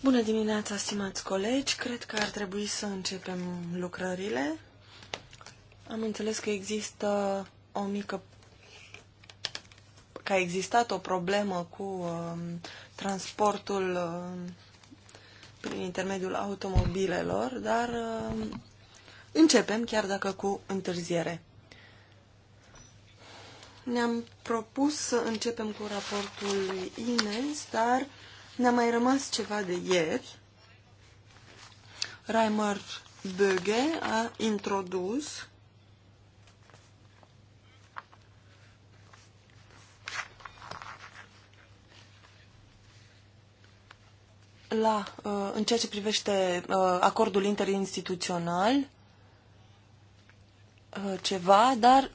Bună dimineața, stimați colegi. Cred că ar trebui să începem lucrările. Am înțeles că există o mică că a existat o problemă cu uh, transportul uh, prin intermediul automobilelor, dar uh, începem chiar dacă cu întârziere. Ne-am propus să începem cu raportul Ines, dar ne-a mai rămas ceva de ieri. Reimer Böge a introdus la, uh, în ceea ce privește uh, acordul interinstituțional uh, ceva, dar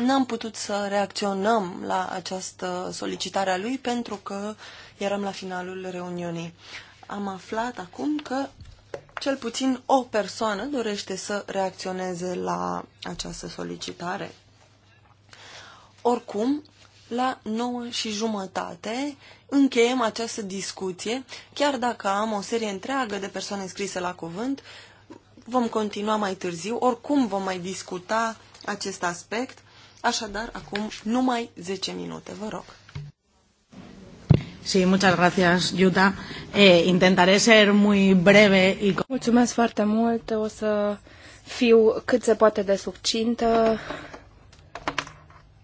n-am putut să reacționăm la această solicitare a lui pentru că eram la finalul reuniunii. Am aflat acum că cel puțin o persoană dorește să reacționeze la această solicitare. Oricum, la 9 și jumătate încheiem această discuție, chiar dacă am o serie întreagă de persoane scrise la cuvânt, vom continua mai târziu, oricum vom mai discuta acest aspect Așadar, acum numai 10 minute, vă rog. Sí, muchas gracias, Yuta. Eh, intentaré ser muy breve y... Mulțumesc foarte mult, o să fiu cât se poate de succintă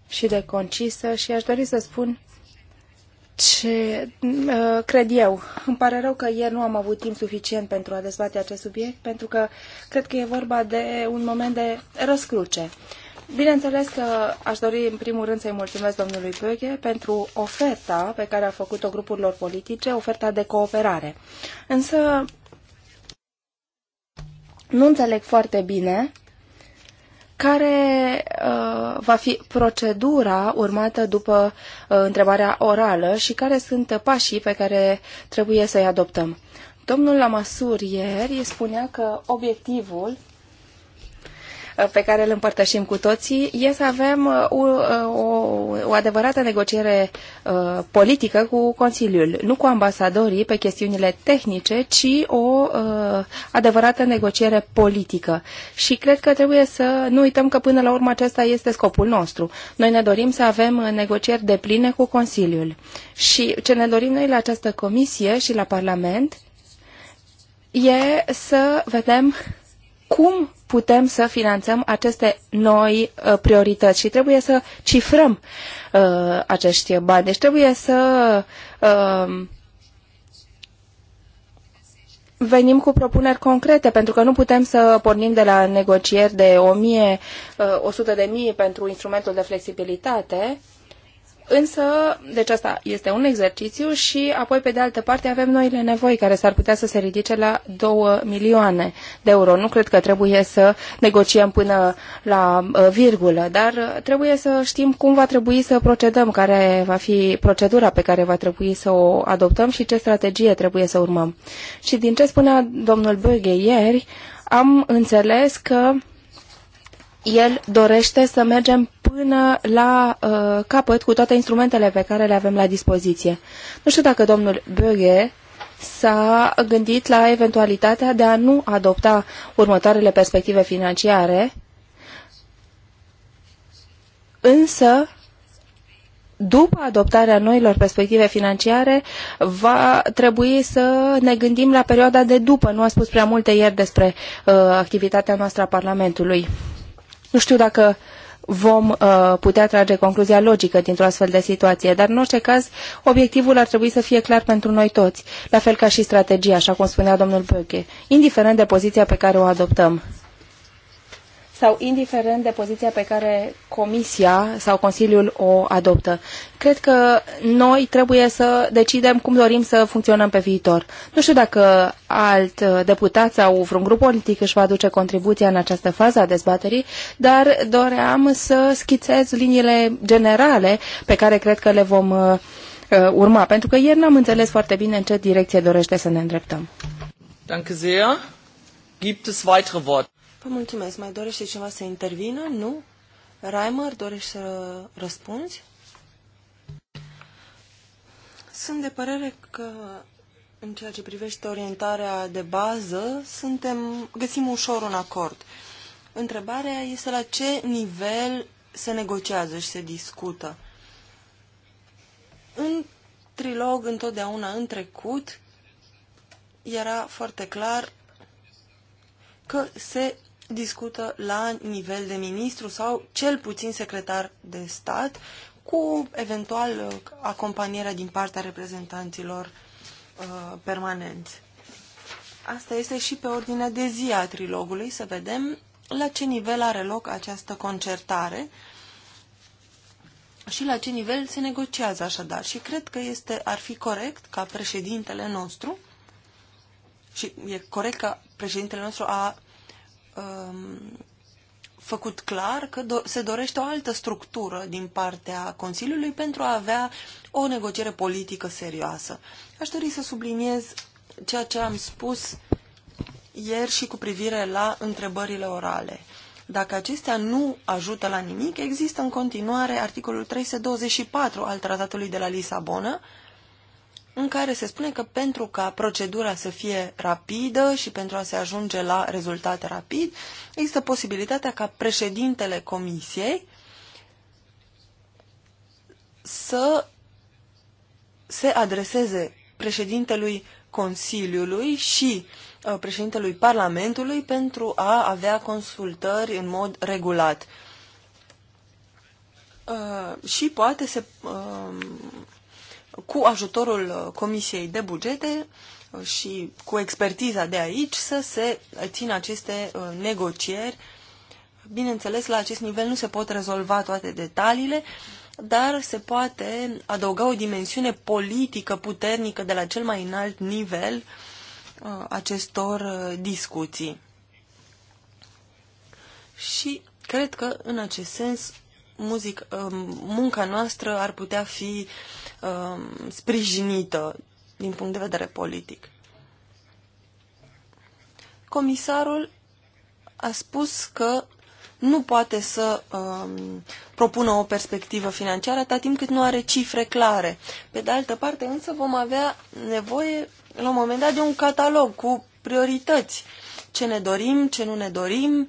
și de concisă și aș dori să spun ce uh, cred eu. Îmi pare rău că ieri nu am avut timp suficient pentru a dezbate acest subiect, pentru că cred că e vorba de un moment de răscruce. Uh, Bineînțeles că aș dori în primul rând să-i mulțumesc domnului Böge pentru oferta pe care a făcut-o grupurilor politice, oferta de cooperare. Însă nu înțeleg foarte bine care uh, va fi procedura urmată după uh, întrebarea orală și care sunt pașii pe care trebuie să-i adoptăm. Domnul Lamasur ieri spunea că obiectivul pe care îl împărtășim cu toții e să avem o, uh, uh, o, o adevărată negociere uh, politică cu Consiliul, nu cu ambasadorii pe chestiunile tehnice, ci o adevărată negociere politică. Și cred că trebuie să nu uităm că până la urmă acesta este scopul nostru. Noi ne dorim să avem negocieri de pline cu Consiliul. Și ce ne dorim noi la această comisie și la Parlament e să vedem cum putem să finanțăm aceste noi uh, priorități și trebuie să cifrăm uh, acești bani. Deci trebuie să uh, venim cu propuneri concrete, pentru că nu putem să pornim de la negocieri de 1.100.000 uh, de mii pentru instrumentul de flexibilitate, Însă, deci asta este un exercițiu și apoi, pe de altă parte, avem noile nevoi care s-ar putea să se ridice la 2 milioane de euro. Nu cred că trebuie să negociem până la uh, virgulă, dar trebuie să știm cum va trebui să procedăm, care va fi procedura pe care va trebui să o adoptăm și ce strategie trebuie să urmăm. Și din ce spunea domnul Böge ieri, am înțeles că el dorește să mergem până la uh, capăt cu toate instrumentele pe care le avem la dispoziție. Nu știu dacă domnul Böge s-a gândit la eventualitatea de a nu adopta următoarele perspective financiare, însă după adoptarea noilor perspective financiare, va trebui să ne gândim la perioada de după. Nu a spus prea multe ieri despre uh, activitatea noastră a Parlamentului. Nu știu dacă vom uh, putea trage concluzia logică dintr-o astfel de situație, dar în orice caz, obiectivul ar trebui să fie clar pentru noi toți, la fel ca și strategia, așa cum spunea domnul Böge, indiferent de poziția pe care o adoptăm sau indiferent de poziția pe care Comisia sau Consiliul o adoptă. Cred că noi trebuie să decidem cum dorim să funcționăm pe viitor. Nu știu dacă alt uh, deputat sau vreun grup politic își va aduce contribuția în această fază a dezbaterii, dar doream să schițez liniile generale pe care cred că le vom uh, uh urma, pentru că ieri n-am înțeles foarte bine în ce direcție dorește să ne îndreptăm. Danke sehr. Gibt es weitere Worte? Vă mulțumesc. Mai dorește ceva să intervină? Nu? Reimer, dorești să răspunzi? Sunt de părere că în ceea ce privește orientarea de bază, suntem, găsim ușor un acord. Întrebarea este la ce nivel se negociază și se discută. În trilog, întotdeauna în trecut, era foarte clar că se discută la nivel de ministru sau cel puțin secretar de stat cu eventual uh, acompanierea din partea reprezentanților uh, permanenți. Asta este și pe ordinea de zi a trilogului, să vedem la ce nivel are loc această concertare și la ce nivel se negociază așadar. Și cred că este, ar fi corect ca președintele nostru și e corect că președintele nostru a um, făcut clar că do- se dorește o altă structură din partea Consiliului pentru a avea o negociere politică serioasă. Aș dori să subliniez ceea ce am spus ieri și cu privire la întrebările orale. Dacă acestea nu ajută la nimic, există în continuare articolul 324 al Tratatului de la Lisabona, în care se spune că pentru ca procedura să fie rapidă și pentru a se ajunge la rezultate rapid, există posibilitatea ca președintele comisiei să se adreseze președintelui Consiliului și uh, președintelui Parlamentului pentru a avea consultări în mod regulat. Uh, și poate se uh, cu ajutorul uh, Comisiei de Bugete uh, și cu expertiza de aici să se țină aceste uh, negocieri. Bineînțeles, la acest nivel nu se pot rezolva toate detaliile, dar se poate adăuga o dimensiune politică puternică de la cel mai înalt nivel acestor discuții. Și cred că, în acest sens, muzic, um, munca noastră ar putea fi um, sprijinită din punct de vedere politic. Comisarul a spus că nu poate să um, propună o perspectivă financiară atât timp cât nu are cifre clare. Pe de altă parte, însă, vom avea nevoie, la un moment dat, de un catalog cu priorități. Ce ne dorim, ce nu ne dorim,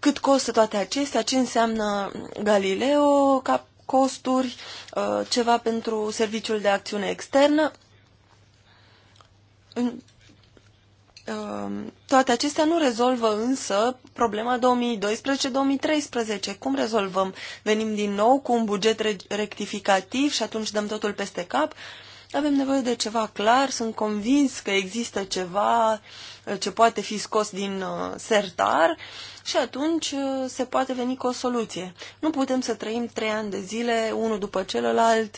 cât costă toate acestea, ce înseamnă Galileo ca costuri, uh, ceva pentru serviciul de acțiune externă. Uh, toate acestea nu rezolvă însă problema 2012-2013. Cum rezolvăm? Venim din nou cu un buget rectificativ și atunci dăm totul peste cap? Uh, avem nevoie de ceva clar, sunt convins că există ceva uh, ce poate fi scos din uh, sertar și atunci uh, se poate veni cu o soluție. Nu putem să trăim trei ani de zile, unul după celălalt,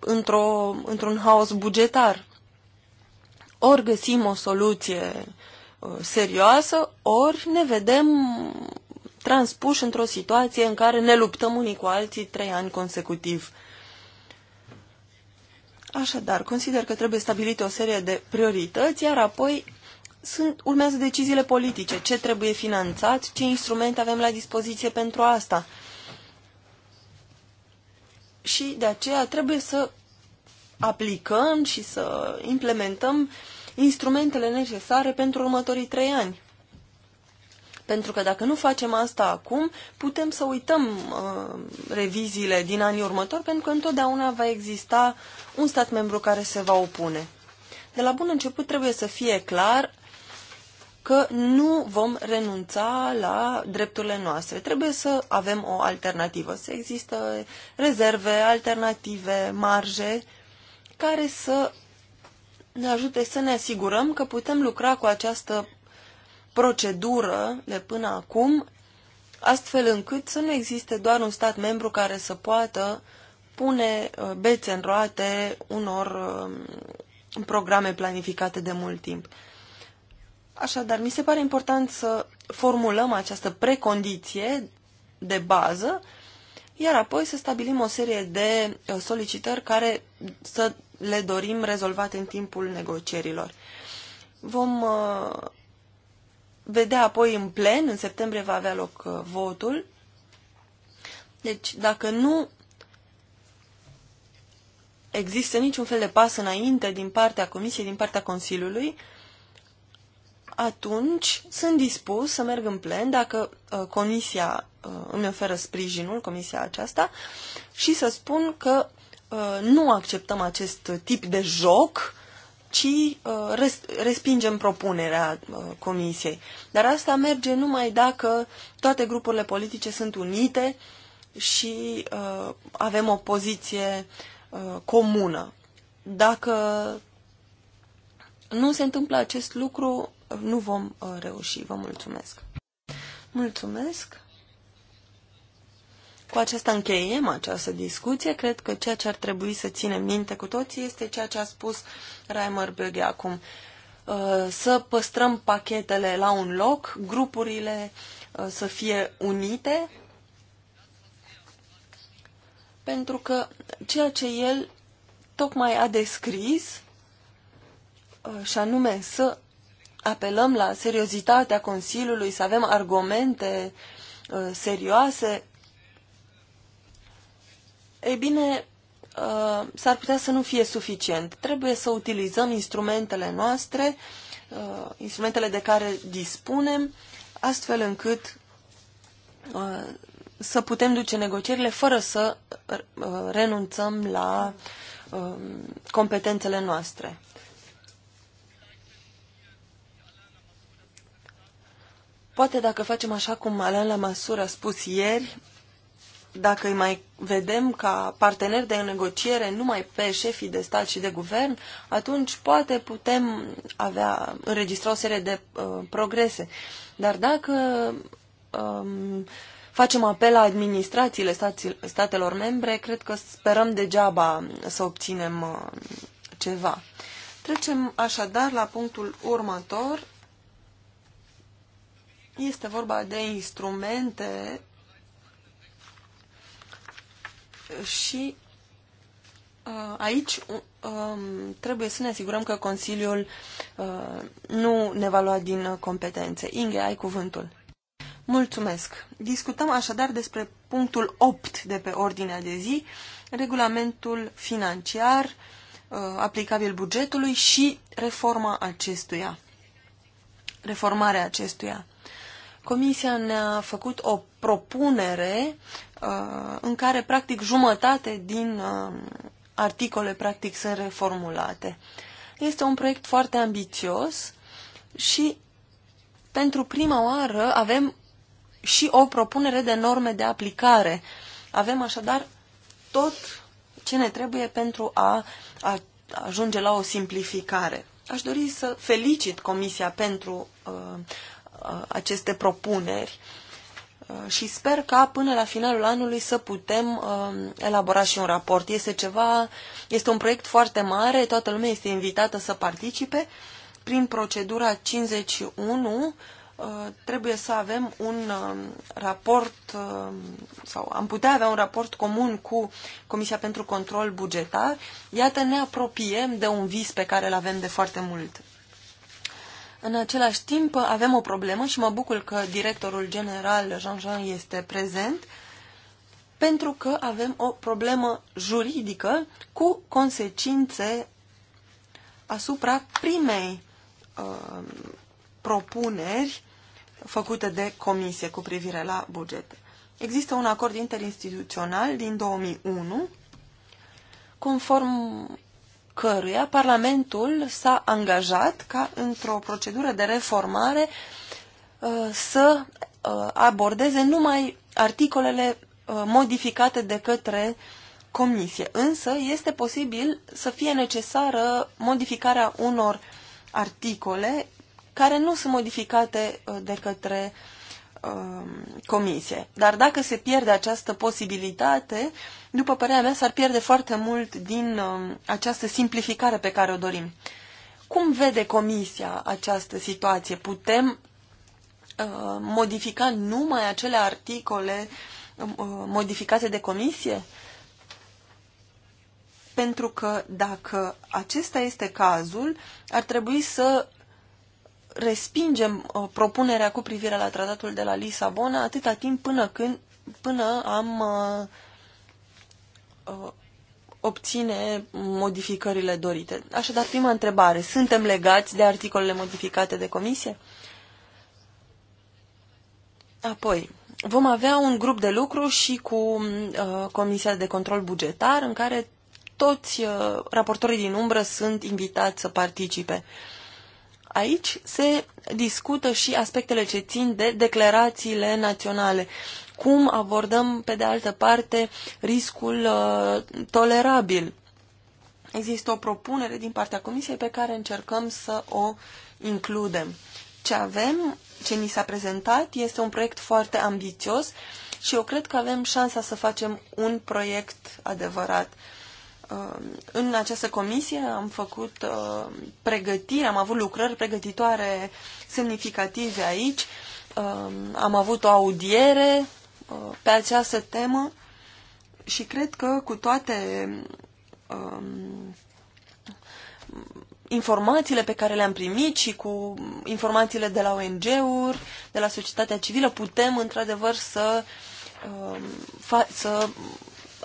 într-o, într-un haos bugetar. Ori găsim o soluție serioasă, ori ne vedem transpuși într-o situație în care ne luptăm unii cu alții trei ani consecutiv. Așadar, consider că trebuie stabilite o serie de priorități, iar apoi sunt, urmează deciziile politice, ce trebuie finanțat, ce instrumente avem la dispoziție pentru asta. Și de aceea trebuie să aplicăm și să implementăm instrumentele necesare pentru următorii trei ani. Pentru că dacă nu facem asta acum, putem să uităm uh, reviziile din anii următori, pentru că întotdeauna va exista un stat membru care se va opune. De la bun început trebuie să fie clar că nu vom renunța la drepturile noastre. Trebuie să avem o alternativă, să există rezerve, alternative, marje, care să ne ajute să ne asigurăm că putem lucra cu această procedură de până acum, astfel încât să nu existe doar un stat membru care să poată pune uh, bețe în roate unor um, programe planificate de mult timp. Așadar, mi se pare important să formulăm această precondiție de bază, iar apoi să stabilim o serie de uh, solicitări care să le dorim rezolvate în timpul negocierilor. Vom uh, vedea apoi în plen, în septembrie va avea loc uh, votul. Deci, dacă nu există niciun fel de pas înainte din partea Comisiei, din partea Consiliului, atunci sunt dispus să merg în plen dacă uh, Comisia uh, îmi oferă sprijinul, Comisia aceasta, și să spun că uh, nu acceptăm acest tip de joc ci uh, respingem propunerea uh, Comisiei. Dar asta merge numai dacă toate grupurile politice sunt unite și uh, avem o poziție comună. Dacă nu se întâmplă acest lucru, nu vom reuși. Vă mulțumesc! Mulțumesc! Cu aceasta încheiem această discuție. Cred că ceea ce ar trebui să ținem minte cu toții este ceea ce a spus Reimer Böge acum. Uh, să păstrăm pachetele la un loc, grupurile uh, să fie unite, pentru că ceea ce el tocmai a descris, uh, și anume să apelăm la seriozitatea Consiliului, să avem argumente serioase ei bine, uh, s-ar putea să nu fie suficient. Trebuie să utilizăm instrumentele noastre, uh, instrumentele de care dispunem, astfel încât uh, să putem duce negocierile fără să renunțăm la competențele noastre. Poate dacă facem așa cum Alain măsură a spus ieri, dacă îi mai vedem ca parteneri de negociere numai pe șefii de stat și de guvern, atunci poate putem avea, înregistra o serie de uh, progrese. Dar dacă um, facem apel la administrațiile stați, statelor membre, cred că sperăm degeaba să obținem uh, ceva. Trecem așadar la punctul următor. Este vorba de instrumente și uh, aici um, trebuie să ne asigurăm că Consiliul uh, nu ne va lua din competențe. Inge, ai cuvântul. Mulțumesc. Discutăm așadar despre punctul 8 de pe ordinea de zi, regulamentul financiar uh, aplicabil bugetului și reforma acestuia, reformarea acestuia. Comisia ne-a făcut o propunere uh, în care, practic, jumătate din uh, articole, practic, sunt reformulate. Este un proiect foarte ambițios și, pentru prima oară, avem și o propunere de norme de aplicare. Avem, așadar, tot ce ne trebuie pentru a, a ajunge la o simplificare. Aș dori să felicit Comisia pentru uh, Uh, aceste propuneri uh, și sper ca până la finalul anului să putem uh, elabora și un raport. Este ceva, este un proiect foarte mare, toată lumea este invitată să participe. Prin procedura 51 trebuie să avem un raport sau am putea avea un raport comun cu Comisia pentru Control Bugetar. Iată, ne apropiem de un vis pe care îl avem de foarte mult în același timp avem o problemă și mă bucur că directorul general Jean-Jean este prezent, pentru că avem o problemă juridică cu consecințe asupra primei uh, propuneri făcute de comisie cu privire la bugete. Există un acord interinstituțional din 2001 conform căruia Parlamentul s-a angajat ca într-o procedură de reformare uh, să uh, abordeze numai articolele uh, modificate de către Comisie. Însă este posibil să fie necesară modificarea unor articole care nu sunt modificate de către Um, comisie. Dar dacă se pierde această posibilitate, după părerea mea, s-ar pierde foarte mult din um, această simplificare pe care o dorim. Cum vede comisia această situație? Putem uh, modifica numai acele articole um, uh, modificate de comisie? Pentru că dacă acesta este cazul, ar trebui să respingem uh, propunerea cu privire la tratatul de la Lisabona atâta timp până când până am uh, uh, obține modificările dorite. Așadar, prima întrebare. Suntem legați de articolele modificate de comisie? Apoi, vom avea un grup de lucru și cu uh, Comisia de Control Bugetar în care toți uh, raportorii din umbră sunt invitați să participe. Uh, Aici se discută și aspectele ce țin de declarațiile naționale. Cum abordăm, pe de altă parte, riscul uh, tolerabil? Există o propunere din partea Comisiei pe care încercăm să o includem. Ce avem, ce ni s-a prezentat, este un proiect foarte ambițios și eu cred că avem șansa să facem un proiect adevărat. Uh, Uh, în această comisie am făcut uh, pregătiri, am avut lucrări pregătitoare semnificative aici, uh, am avut o audiere pe această temă și cred că cu toate um, informațiile pe care le-am primit și cu informațiile de la ONG-uri, de la societatea civilă, putem într-adevăr să, um, să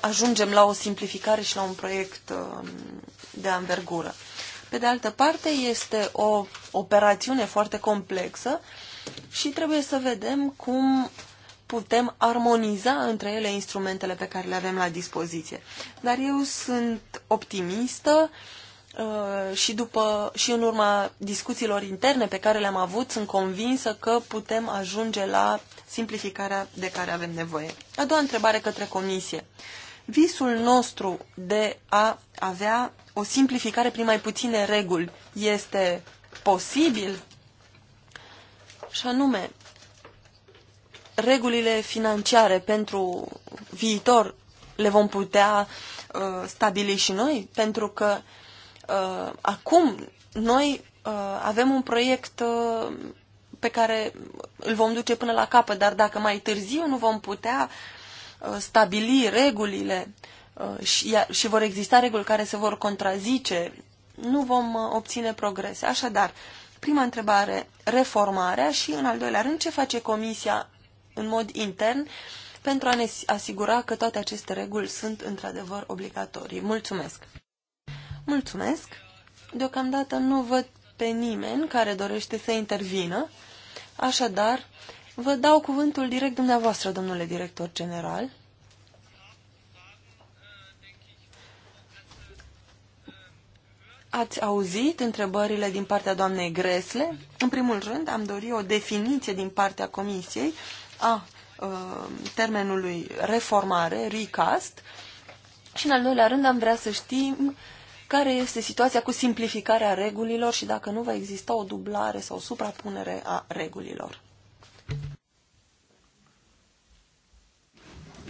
ajungem la o simplificare și la un proiect uh, de anvergură. Pe de altă parte, este o operațiune foarte complexă și trebuie să vedem cum putem armoniza între ele instrumentele pe care le avem la dispoziție. Dar eu sunt optimistă uh, și, după, și în urma discuțiilor interne pe care le-am avut, sunt convinsă că putem ajunge la simplificarea de care avem nevoie. A doua întrebare către comisie. Visul nostru de a avea o simplificare prin mai puține reguli este posibil? Și anume, regulile financiare pentru viitor le vom putea uh, stabili și noi, pentru că uh, acum noi uh, avem un proiect uh, pe care îl vom duce până la capăt, dar dacă mai târziu nu vom putea uh, Uh, stabili regulile uh, și, vor exista reguli care se vor contrazice, nu vom uh, obține progrese. Așadar, prima întrebare, reformarea și, în al doilea rând, ce face Comisia în mod intern pentru a ne asigura că toate aceste reguli sunt într-adevăr obligatorii. Mulțumesc! Mulțumesc! Deocamdată nu văd pe nimeni care dorește să intervină, așadar Vă dau cuvântul direct dumneavoastră, domnule director general. Ați auzit întrebările din partea doamnei Gresle. În primul rând, am dorit o definiție din partea Comisiei a uh, termenului reformare, recast, și în al doilea rând am vrea să știm care este situația cu simplificarea regulilor și dacă nu va exista o dublare sau suprapunere a regulilor.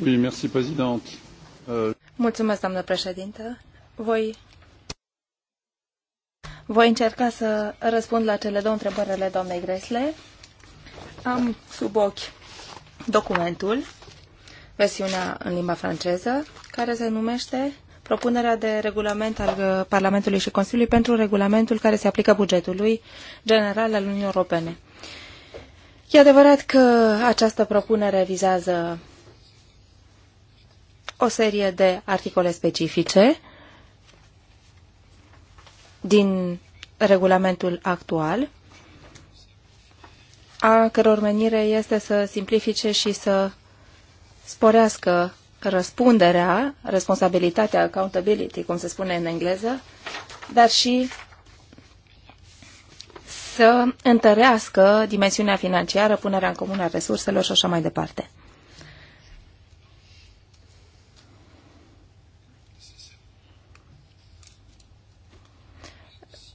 Euh, Mulțumesc, doamnă președintă. Voi voi încerca să răspund la cele două întrebări ale doamnei Gresle. Am sub ochi documentul, versiunea în limba franceză, care se numește Propunerea de regulament al uh, Parlamentului și Consiliului pentru regulamentul care se aplică bugetului general al Uniunii Europene. E adevărat că această propunere vizează o serie de articole specifice din regulamentul actual, a căror menire este să simplifice și să sporească răspunderea, responsabilitatea, accountability, cum se spune în engleză, dar și să întărească dimensiunea financiară, punerea în comun a resurselor și așa mai departe.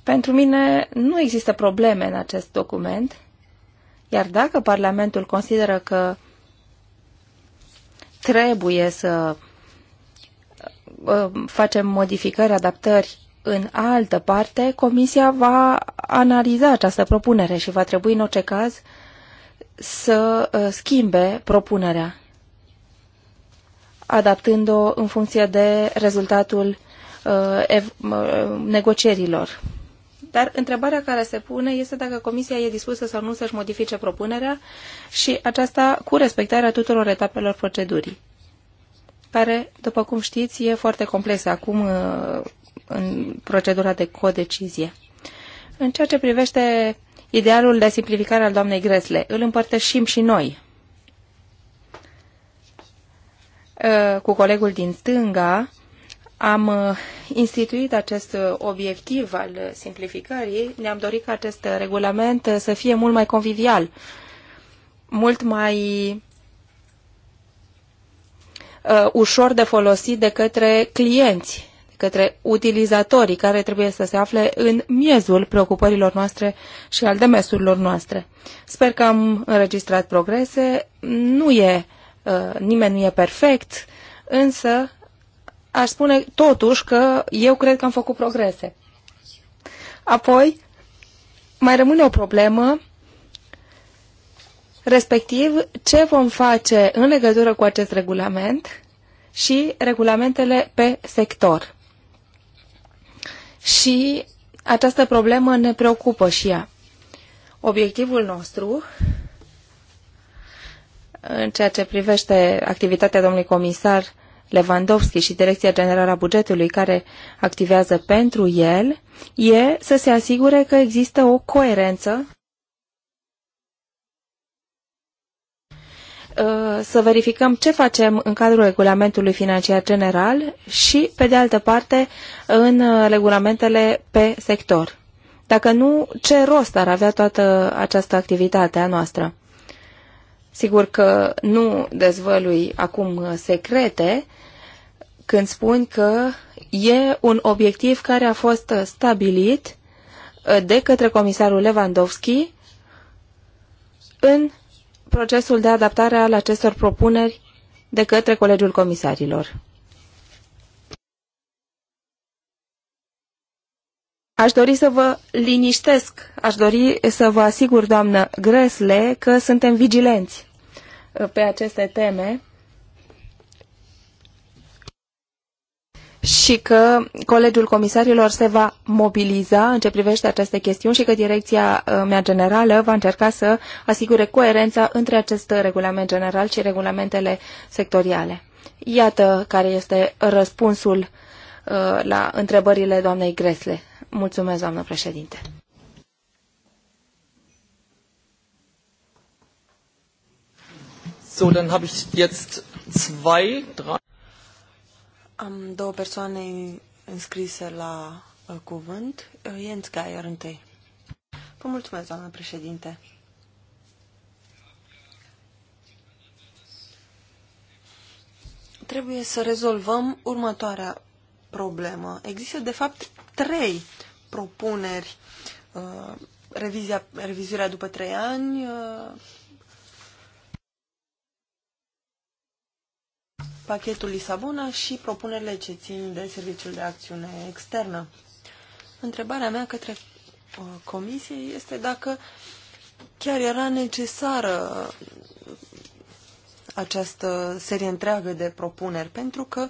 Pentru mine nu există probleme în acest document, iar dacă Parlamentul consideră că trebuie să uh, facem modificări, adaptări în altă parte, Comisia va analiza această propunere și va trebui în orice caz să uh, schimbe propunerea, adaptând-o în funcție de rezultatul uh, negocierilor dar întrebarea care se pune este dacă Comisia e dispusă sau nu să-și modifice propunerea și aceasta cu respectarea tuturor etapelor procedurii, care, după cum știți, e foarte complexă acum uh, în procedura de codecizie. În ceea ce privește idealul de simplificare al doamnei Gresle, îl împărtășim și noi uh, cu colegul din stânga, am uh, instituit acest uh, obiectiv al simplificării, ne-am dorit ca acest uh, regulament să fie mult mai convivial, mult mai ușor de folosit de către clienți, de către utilizatorii care trebuie să se afle în miezul preocupărilor noastre și al demesurilor noastre. Sper că am înregistrat progrese. Nu e, nimeni nu e perfect, însă aș spune totuși că eu cred că am făcut progrese. Apoi, mai rămâne o problemă, respectiv ce vom face în legătură cu acest regulament și regulamentele pe sector. Și această problemă ne preocupă și ea. Obiectivul nostru în ceea ce privește activitatea domnului comisar Lewandowski și Direcția Generală a Bugetului care activează pentru el e să se asigure că există o coerență uh, să verificăm ce facem în cadrul regulamentului financiar general și, pe de altă parte, în uh, regulamentele pe sector. Dacă nu, ce rost ar avea toată această activitate a noastră? Sigur că nu dezvălui acum uh, secrete când spun că e un obiectiv care a fost uh, stabilit uh, de către comisarul Lewandowski în procesul de adaptare al acestor propuneri de către Colegiul Comisarilor. Aș dori să vă liniștesc, aș dori să vă asigur, doamnă Gresle, că suntem vigilenți uh, pe aceste teme și că Colegiul Comisarilor se va mobiliza în ce privește aceste chestiuni și că direcția uh, mea generală va încerca să asigure coerența între acest regulament general și regulamentele sectoriale. Iată care este răspunsul uh, la întrebările doamnei Gresle. Mulțumesc, doamnă președinte. So, dann habe ich jetzt zwei, drei. Am două persoane înscrise la uh, cuvânt. Uh, Jens Geier întâi. Vă mulțumesc, doamnă președinte. Trebuie să rezolvăm următoarea problemă. Există, de fapt, trei propuneri. Uh, revizia, revizuirea după trei ani, uh, pachetul Lisabona și propunerile ce țin de serviciul de acțiune externă. Întrebarea mea către uh, comisie este dacă chiar era necesară această serie întreagă de propuneri, pentru că uh,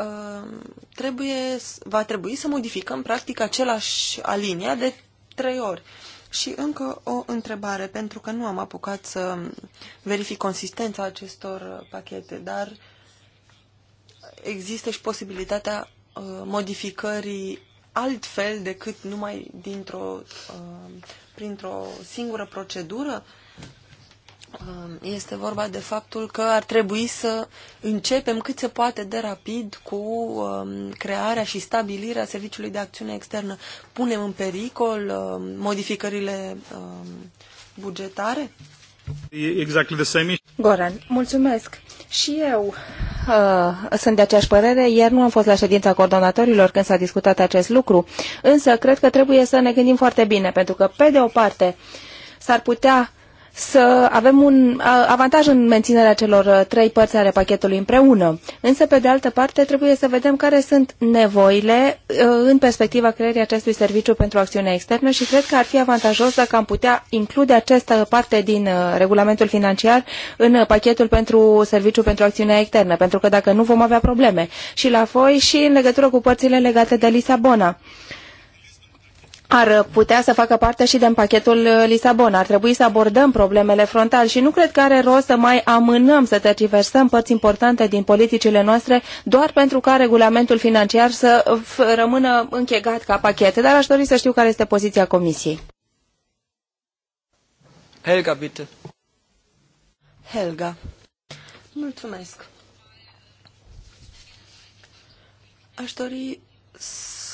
Uh, trebuie, va trebui să modificăm practic același alinia de trei ori. Și încă o întrebare, pentru că nu am apucat să verific consistența acestor pachete, dar există și posibilitatea uh, modificării altfel decât numai dintr-o, uh, printr-o singură procedură? Um, este vorba de faptul că ar trebui să începem cât se poate de rapid cu um, crearea și stabilirea Serviciului de Acțiune Externă. Punem în pericol um, modificările bugetare? Exactly the same. Goran, mulțumesc. Și eu uh, sunt de aceeași părere. Ieri nu am fost la ședința coordonatorilor când s-a discutat acest lucru, însă cred că trebuie să ne gândim foarte bine, pentru că, pe de o parte, s-ar putea să avem un avantaj în menținerea celor uh, trei părți ale pachetului împreună. Însă, pe de altă parte, trebuie să vedem care sunt nevoile uh, în perspectiva creării acestui serviciu pentru acțiunea externă și cred că ar fi avantajos dacă am putea include această parte din uh, regulamentul financiar în pachetul pentru serviciu pentru acțiunea externă, pentru că dacă nu vom avea probleme și la voi și în legătură cu părțile legate de Lisabona ar putea să facă parte și din pachetul uh, Lisabona. Ar trebui să abordăm problemele frontal și nu cred că are rost să mai amânăm, să tergiversăm părți importante din politicile noastre doar pentru ca regulamentul financiar să uh, rămână închegat ca pachet. Dar aș dori să știu care este poziția Comisiei. Helga, bitte. Helga. Mulțumesc. Aș dori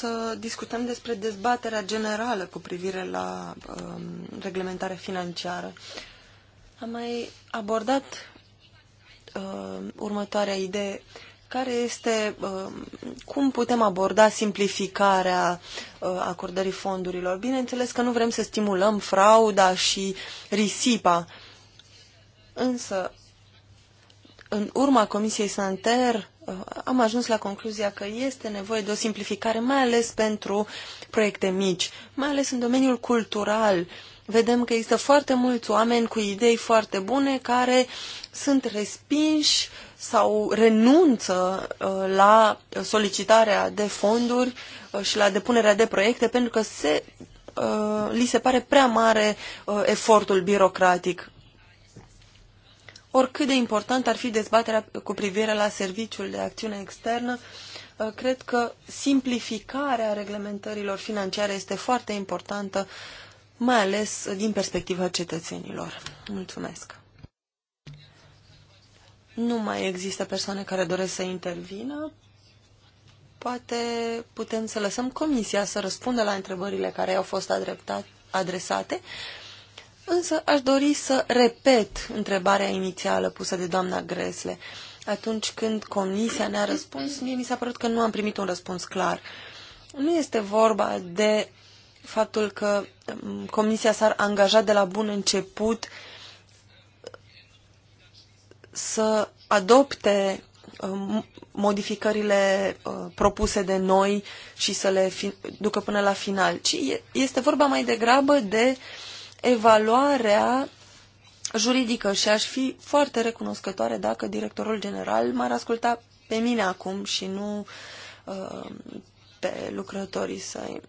să discutăm despre dezbaterea generală cu privire la um, reglementarea financiară. Am mai abordat uh, următoarea idee care este um, cum putem aborda simplificarea uh, acordării fondurilor. Bineînțeles că nu vrem să stimulăm frauda și risipa, însă în urma Comisiei Santer uh, am ajuns la concluzia că este nevoie de o simplificare, mai ales pentru proiecte mici, mai ales în domeniul cultural. Vedem că există foarte mulți oameni cu idei foarte bune care sunt respinși sau renunță uh, la solicitarea de fonduri uh, și la depunerea de proiecte pentru că se, li se pare prea mare efortul birocratic oricât de important ar fi dezbaterea cu privire la serviciul de acțiune externă, uh, cred că simplificarea reglementărilor financiare este foarte importantă, mai ales din perspectiva cetățenilor. Mulțumesc! Nu mai există persoane care doresc să intervină. Poate putem să lăsăm comisia să răspundă la întrebările care au fost adresate Însă aș dori să repet întrebarea inițială pusă de doamna Gresle. Atunci când comisia ne-a răspuns, mie mi s-a părut că nu am primit un răspuns clar. Nu este vorba de faptul că mm, comisia s-ar angaja de la bun început să adopte mm, modificările mm, propuse de noi și să le ducă până la final, ci este vorba mai degrabă de uh, evaluarea juridică și aș fi foarte recunoscătoare dacă directorul general m-ar asculta pe mine acum și nu uh, pe lucrătorii săi.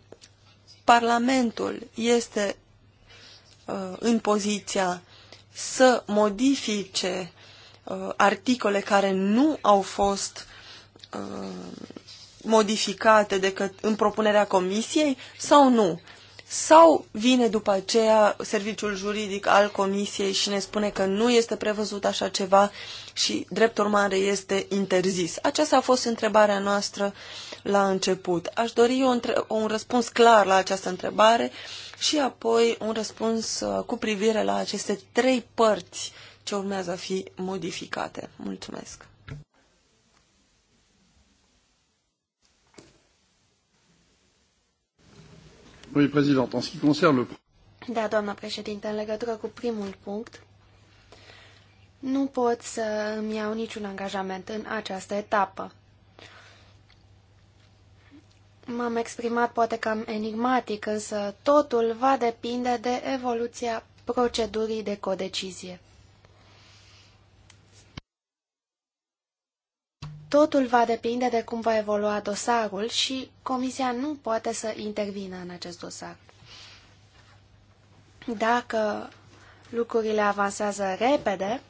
Parlamentul este uh, în poziția să modifice uh, articole care nu au fost uh, modificate decât în propunerea comisiei sau nu? sau vine după aceea serviciul juridic al comisiei și ne spune că nu este prevăzut așa ceva și, drept urmare, este interzis? Aceasta a fost întrebarea noastră la început. Aș dori un, un răspuns clar la această întrebare și apoi un răspuns uh, cu privire la aceste trei părți ce urmează a fi modificate. Mulțumesc! Oui, présidente, en ce qui concerne le... Da, doamnă președinte, în legătură cu primul punct, nu pot să îmi iau niciun angajament în această etapă. M-am exprimat poate cam enigmatic, însă totul va depinde de evoluția procedurii de codecizie. Totul va depinde de cum va evolua dosarul și Comisia nu poate să intervină în acest dosar. Dacă lucrurile avansează repede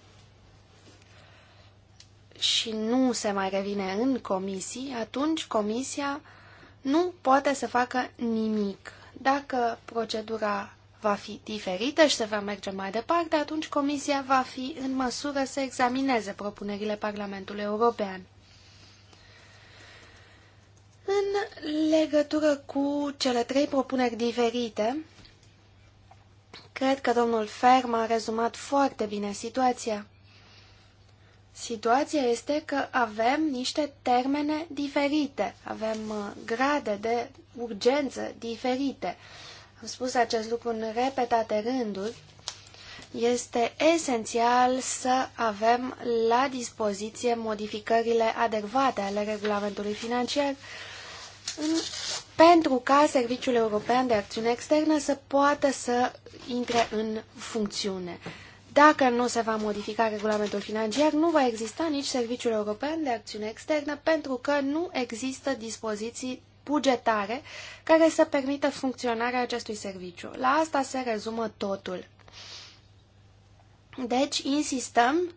și nu se mai revine în comisii, atunci Comisia nu poate să facă nimic. Dacă procedura va fi diferită și se va merge mai departe, atunci Comisia va fi în măsură să examineze propunerile Parlamentului European. În legătură cu cele trei propuneri diferite, cred că domnul Ferm a rezumat foarte bine situația. Situația este că avem niște termene diferite, avem uh, grade de urgență diferite. Am spus acest lucru în repetate rânduri. Este esențial să avem la dispoziție modificările adecvate ale regulamentului financiar în, pentru ca Serviciul European de Acțiune Externă să poată să intre în funcțiune. Dacă nu se va modifica regulamentul financiar, nu va exista nici Serviciul European de Acțiune Externă, pentru că nu există dispoziții bugetare care să permită funcționarea acestui serviciu. La asta se rezumă totul. Deci, insistăm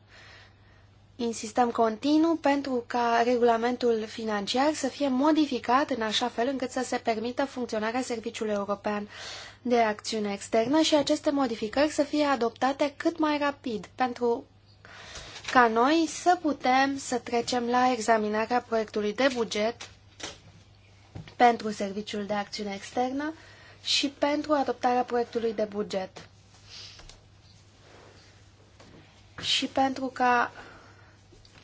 Insistăm continuu pentru ca regulamentul financiar să fie modificat în așa fel încât să se permită funcționarea Serviciului European de Acțiune Externă și aceste modificări să fie adoptate cât mai rapid pentru ca noi să putem să trecem la examinarea proiectului de buget pentru Serviciul de Acțiune Externă și pentru adoptarea proiectului de buget. Și pentru ca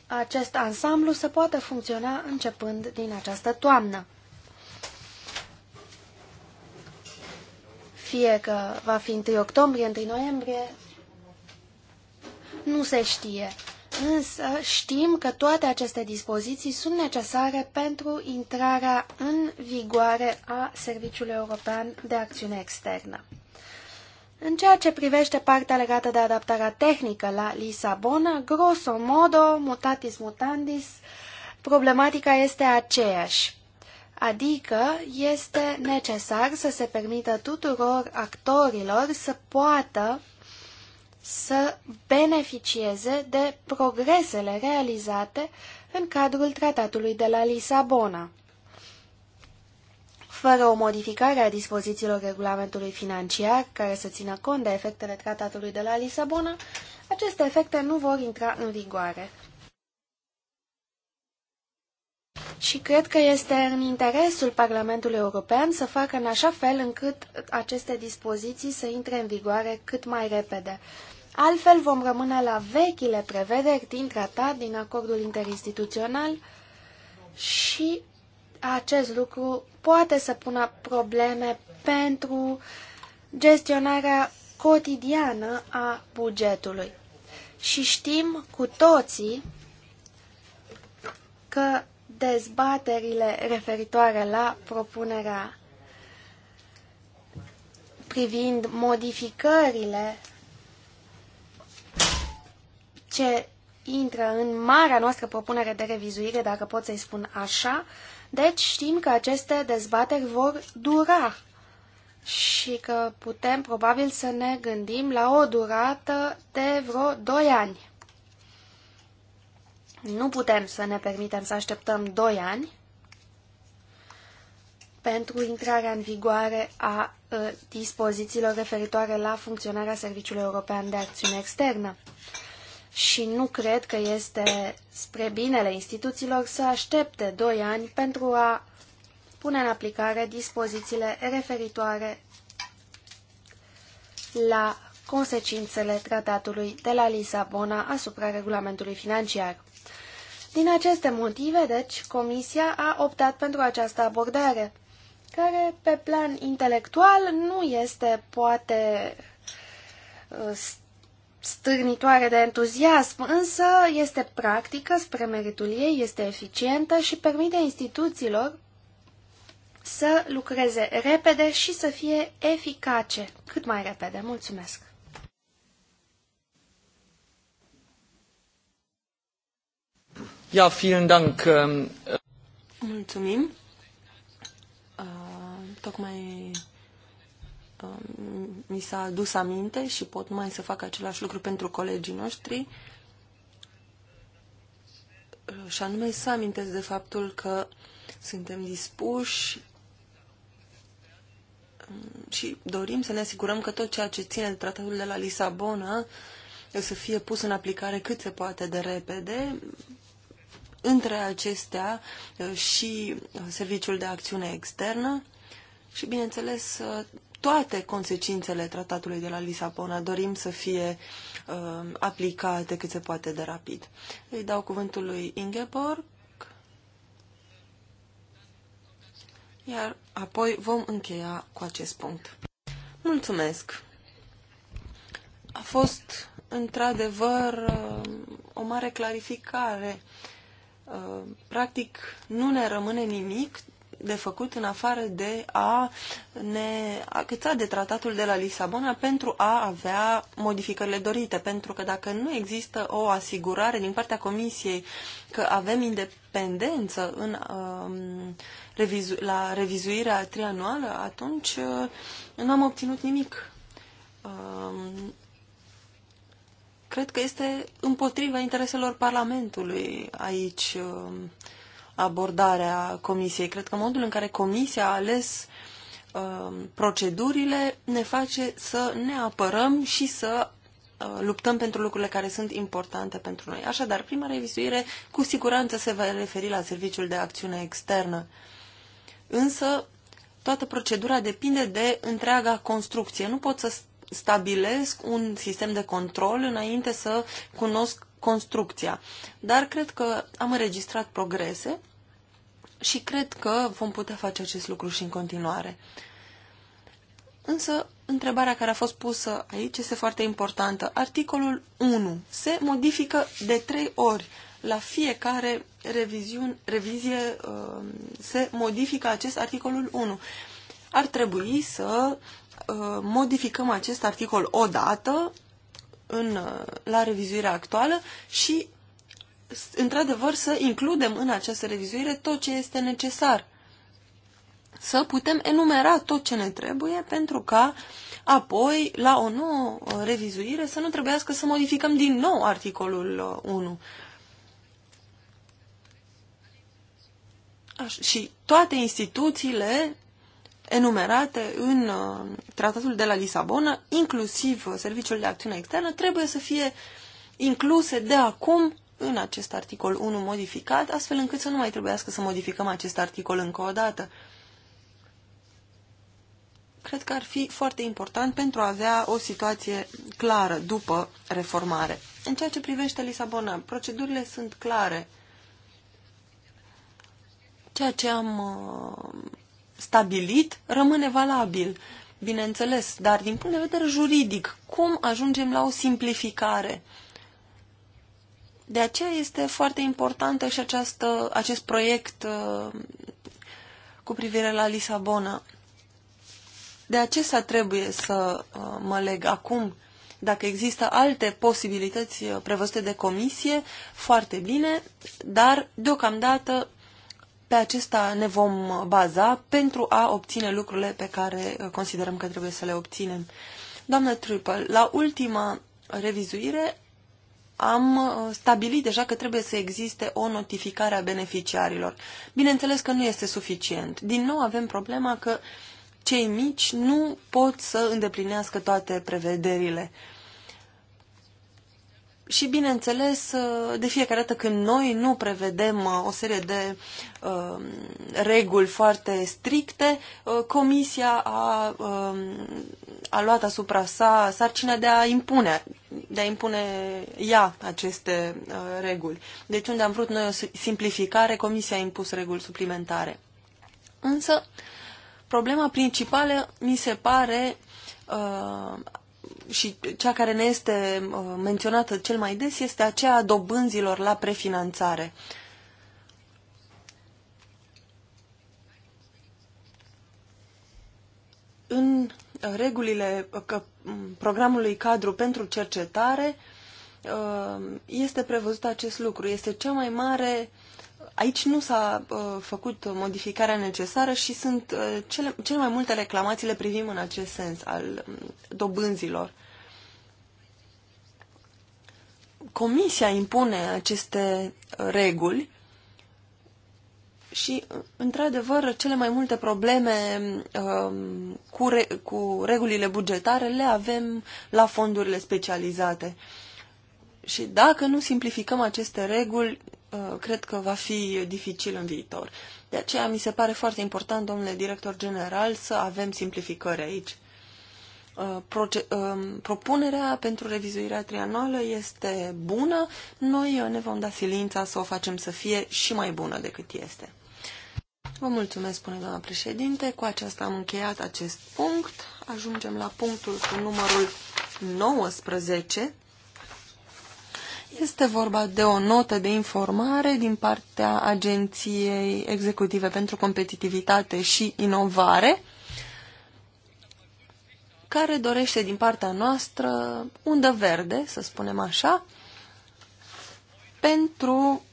acest ansamblu să poată funcționa începând din această toamnă. Fie că va fi 1 octombrie, 1 noiembrie, nu se știe. Însă știm că toate aceste dispoziții sunt necesare pentru intrarea în vigoare a Serviciului European de Acțiune Externă. În ceea ce privește partea legată de adaptarea tehnică la Lisabona, grosso modo, mutatis mutandis, problematica este aceeași. Adică este necesar să se permită tuturor actorilor să poată să beneficieze de progresele realizate în cadrul tratatului de la Lisabona fără o modificare a dispozițiilor regulamentului financiar care să țină cont de efectele tratatului de la Lisabona, aceste efecte nu vor intra în vigoare. Și cred că este în interesul Parlamentului European să facă în așa fel încât aceste dispoziții să intre în vigoare cât mai repede. Altfel vom rămâne la vechile prevederi din tratat, din acordul interinstituțional și acest lucru poate să pună probleme pentru gestionarea cotidiană a bugetului. Și știm cu toții că dezbaterile referitoare la propunerea privind modificările ce intră în marea noastră propunere de revizuire, dacă pot să-i spun așa, uh, deci știm că aceste dezbateri vor dura și că putem probabil să ne gândim la o durată de vreo 2 ani. Nu putem să ne permitem să așteptăm 2 ani pentru intrarea în vigoare a dispozițiilor referitoare la funcționarea Serviciului European de Acțiune Externă și nu cred că este spre binele instituțiilor să aștepte doi ani pentru a pune în aplicare dispozițiile referitoare la consecințele tratatului de la Lisabona asupra regulamentului financiar. Din aceste motive, deci, Comisia a optat pentru această abordare, care, pe plan intelectual, nu este, poate, uh, stârnitoare de entuziasm, însă este practică spre meritul ei, este eficientă și permite instituțiilor să lucreze repede și să fie eficace, cât mai repede. Mulțumesc! Ja, vielen Dank. Ähm, äh. Mulțumim. Uh, tocmai mi s-a adus aminte și pot mai să fac același lucru pentru colegii noștri, și anume să amintesc de faptul că suntem dispuși și dorim să ne asigurăm că tot ceea ce ține de tratatul de la Lisabona să fie pus în aplicare cât se poate de repede, între acestea și Serviciul de Acțiune Externă și, bineînțeles, toate consecințele tratatului de la Lisabona dorim să fie uh, um, aplicate cât se poate de rapid. Îi dau cuvântul lui Ingeborg, iar apoi vom încheia cu acest punct. Mulțumesc! A fost într-adevăr um, o mare clarificare. Um, practic, nu ne rămâne nimic de făcut în afară de a ne agăța de tratatul de la Lisabona pentru a avea modificările dorite. Pentru că dacă nu există o asigurare din partea Comisiei că avem independență în, uh, revizu- la revizuirea trianuală, atunci uh, nu am obținut nimic. Uh, cred că este împotriva intereselor Parlamentului aici. Uh, abordarea comisiei. Cred că modul în care comisia a ales um, procedurile ne face să ne apărăm și să uh, luptăm pentru lucrurile care sunt importante pentru noi. Așadar, prima revizuire cu siguranță se va referi la serviciul de acțiune externă. Însă, toată procedura depinde de întreaga construcție. Nu pot să stabilesc un sistem de control înainte să cunosc construcția. Dar cred că am înregistrat progrese și cred că vom putea face acest lucru și în continuare. Însă, întrebarea care a fost pusă aici este foarte importantă. Articolul 1 se modifică de trei ori. La fiecare reviziun, revizie uh, se modifică acest articolul 1. Ar trebui să uh, modificăm acest articol o dată în, la revizuirea actuală și, într-adevăr, să includem în această revizuire tot ce este necesar. Să putem enumera tot ce ne trebuie pentru ca apoi, la o nouă uh, revizuire, să nu trebuiască să modificăm din nou articolul 1. Uh, și toate instituțiile enumerate în uh, tratatul de la Lisabona, inclusiv uh, serviciul de acțiune externă, trebuie să fie incluse de acum în acest articol 1 modificat, astfel încât să nu mai trebuiască să modificăm acest articol încă o dată. Cred că ar fi foarte important pentru a avea o situație clară după reformare. În ceea ce privește Lisabona, procedurile sunt clare. Ceea ce am uh, stabilit rămâne valabil, bineînțeles, dar din punct de vedere juridic, cum ajungem la o simplificare? De aceea este foarte importantă și această, acest proiect uh, cu privire la Lisabona. De acesta trebuie să uh, mă leg acum. Dacă există alte posibilități uh, prevăzute de comisie, foarte bine, dar deocamdată pe acesta ne vom baza pentru a obține lucrurile pe care uh, considerăm că trebuie să le obținem. Doamnă Triple, la ultima revizuire am uh, stabilit deja că trebuie să existe o notificare a beneficiarilor. Bineînțeles că nu este suficient. Din nou avem problema că cei mici nu pot să îndeplinească toate prevederile și, bineînțeles, uh, de fiecare dată când noi nu prevedem uh, o serie de uh, reguli foarte stricte, uh, Comisia a, uh, a luat asupra sa sarcina de a impune, de a impune ea aceste uh, reguli. Deci unde am vrut noi o simplificare, Comisia a impus reguli suplimentare. Însă, problema principală mi se pare și cea care ne este uh, menționată cel mai des este aceea a dobânzilor la prefinanțare. În uh, regulile uh, mm, programului cadru pentru cercetare este prevăzut acest lucru. Este cea mai mare Aici nu s-a uh, făcut modificarea necesară și sunt uh, cele, cele mai multe reclamații le privim în acest sens al um, dobânzilor. Comisia impune aceste uh, reguli și, într-adevăr, cele mai multe probleme um, cu, re- cu regulile bugetare le avem la fondurile specializate. Și dacă nu simplificăm aceste reguli, Uh, cred că va fi dificil în viitor. De aceea mi se pare foarte important, domnule director general, să avem simplificări aici. Uh, uh, propunerea pentru revizuirea trianuală este bună, noi ne vom da silința să o facem să fie și mai bună decât este. Vă mulțumesc, spune doamna președinte. Cu aceasta am încheiat acest punct. Ajungem la punctul cu numărul 19, este vorba de o notă de informare din partea Agenției Executive pentru Competitivitate și Inovare, care dorește din partea noastră undă verde, să spunem așa, pentru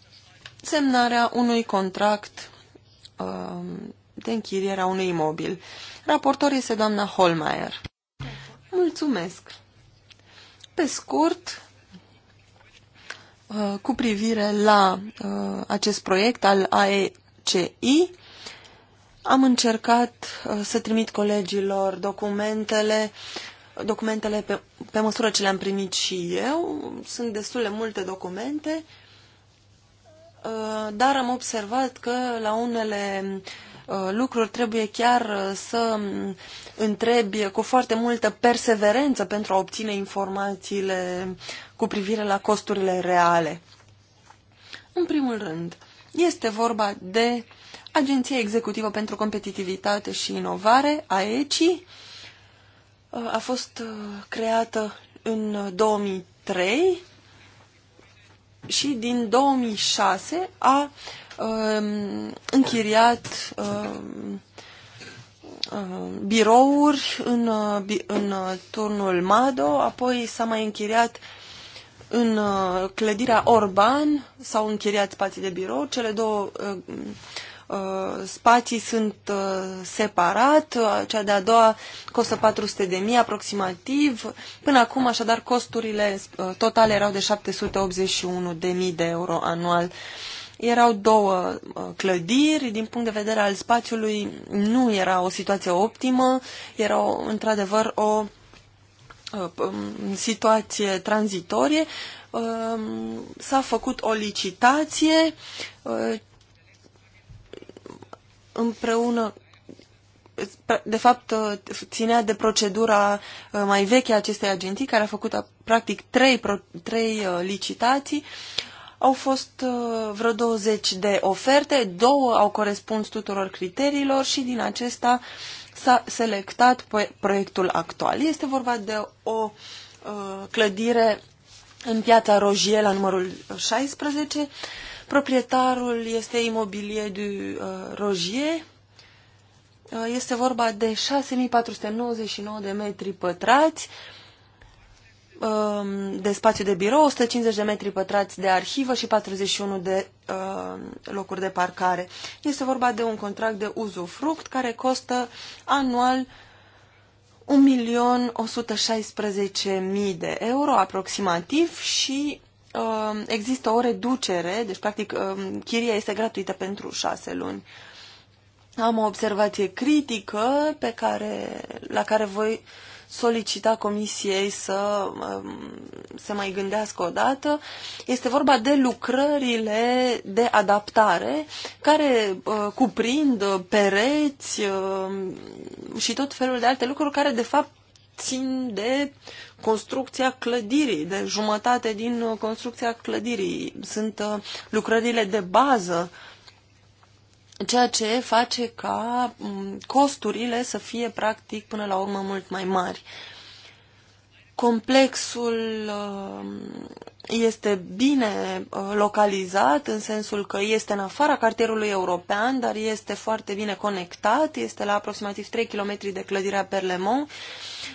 semnarea unui contract um, de închiriere a unui imobil. Raportor este doamna Holmeier. Mulțumesc! Pe scurt, Uh, cu privire la uh, acest proiect al AECI. Am încercat uh, să trimit colegilor documentele, documentele pe, pe măsură ce le-am primit și eu. Sunt destule multe documente, dar am observat că la unele uh, Uh, lucruri, trebuie chiar uh, să um, întrebi cu foarte multă perseverență pentru a obține informațiile cu privire la costurile reale. În primul rând, este vorba de Agenția Executivă pentru Competitivitate și Inovare, AECI, uh, a fost creată în 2003 și din 2006 a uh, închiriat uh, birouri în, uh, în uh, turnul Mado, apoi s-a mai închiriat în uh, clădirea Orban, s-au închiriat spații de birou, cele două Uh, spații sunt uh, separat, uh, cea de-a doua costă 400 de mii aproximativ. Până acum, așadar, costurile totale erau de 781 de mii de euro anual. Erau două clădiri, din punct de vedere al spațiului nu era o situație optimă, era într-adevăr o um, situație tranzitorie, um, s-a făcut o licitație împreună de fapt ținea de procedura uh, mai veche a acestei agenții, care a făcut uh, practic trei, trei uh, licitații. Au fost vreo 20 de oferte, două au corespuns tuturor criteriilor și din acesta s-a selectat proiectul actual. Este vorba de o clădire în piața Rojie la numărul 16, Proprietarul este imobilier de uh, Rogier. Uh, este vorba de 6499 de metri pătrați um, de spațiu de birou, 150 de metri pătrați de arhivă și 41 de uh, locuri de parcare. Este vorba de un contract de uzufruct care costă anual 1.116.000 de euro aproximativ și Um, există o reducere, deci practic um, chiria este gratuită pentru șase luni. Am o observație critică pe care, la care voi solicita comisiei să um, se mai gândească o dată. Este vorba de lucrările de adaptare care uh, cuprind pereți și tot felul de alte lucruri care de fapt țin de construcția clădirii, de jumătate din uh, construcția clădirii. Sunt uh, lucrările de bază, ceea ce face ca mm, costurile să fie practic până la urmă mult mai mari. Uh, Complexul uh, este bine uh, localizat în sensul că este în afara cartierului european, dar este foarte bine conectat, este la aproximativ 3 km de clădirea Perlemont.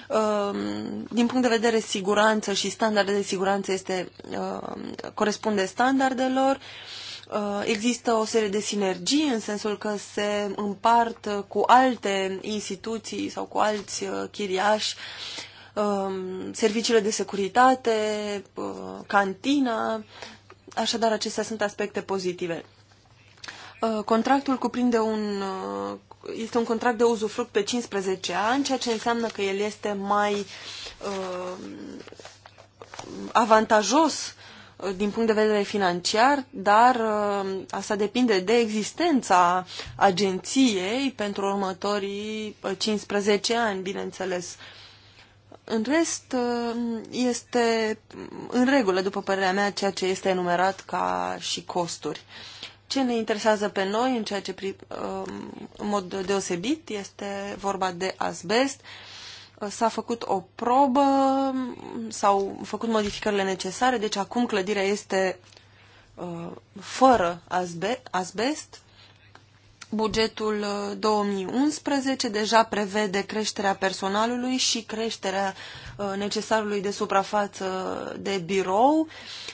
Uh, din punct de vedere siguranță și standarde de siguranță este, corespunde standardelor. Există o serie de sinergii în sensul că se împart cu alte instituții sau cu alți chiriași Um, serviciile de securitate, uh, cantina, așadar acestea sunt aspecte pozitive. Uh, contractul cuprinde un, uh, este un contract de uzufruct pe 15 ani, ceea ce înseamnă că el este mai uh, avantajos din punct de vedere financiar, dar asta depinde de existența agenției pentru următorii 15 ani, bineînțeles. În rest, uh, este în regulă, după părerea mea, ceea ce este enumerat ca și costuri. Ce ne interesează pe noi, în ceea ce, uh, în mod deosebit, este vorba de asbest. Uh, s-a făcut o probă, s-au făcut modificările necesare, deci acum clădirea este fără asbest, Bugetul 2011 uh, deja prevede creșterea personalului și creșterea uh, necesarului de suprafață de birou.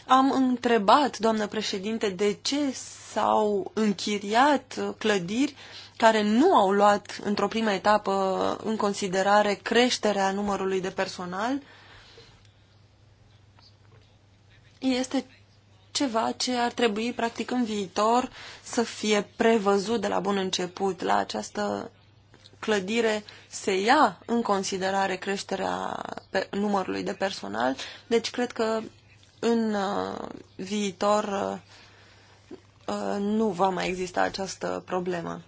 Am întrebat, doamnă președinte, de ce s-au închiriat uh, clădiri care nu au luat într-o primă etapă în considerare creșterea numărului de personal. Este ceva ce ar trebui, practic, în viitor să fie prevăzut de la bun început. La această clădire se ia în considerare creșterea pe numărului de personal, deci cred că în uh, viitor uh, uh, nu va mai exista această problemă.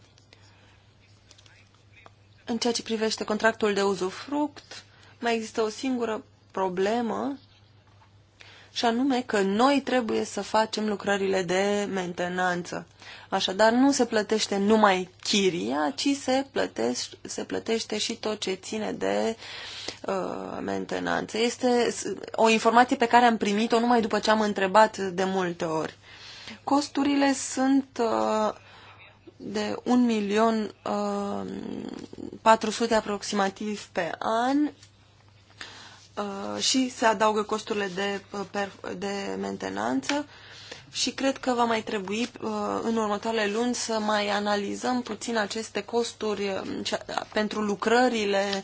În ceea ce privește contractul de uzufruct, mai există o singură problemă și anume că noi trebuie să facem lucrările de mentenanță. Așadar, nu se plătește numai chiria, ci se, plătește, se plătește și tot ce ține de uh, mentenanță. Este o informație pe care am primit-o numai după ce am întrebat de multe ori. Costurile sunt uh, de 1.400.000 milion uh, aproximativ pe an Uh, și se adaugă costurile de, uh, de mentenanță și cred că va mai trebui uh, în următoarele luni să mai analizăm puțin aceste costuri um, pentru lucrările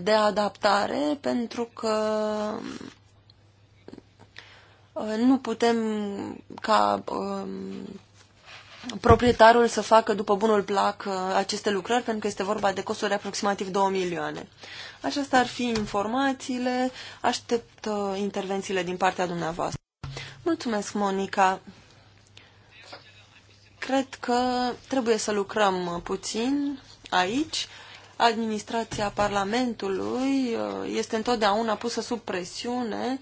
de adaptare, pentru că nu putem ca um, proprietarul să facă după bunul plac aceste lucrări, pentru că este vorba de costuri aproximativ 2 milioane. Aceasta ar fi informațiile. Aștept uh, intervențiile din partea dumneavoastră. Mulțumesc, Monica. Cred că trebuie să lucrăm uh, puțin aici. Administrația Parlamentului uh, este întotdeauna pusă sub presiune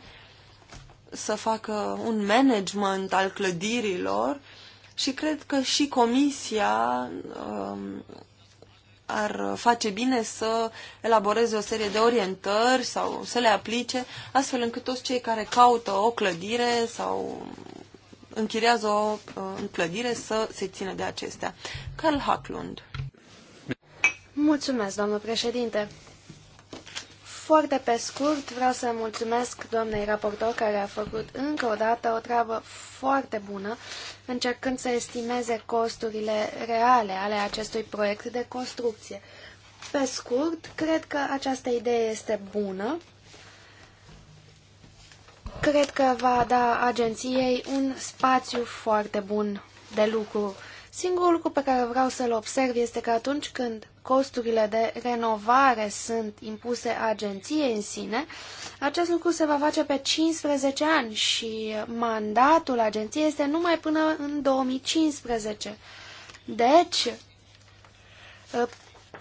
să facă un management al clădirilor și cred că și Comisia um, ar face bine să elaboreze o serie de orientări sau să le aplice, astfel încât toți cei care caută o clădire sau închiriază o uh, clădire să se țină de acestea. Carl Hacklund. Mulțumesc, doamnă președinte. Foarte pe scurt, vreau să mulțumesc doamnei raportor care a făcut încă o dată o treabă foarte bună, încercând să estimeze costurile reale ale acestui proiect de construcție. Pe scurt, cred că această idee este bună. Cred că va da agenției un spațiu foarte bun de lucru. Singurul lucru pe care vreau să-l observ este că atunci când costurile de renovare sunt impuse agenției în sine, acest lucru se va face pe 15 ani și mandatul agenției este numai până în 2015. Deci, ă,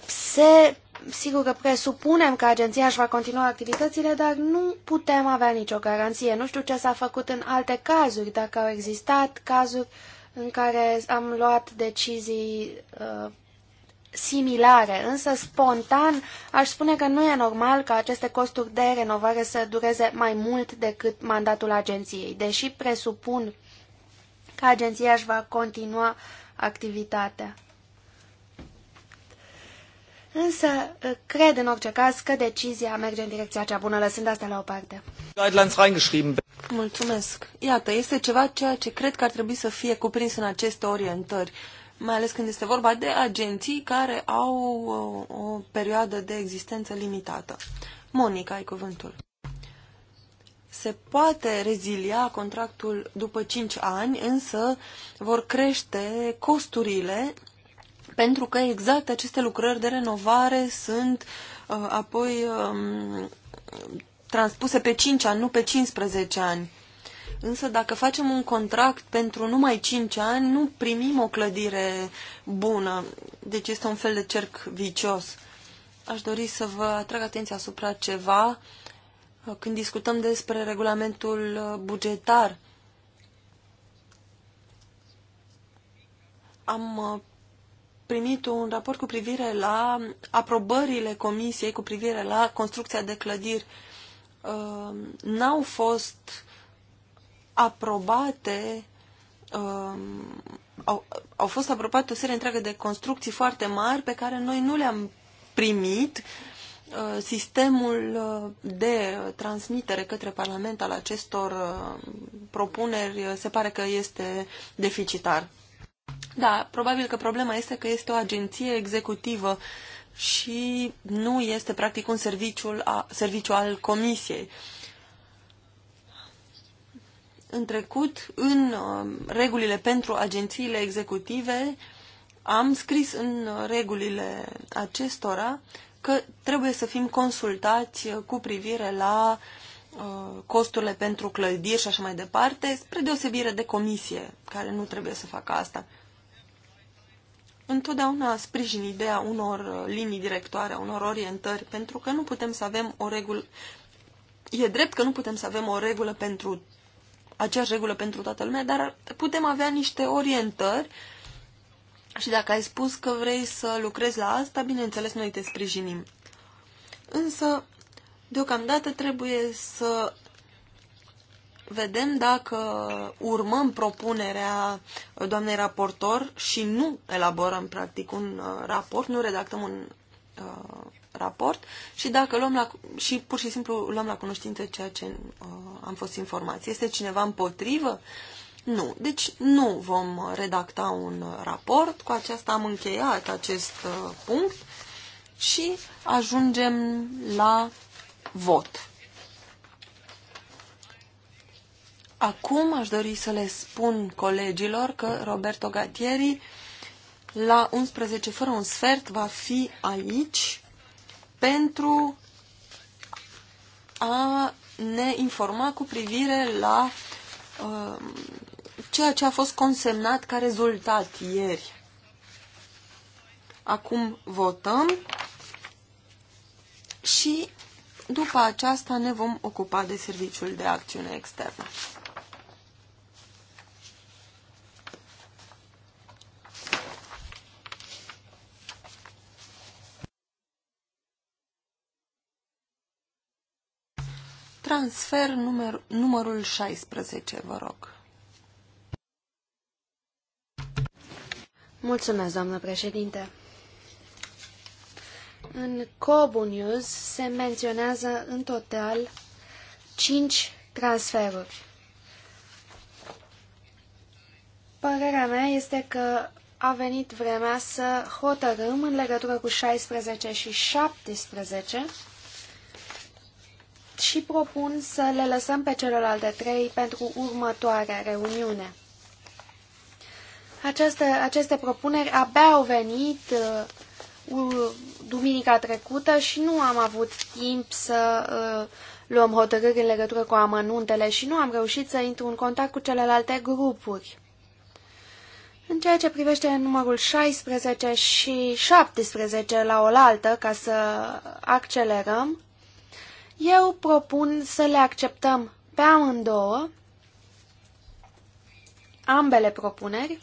se, sigur că presupunem că agenția își va continua activitățile, dar nu putem avea nicio garanție. Nu știu ce s-a făcut în alte cazuri, dacă au existat cazuri în care am luat decizii uh, similare, însă spontan aș spune că nu e normal ca aceste costuri de renovare să dureze mai mult decât mandatul agenției, deși presupun că agenția își va continua activitatea. Însă, cred în orice caz că decizia merge în direcția cea bună, lăsând asta la o parte. Mulțumesc. Iată, este ceva ceea ce cred că ar trebui să fie cuprins în aceste orientări mai ales când este vorba de agenții care au o, uh, o perioadă de existență limitată. Monica, ai cuvântul. Se poate rezilia contractul după 5 ani, însă vor crește costurile pentru că exact aceste lucrări de renovare sunt uh, apoi um, transpuse pe 5 ani, nu pe 15 ani. Însă dacă facem un contract pentru numai 5 ani, nu primim o clădire bună. Deci este un fel de cerc vicios. Aș dori să vă atrag atenția asupra ceva uh, când discutăm despre regulamentul uh, bugetar. Am uh, primit un raport cu privire la aprobările comisiei cu privire la construcția de clădiri. N-au fost aprobate um, au, au fost aprobate o serie întreagă de construcții foarte mari pe care noi nu le-am primit. Uh, sistemul uh, de transmitere către Parlament al acestor uh, propuneri uh, se pare că este deficitar. Da, probabil că problema este că este o agenție executivă și nu este practic un serviciu, serviciu al comisiei. Uh, în trecut, în um, regulile pentru agențiile executive, am scris în regulile acestora că trebuie să fim consultați uh, cu privire la uh, costurile pentru clădiri și așa mai departe, spre deosebire de comisie, care nu trebuie să facă asta. Întotdeauna sprijin ideea unor uh, linii directoare, unor orientări, pentru că nu putem să avem o regulă. E drept că nu putem să avem o regulă pentru aceeași regulă pentru toată lumea, dar putem avea niște orientări și dacă ai spus că vrei să lucrezi la asta, bineînțeles, noi te sprijinim. Însă, deocamdată trebuie să vedem dacă urmăm propunerea doamnei raportor și nu elaborăm, practic, un uh, raport, nu redactăm un uh, raport și dacă luăm la, și pur și simplu luăm la cunoștință ceea ce uh, am fost informați. Este cineva împotrivă? Nu. Deci nu vom redacta un raport. Cu aceasta am încheiat acest uh, punct și ajungem la vot. Acum aș dori să le spun colegilor că Roberto Gatieri la 11 fără un sfert va fi aici pentru a ne informa cu privire la uh, ceea ce a fost consemnat ca rezultat ieri. Acum votăm și după aceasta ne vom ocupa de serviciul de acțiune externă. transfer număr, numărul 16, vă rog. Mulțumesc, doamnă președinte. În Cobu News se menționează în total 5 transferuri. Părerea mea este că a venit vremea să hotărâm în legătură cu 16 și 17 și propun să le lăsăm pe celelalte trei pentru următoarea reuniune. Aceste, aceste propuneri abia au venit uh, duminica trecută și nu am avut timp să uh, luăm hotărâri în legătură cu amănuntele și nu am reușit să intru în contact cu celelalte grupuri. În ceea ce privește numărul 16 și 17 la oaltă, ca să accelerăm, eu propun să le acceptăm pe amândouă, ambele propuneri.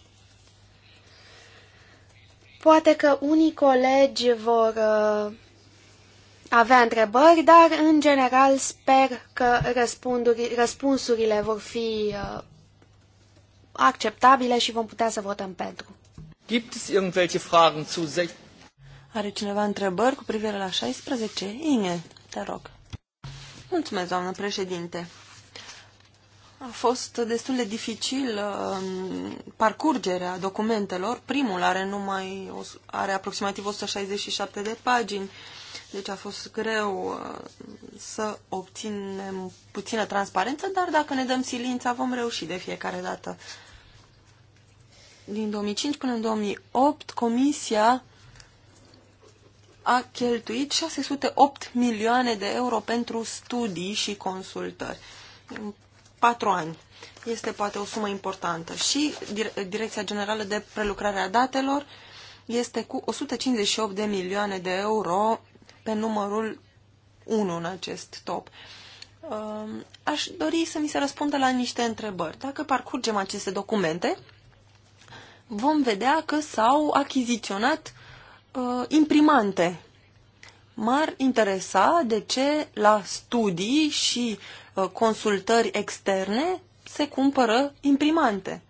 Poate că unii colegi vor uh, avea întrebări, dar în general sper că răspunsurile vor fi uh, acceptabile și vom putea să votăm pentru. Gibt es irgendwelche Fragen zu 16? Are cineva întrebări cu privire la 16? Inge, te rog. Mulțumesc, doamnă președinte. A fost destul de dificil uh, parcurgerea documentelor. Primul are numai are aproximativ 167 de pagini, deci a fost greu uh, să obținem puțină transparență, dar dacă ne dăm silința vom reuși de fiecare dată. Din 2005 până în 2008, Comisia a cheltuit 608 milioane de euro pentru studii și consultări în patru ani. Este poate o sumă importantă. Și Direcția Generală de Prelucrare a Datelor este cu 158 de milioane de euro pe numărul 1 în acest top. Um, aș dori să mi se răspundă la niște întrebări. Dacă parcurgem aceste documente, vom vedea că s-au achiziționat uh, imprimante. M-ar interesa de ce la studii și uh, consultări externe se cumpără imprimante.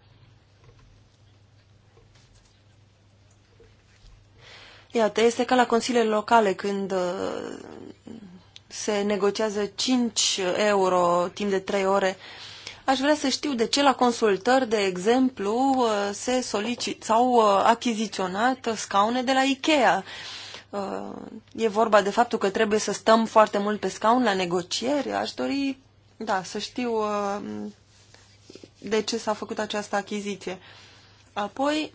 Iată, este ca la consiliile locale când uh, se negociază 5 euro timp de 3 ore uh, Aș vrea să știu de ce la consultări, de exemplu, uh, se solicit sau uh, achiziționat scaune de la Ikea. Uh, e vorba de faptul că trebuie să stăm foarte mult pe scaun la negocieri. Aș dori, da, să știu de ce s-a făcut această achiziție. Apoi,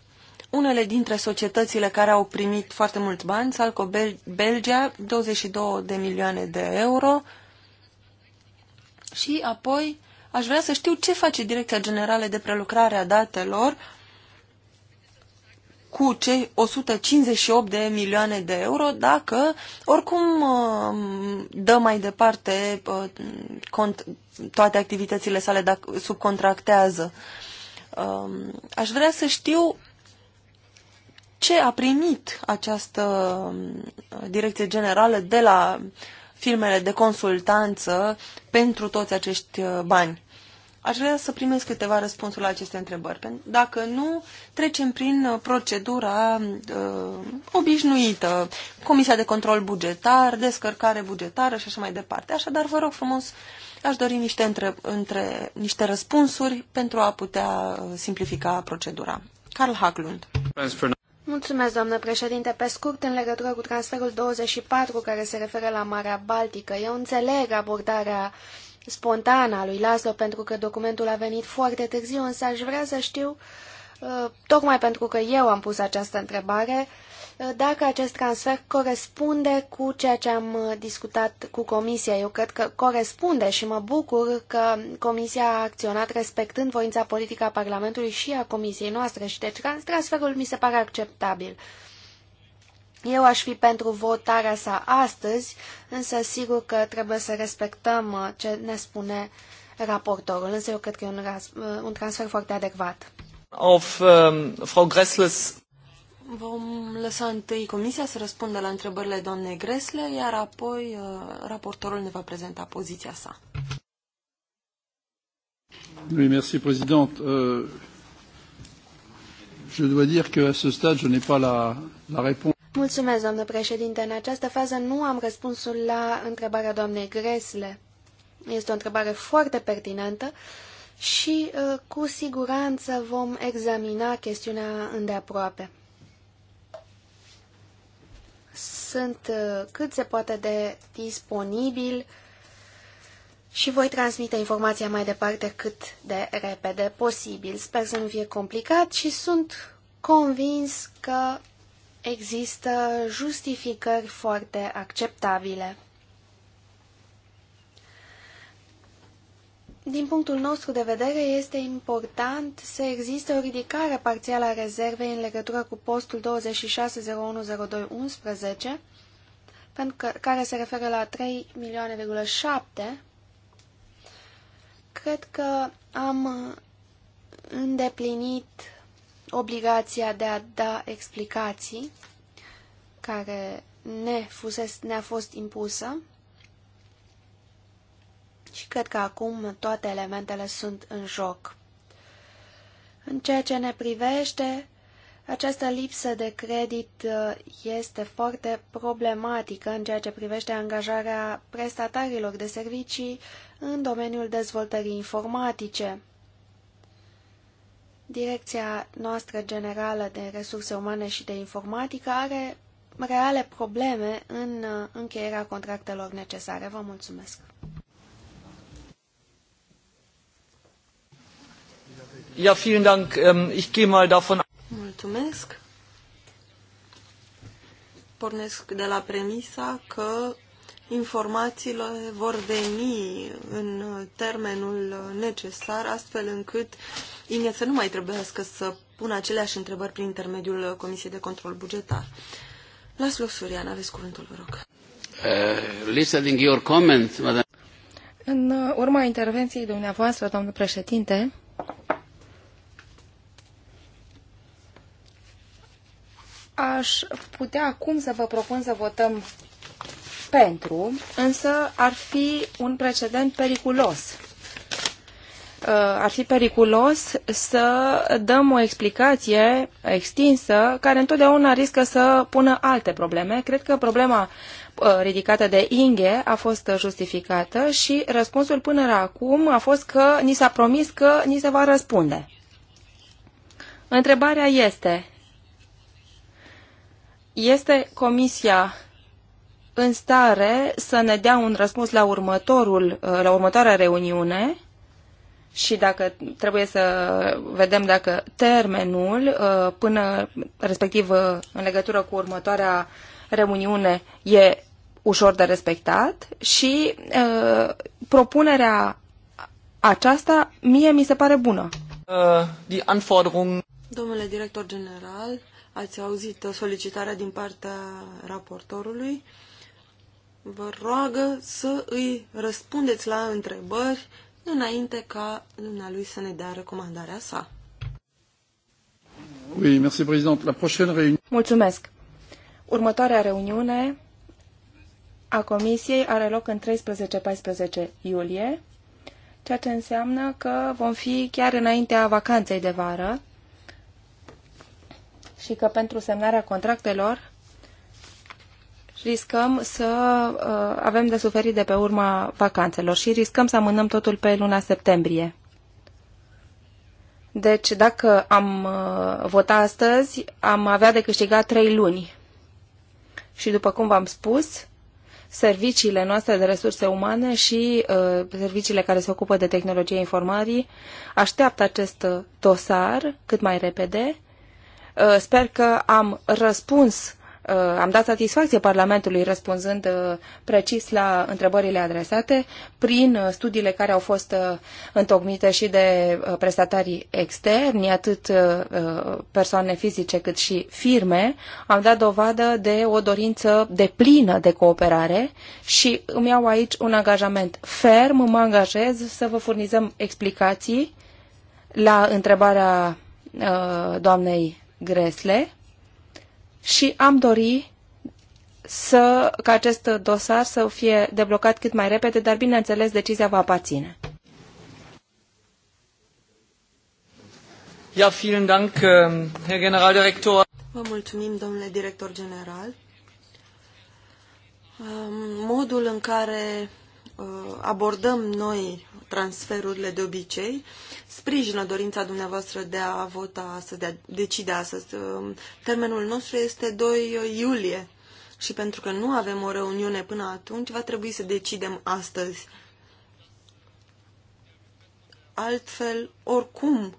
unele dintre societățile care au primit foarte mult bani, Salco Belgia, 22 de milioane de euro, și apoi Aș vrea să știu ce face Direcția Generală de Prelucrare a Datelor cu cei 158 de milioane de euro dacă oricum um, dă mai departe uh, toate activitățile sale dacă subcontractează. Um, aș vrea să știu ce a primit această um, direcție generală de la uh, firmele de consultanță pentru toți acești uh, bani? Aș vrea să primesc câteva răspunsuri la aceste întrebări. Dacă nu, trecem prin uh, procedura uh, obișnuită, Comisia de Control Bugetar, descărcare bugetară și așa mai departe. Așadar, vă rog frumos, aș dori niște, între, între, niște răspunsuri pentru a putea uh, simplifica procedura. Carl Haglund. Mulțumesc, doamnă președinte. Pe scurt, în legătură cu transferul 24, care se referă la Marea Baltică, eu înțeleg abordarea spontană a lui Laszlo, pentru că documentul a venit foarte târziu, însă aș vrea să știu, uh, tocmai pentru că eu am pus această întrebare, dacă acest transfer corespunde cu ceea ce am uh, discutat cu Comisia. Eu cred că corespunde și mă bucur că Comisia a acționat respectând voința politică a Parlamentului și a Comisiei noastre și deci transferul mi se pare acceptabil. Eu aș fi pentru votarea sa astăzi, însă sigur că trebuie să respectăm uh, ce ne spune raportorul, însă eu cred că e un, uh, un transfer foarte adecvat. Auf um, Frau Gressles Vom lăsa întâi comisia să răspundă la întrebările doamnei Gresle, iar apoi uh, raportorul ne va prezenta poziția sa. Oui, merci, présidente. Euh, je dois dire à ce stade, je n'ai pas la, la réponse. Mulțumesc, doamnă președinte. În această fază nu am răspunsul la întrebarea doamnei Gresle. Este o întrebare foarte pertinentă și uh, cu siguranță vom examina chestiunea îndeaproape. sunt uh, cât se poate de disponibil și voi transmite informația mai departe cât de repede posibil. Sper să nu fie complicat și sunt convins că există justificări foarte acceptabile. Din punctul nostru de vedere, este important să existe o ridicare parțială a rezervei în legătură cu postul 26010211, pentru că, care se referă la 3 milioane,7. Cred că am îndeplinit obligația de a da explicații care ne, fusese, ne-a fost impusă și cred că acum toate elementele sunt în joc. În ceea ce ne privește, această lipsă de credit uh, este foarte problematică în ceea ce privește angajarea prestatarilor de servicii în domeniul dezvoltării informatice. Direcția noastră generală de resurse umane și de informatică are reale probleme în uh, încheierea contractelor necesare. Vă mulțumesc! Ja, vielen Dank. Ähm, ich gehe mal davon Mulțumesc. Pornesc de la premisa că informațiile vor veni în termenul necesar, astfel încât INE să nu mai trebuiască să pună aceleași întrebări prin intermediul Comisiei de Control Bugetar. Laslo Surian, aveți cuvântul, vă rog. Uh, listening your comment, madame. În urma intervenției dumneavoastră, domnul președinte, aș putea acum să vă propun să votăm pentru, însă ar fi un precedent periculos. Uh, ar fi periculos să dăm o explicație extinsă care întotdeauna riscă să pună alte probleme. Cred că problema uh, ridicată de Inge a fost justificată și răspunsul până acum a fost că ni s-a promis că ni se va răspunde. Întrebarea este, este Comisia în stare să ne dea un răspuns la, următorul, uh, la următoarea reuniune și dacă trebuie să vedem dacă termenul uh, până respectiv uh, în legătură cu următoarea reuniune e ușor de respectat și propunerea aceasta mie mi se pare bună. Uh, die Domnule director general, Ați auzit solicitarea din partea raportorului. Vă roagă să îi răspundeți la întrebări înainte ca dumnealui să ne dea recomandarea sa. Oui, merci, président. La prochaine réunion... Mulțumesc. Următoarea reuniune a Comisiei are loc în 13-14 iulie, ceea ce înseamnă că vom fi chiar înaintea vacanței de vară, și că pentru semnarea contractelor riscăm să uh, avem de suferit de pe urma vacanțelor și riscăm să amânăm totul pe luna septembrie. Deci, dacă am uh, vota astăzi, am avea de câștigat trei luni. Și după cum v-am spus, serviciile noastre de resurse umane și uh, serviciile care se ocupă de tehnologie informării așteaptă acest uh, dosar cât mai repede Uh, sper că am răspuns, uh, am dat satisfacție Parlamentului răspunzând uh, precis la întrebările adresate prin studiile care au fost întocmite și de prestatarii externi, atât persoane fizice cât și firme. Am dat dovadă de o dorință de plină de cooperare și îmi iau aici un angajament ferm, mă angajez să vă furnizăm explicații la întrebarea doamnei Gresle și am dori să, ca acest dosar să fie deblocat cât mai repede, dar bineînțeles decizia va aparține. Ja, vielen Dank, ähm, Herr Generaldirektor. Vă mulțumim, domnule director general. Modul în care ă, abordăm noi transferurile de obicei. Sprijină dorința dumneavoastră de a vota astăzi, de a decide astăzi. Um, termenul nostru este 2 iulie și pentru că nu avem o reuniune până atunci, va trebui să decidem astăzi. Altfel, oricum,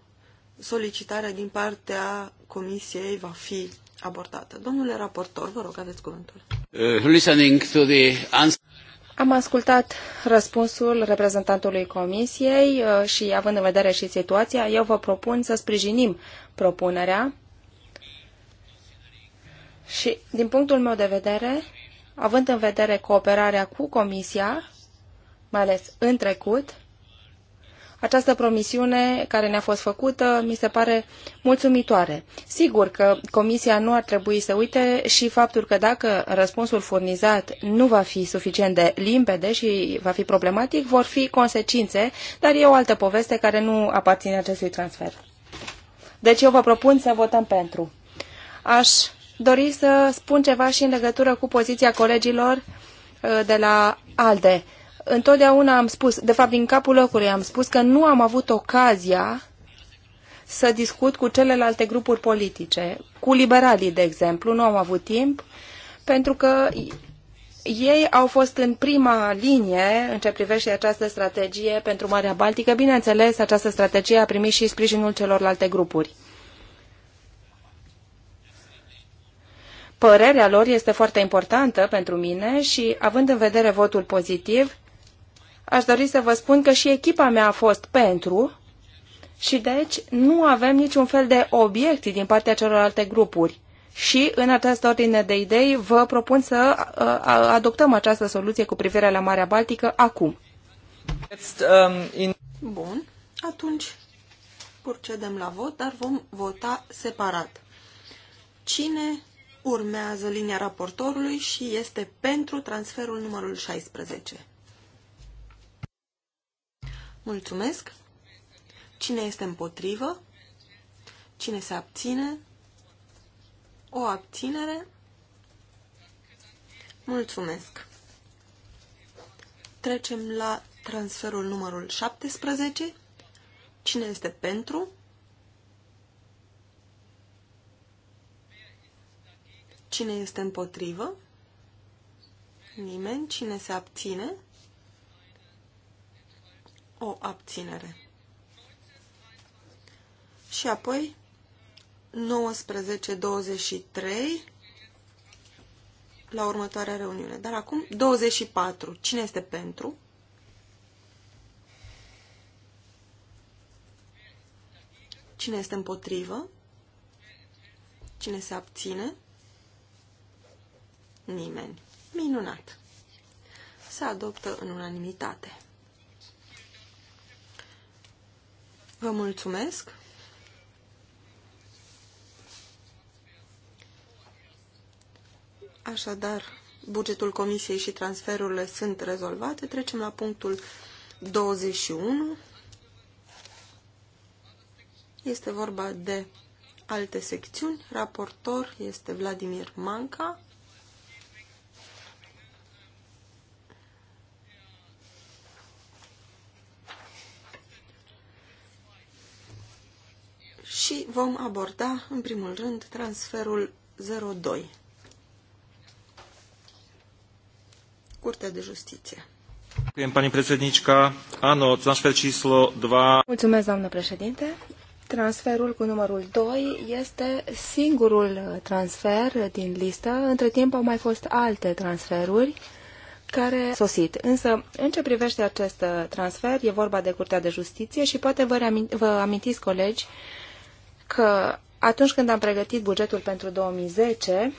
solicitarea din partea Comisiei va fi abordată. Domnule raportor, vă rog, aveți cuvântul. Uh, listening to the answer am ascultat răspunsul reprezentantului Comisiei uh, și, având în vedere și situația, eu vă propun să sprijinim propunerea și, din punctul meu de vedere, având în vedere cooperarea cu Comisia, mai ales în trecut, această promisiune care ne-a fost făcută mi se pare mulțumitoare. Sigur că Comisia nu ar trebui să uite și faptul că dacă răspunsul furnizat nu va fi suficient de limpede și va fi problematic, vor fi consecințe, dar e o altă poveste care nu aparține acestui transfer. Deci eu vă propun să votăm pentru. Aș dori să spun ceva și în legătură cu poziția colegilor uh, de la ALDE Întotdeauna am spus, de fapt din capul locului am spus că nu am avut ocazia să discut cu celelalte grupuri politice, cu liberalii, de exemplu, nu am avut timp, pentru că ei au fost în prima linie în ce privește această strategie pentru Marea Baltică. Bineînțeles, această strategie a primit și sprijinul celorlalte grupuri. Părerea lor este foarte importantă pentru mine și, având în vedere votul pozitiv, aș dori să vă spun că și echipa mea a fost pentru și deci nu avem niciun fel de obiecții din partea celorlalte grupuri. Și în această ordine de idei vă propun să uh, adoptăm această soluție cu privire la Marea Baltică acum. Um, Bun, atunci procedem la vot, dar vom vota separat. Cine urmează linia raportorului și este pentru transferul numărul 16? Mulțumesc. Cine este împotrivă? Cine se abține? O abținere? Mulțumesc. Trecem la transferul numărul 17. Cine este pentru? Cine este împotrivă? Nimeni. Cine se abține? o abținere. Și apoi 19-23 la următoarea reuniune. Dar acum 24. Cine este pentru? Cine este împotrivă? Cine se abține? Nimeni. Minunat. Se adoptă în unanimitate. Vă mulțumesc. Așadar, bugetul comisiei și transferurile sunt rezolvate. Trecem la punctul 21. Este vorba de alte secțiuni. Raportor este Vladimir Manca. și vom aborda, în primul rând, transferul 02. Curtea de Justiție. Pani președnică, ano, transfer cislo 2. Mulțumesc, doamnă președinte. Transferul cu numărul 2 este singurul transfer din listă. Între timp au mai fost alte transferuri care sosit. Însă, în ce privește acest transfer, e vorba de Curtea de Justiție și poate vă, reamint- vă amintiți, colegi, că atunci când am pregătit bugetul pentru 2010,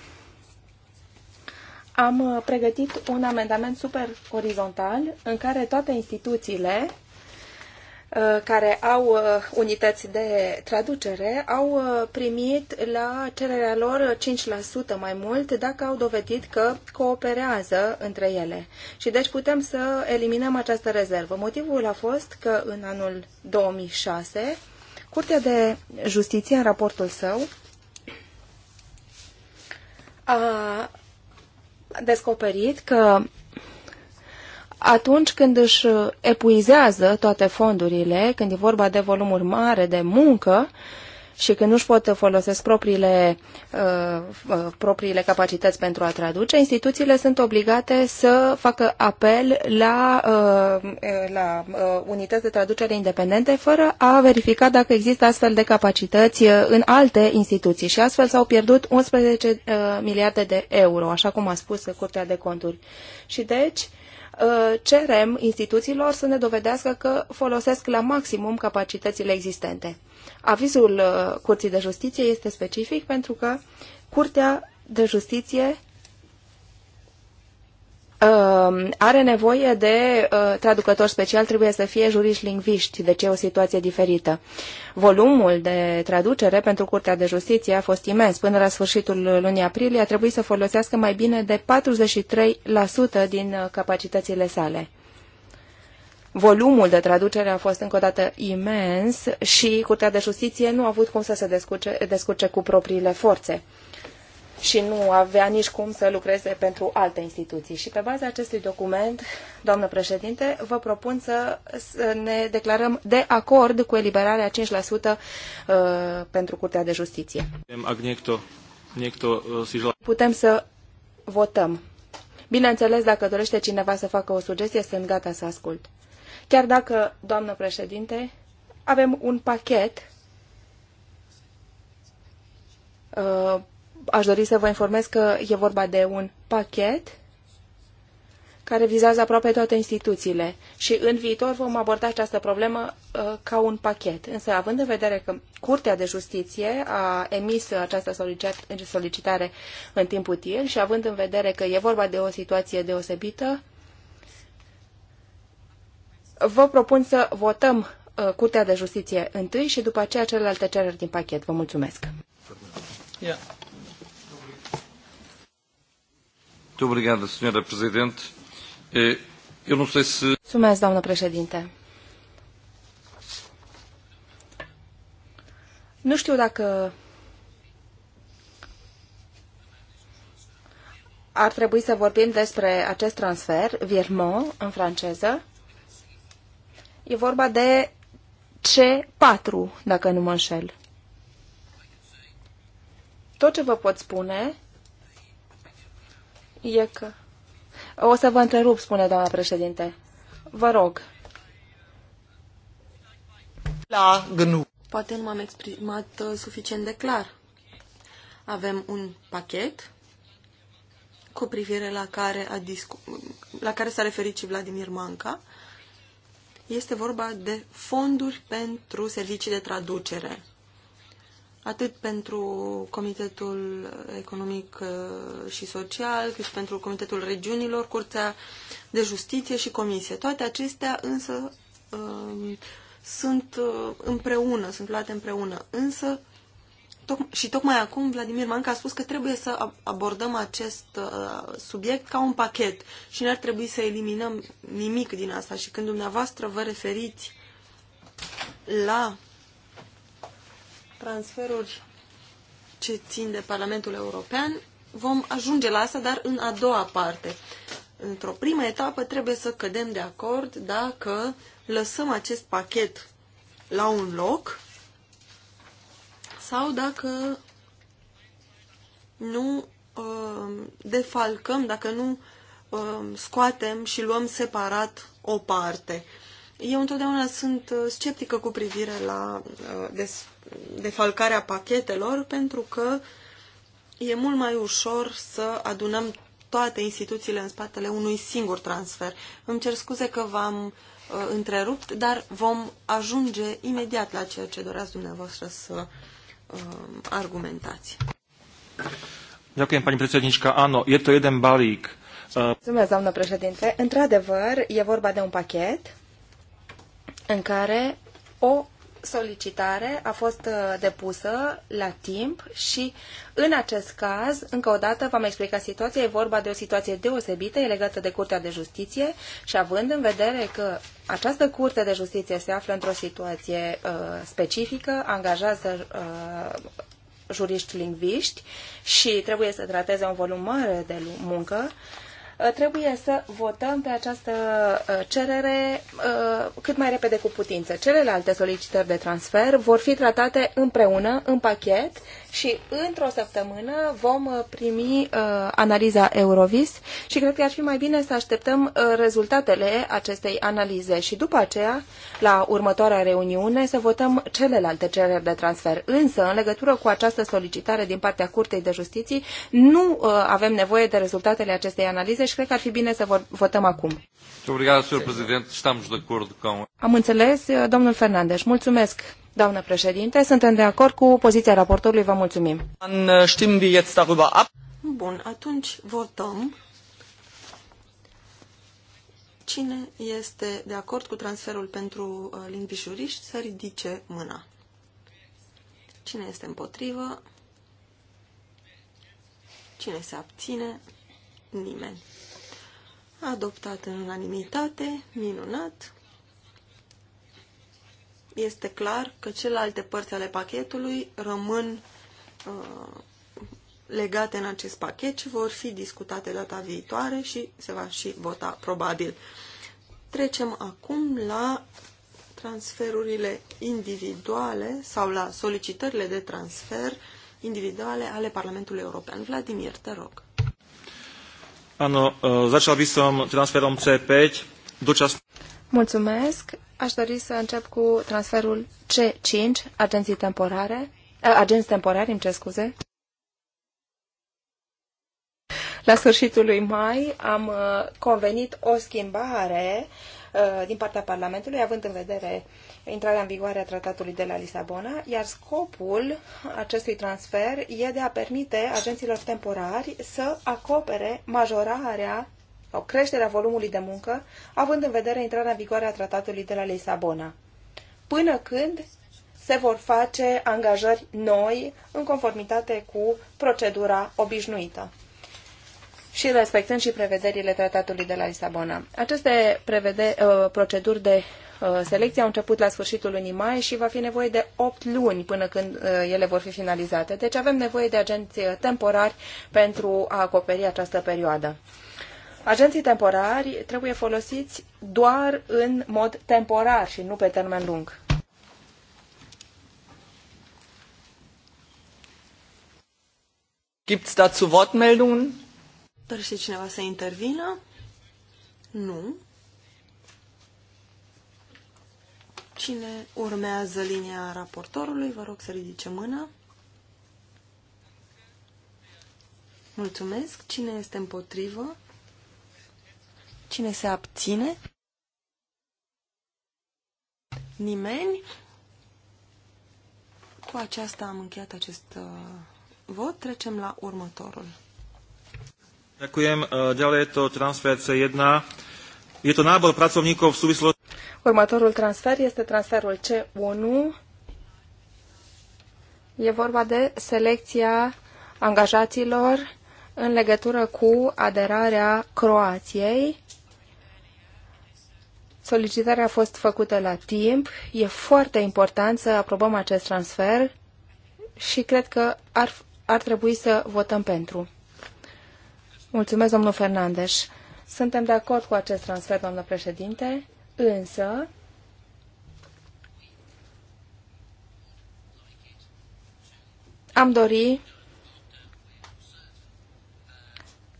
am uh, pregătit un amendament super orizontal în care toate instituțiile uh, care au uh, unități de traducere au primit la cererea lor 5% mai mult dacă au dovedit că cooperează între ele. Și deci putem să eliminăm această rezervă. Motivul a fost că în anul 2006 Curtea de Justiție, în raportul său, a descoperit că atunci când își epuizează toate fondurile, când e vorba de volumuri mare de muncă, uh, și când nu-și pot folosesc propriile, uh, uh, propriile capacități pentru a traduce, instituțiile sunt obligate să facă apel la, uh, la uh, unități de traducere independente fără a verifica dacă există astfel de capacități uh, în alte instituții și astfel s-au pierdut 11 uh, miliarde de euro, așa cum a spus Curtea de Conturi. Și deci, uh, cerem instituțiilor să ne dovedească că folosesc la maximum capacitățile existente. Avizul uh, Curții de Justiție este specific pentru că Curtea de Justiție um, are nevoie de uh, traducători traducător special, trebuie să fie juriști lingviști, deci e o situație diferită. Volumul de traducere pentru Curtea de Justiție a fost imens. Până la sfârșitul lunii aprilie a trebuit să folosească mai bine de 43% din uh, capacitățile sale volumul de traducere a fost încă o dată imens și Curtea de Justiție nu a avut cum să se descurce, descurce cu propriile forțe și nu avea nici cum să lucreze pentru alte instituții. Și pe baza acestui document, doamnă președinte, vă propun să, să ne declarăm de acord cu eliberarea 5% uh, pentru Curtea de Justiție. Uh, Putem să votăm. Bineînțeles, dacă dorește cineva să facă o sugestie, sunt gata să ascult. Chiar dacă, doamnă președinte, avem un pachet uh, aș dori să vă informez că e vorba de un pachet care vizează aproape toate instituțiile și în viitor vom aborda această problemă uh, ca un pachet. Însă, având în vedere că Curtea de Justiție a emis această solicitare în timp util și având în vedere că e vorba de o situație deosebită, vă propun să votăm uh, Curtea de Justiție întâi și după aceea celelalte cereri din pachet. Vă mulțumesc. Yeah. Muito obrigado, Sra. Presidente. Eh, eu não sei se... Mulțumesc, doamnă președinte. Nu știu dacă ar trebui să vorbim despre acest transfer, Viermont, în franceză, E vorba de C4, dacă nu mă înșel. Tot ce vă pot spune e că... O să vă întrerup, spune doamna președinte. Vă rog. La gnu. Poate nu m-am exprimat uh, suficient de clar. Avem un pachet cu privire la care, a la care s-a referit și Vladimir Manca, este vorba de fonduri pentru servicii de traducere, atât pentru Comitetul Economic uh, și Social, cât și pentru Comitetul Regiunilor, Curtea de Justiție și Comisie. Toate acestea însă um, sunt uh, împreună, sunt luate împreună, însă Toc- și tocmai acum Vladimir Manca a spus că trebuie să abordăm acest uh, subiect ca un pachet și n-ar trebui să eliminăm nimic din asta. Și când dumneavoastră vă referiți la transferuri ce țin de Parlamentul European, vom ajunge la asta, dar în a doua parte. Într-o primă etapă trebuie să cădem de acord dacă lăsăm acest pachet la un loc sau dacă nu uh, defalcăm, dacă nu uh, scoatem și luăm separat o parte. Eu întotdeauna sunt uh, sceptică cu privire la defalcarea pachetelor pentru că e mult mai ușor să adunăm toate instituțiile în spatele unui singur transfer. Îmi cer scuze că v-am uh, întrerupt, dar vom ajunge imediat la ceea ce doreați dumneavoastră să Um, argumentați. Ďakujem, pani predsednička. Áno, je to jeden balík. Mulțumesc, doamnă președinte. Într-adevăr, e vorba de un pachet în care o solicitare a fost uh, depusă la timp și în acest caz, încă o dată v-am explicat situația, e vorba de o situație deosebită, e legată de Curtea de Justiție și având în vedere că această Curte de Justiție se află într-o situație uh, specifică, angajează uh, juriști lingviști și trebuie să trateze un volum mare de muncă, uh, Uh, trebuie să votăm pe această uh, cerere uh, cât mai repede cu putință. Celelalte solicitări de transfer vor fi tratate împreună, în pachet, și într-o săptămână vom uh, primi uh, analiza Eurovis și cred că ar fi mai bine să așteptăm uh, rezultatele acestei analize și după aceea, la următoarea reuniune, să votăm celelalte cereri de transfer. Însă, în legătură cu această solicitare din partea Curtei de Justiții, nu uh, avem nevoie de rezultatele acestei analize și cred că ar fi bine să votăm acum. Obrigado, Sr. Presidente. Estamos de acordo com... Am înțeles, uh, domnul Fernandes. Mulțumesc. Doamnă președinte, suntem de acord cu poziția raportorului. Vă mulțumim. Uh, Bun, atunci votăm. Cine este de acord cu transferul pentru uh, lingvișuriști să ridice mâna. Cine este împotrivă? Cine se abține? Nimeni. Adoptat în unanimitate, minunat este clar că celelalte părți ale pachetului rămân uh, legate în acest pachet și vor fi discutate data viitoare și se va și vota probabil. Trecem acum la transferurile individuale sau la solicitările de transfer individuale ale Parlamentului European. Vladimir, te rog. Ano, uh, začal by som transferom C5 Dočas... Mulțumesc. Aș dori să încep cu transferul C5, agenții temporare, agenți temporari, îmi cer scuze. La sfârșitul lui mai am uh, convenit o schimbare uh, din partea Parlamentului, având în vedere intrarea în vigoare a tratatului de la Lisabona, iar scopul acestui transfer e de a permite agenților temporari să acopere majorarea sau creșterea volumului de muncă, având în vedere intrarea în vigoare a tratatului de la Lisabona, până când se vor face angajări noi în conformitate cu procedura obișnuită și respectând și prevederile tratatului de la Lisabona. Aceste prevede, uh, proceduri de uh, selecție au început la sfârșitul lunii mai și va fi nevoie de 8 luni până când uh, ele vor fi finalizate. Deci avem nevoie de agenți uh, temporari pentru a acoperi această perioadă. Agenții temporari trebuie folosiți doar în mod temporar și nu pe termen lung. Gibt's dazu Wortmeldungen? Dorește cineva să intervină? Nu. Cine urmează linia raportorului, vă rog să ridice mâna. Mulțumesc. Cine este împotrivă? Cine se abține? Nimeni? Cu aceasta am încheiat acest uh, vot. Trecem la următorul. Ďakujem. Uh, ďalej je to transfer C1. Je to nábor pracovníkov v súvislosti... Următorul transfer este transferul C1. E vorba de selecția angajaților în legătură cu aderarea Croației Solicitarea a fost făcută la timp. E foarte important să aprobăm acest transfer și cred că ar, ar trebui să votăm pentru. Mulțumesc, domnul Fernandes. Suntem de acord cu acest transfer, doamnă președinte, însă am dori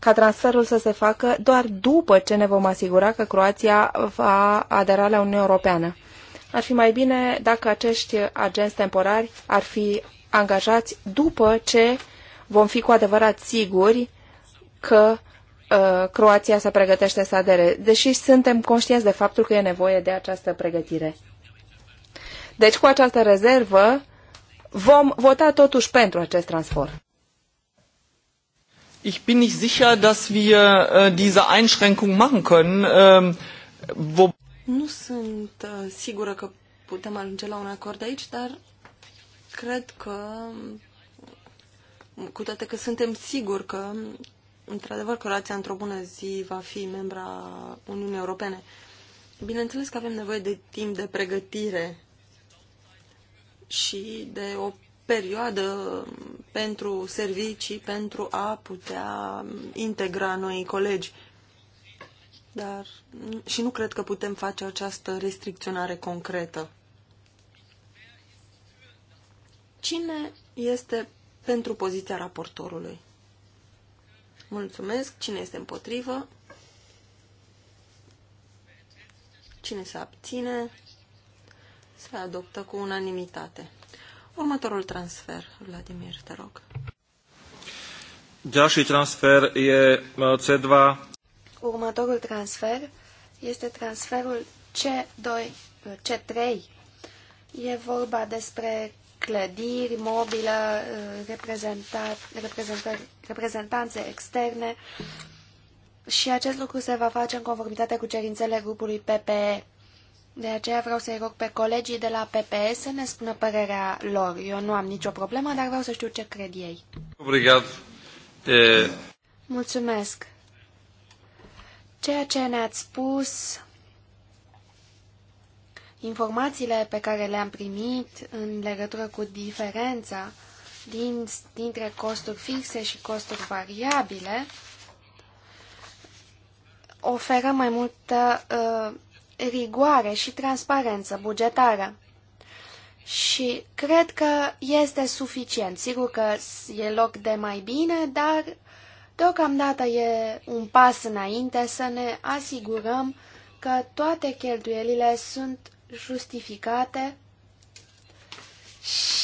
ca transferul să se facă doar după ce ne vom asigura că Croația va adera la Uniunea Europeană. Ar fi mai bine dacă acești agenți temporari ar fi angajați după ce vom fi cu adevărat siguri că uh, Croația se pregătește să adere, deși suntem conștienți de faptul că e nevoie de această pregătire. Deci, cu această rezervă, vom vota totuși pentru acest transfer ich bin nicht sicher, dass wir äh, diese Einschränkung machen können. Ähm, wo nu sunt uh, sigură că putem ajunge la un acord aici, dar cred că, cu toate că suntem siguri că, într-adevăr, Croația într-o bună zi va fi membra Uniunii Europene. Bineînțeles că avem nevoie de timp de pregătire și de o perioadă pentru servicii, pentru a putea integra noi colegi. Dar și nu cred că putem face această restricționare concretă. Cine este pentru poziția raportorului? Mulțumesc. Cine este împotrivă? Cine se abține? Se adoptă cu unanimitate. Următorul transfer, Vladimir, te rog. Ďalší transfer e C2. Următorul transfer este transferul C2, C3. E vorba despre clădiri, mobilă, reprezentanțe externe și acest lucru se va face în conformitate cu cerințele grupului PPE. De aceea vreau să-i rog pe colegii de la PPS să ne spună părerea lor. Eu nu am nicio problemă, dar vreau să știu ce cred ei. Obrigat. E... Mulțumesc. Ceea ce ne-ați spus, informațiile pe care le-am primit în legătură cu diferența din, dintre costuri fixe și costuri variabile, oferă mai multă uh, rigoare și transparență bugetară. Și cred că este suficient. Sigur că e loc de mai bine, dar deocamdată e un pas înainte să ne asigurăm că toate cheltuielile sunt justificate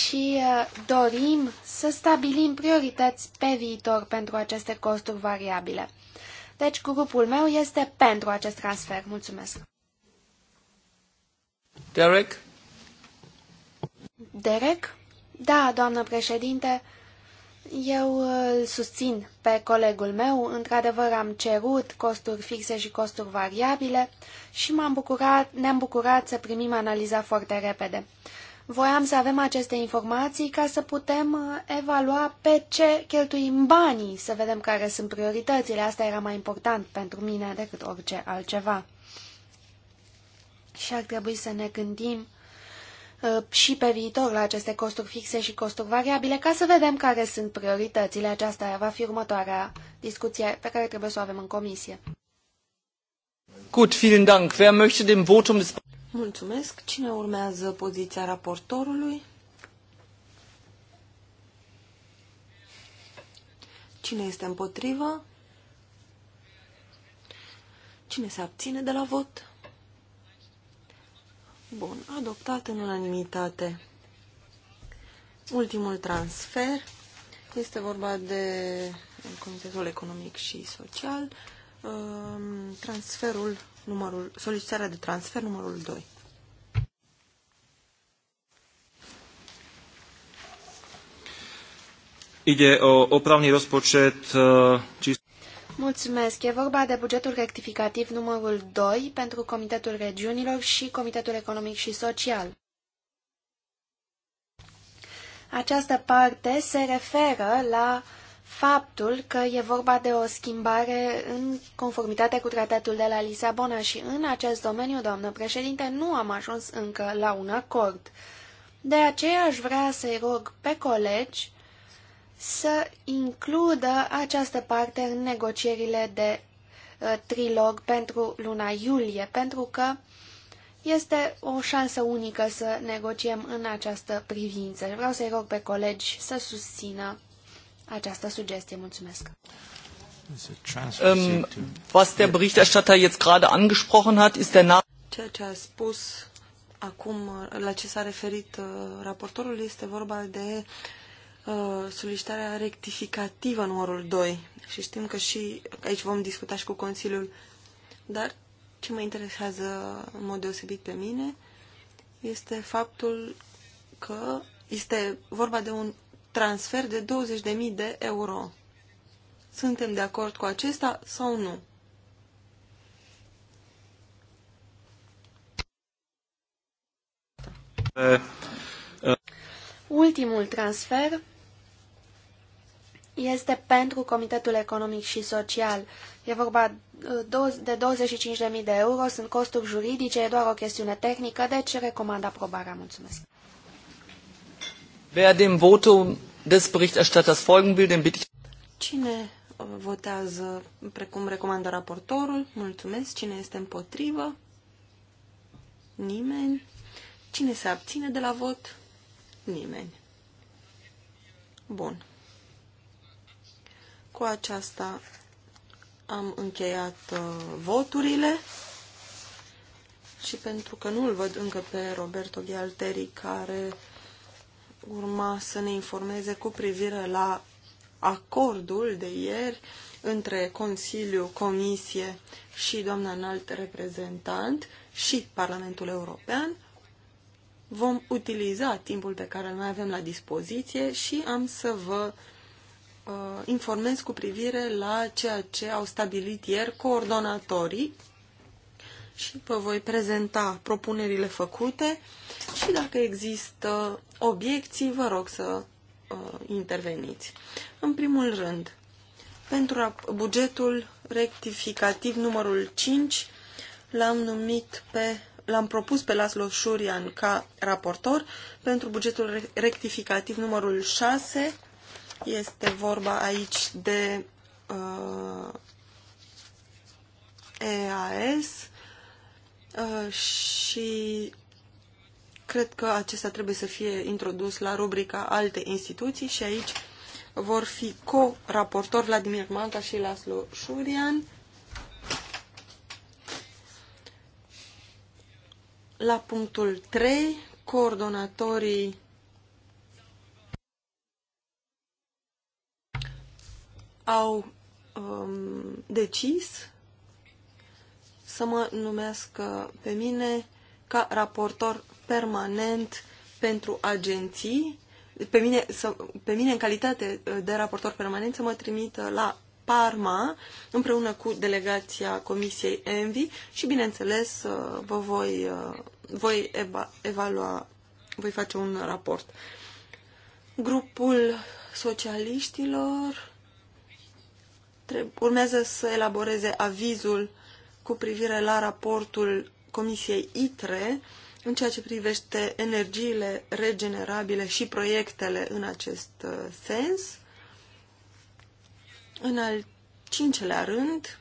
și uh, dorim să stabilim priorități pe viitor pentru aceste costuri variabile. Deci grupul meu este pentru acest transfer. Mulțumesc! Derek? Derek? Da, doamnă președinte, eu îl susțin pe colegul meu. Într-adevăr, am cerut costuri fixe și costuri variabile și m-am bucurat, ne-am bucurat să primim analiza foarte repede. Voiam să avem aceste informații ca să putem uh, evalua pe ce cheltuim banii, să vedem care sunt prioritățile. Asta era mai important pentru mine decât orice altceva și ar trebui să ne gândim uh, și pe viitor la aceste costuri fixe și costuri variabile ca să vedem care sunt prioritățile. Aceasta va fi următoarea discuție pe care trebuie să o avem în comisie. Gut, vielen Dank. Wer möchte dem Votum des... Mulțumesc. Cine urmează poziția raportorului? Cine este împotrivă? Cine se abține de la vot? Bun, adoptat în unanimitate. Ultimul transfer este vorba de Comitetul Economic și Social, ehm, transferul numărul, solicitarea de transfer numărul 2. Ide o opravný rozpočet eh, či... Mulțumesc. E vorba de bugetul rectificativ numărul 2 pentru Comitetul Regiunilor și Comitetul Economic și Social. Această parte se referă la faptul că e vorba de o schimbare în conformitate cu tratatul de la Lisabona și în acest domeniu, doamnă președinte, nu am ajuns încă la un acord. De aceea aș vrea să-i rog pe colegi să includă această parte în negocierile de uh, trilog pentru luna iulie, pentru că este o șansă unică să negociem în această privință. Vreau să-i rog pe colegi să susțină această sugestie. Mulțumesc! Ceea ce a spus acum, la ce s-a referit uh, raportorul, este vorba de uh, Uh, solicitarea rectificativă numărul 2 și știm că și aici vom discuta și cu Consiliul, dar ce mă interesează în mod deosebit pe mine este faptul că este vorba de un transfer de 20.000 de euro. Suntem de acord cu acesta sau nu? Uh, uh. Ultimul transfer este pentru Comitetul Economic și Social. E vorba uh, de 25.000 de euro, sunt costuri juridice, e doar o chestiune tehnică, deci recomand aprobarea. Mulțumesc. Wer dem votum des Berichterstatters folgen will, den bitte ich... Cine uh, votează precum recomandă raportorul? Mulțumesc. Cine este împotrivă? Nimeni. Cine se abține de la vot? Nimeni. Bun. Cu aceasta am încheiat uh, voturile și pentru că nu-l văd încă pe Roberto Ghialteri care urma să ne informeze cu privire la acordul de ieri între Consiliu, Comisie și doamna înalt reprezentant și Parlamentul European, vom utiliza timpul pe care îl mai avem la dispoziție și am să vă uh, informez cu privire la ceea ce au stabilit ieri coordonatorii și vă voi prezenta propunerile făcute și dacă există obiecții, vă rog să uh, interveniți. În primul rând, pentru bugetul rectificativ numărul 5 l-am numit pe l-am propus pe Laslo Șurian ca raportor pentru bugetul rectificativ numărul 6 este vorba aici de uh, EAS uh, și cred că acesta trebuie să fie introdus la rubrica alte instituții și aici vor fi co-raportori Vladimir Manca și Laslo Șurian. La punctul 3, coordonatorii au um, decis să mă numesc pe mine ca raportor permanent pentru agenții, pe mine, să, pe mine în calitate uh, de raportor permanent să mă trimită la Parma împreună cu delegația Comisiei Envi și, bineînțeles, uh, vă voi, uh, voi evalua, voi face un raport. Grupul socialiștilor urmează să elaboreze avizul cu privire la raportul Comisiei ITRE în ceea ce privește energiile regenerabile și proiectele în acest uh, sens. În al cincelea rând,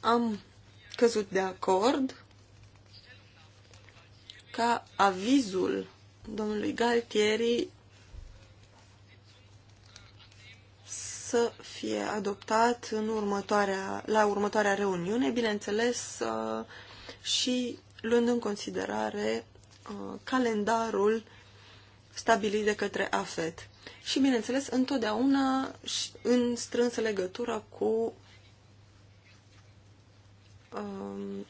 am căzut de acord ca avizul domnului Galtieri să fie adoptat în următoarea, la următoarea reuniune, bineînțeles uh, și luând în considerare uh, calendarul stabilit de către AFET. Și, bineînțeles, întotdeauna în strânsă legătură cu um,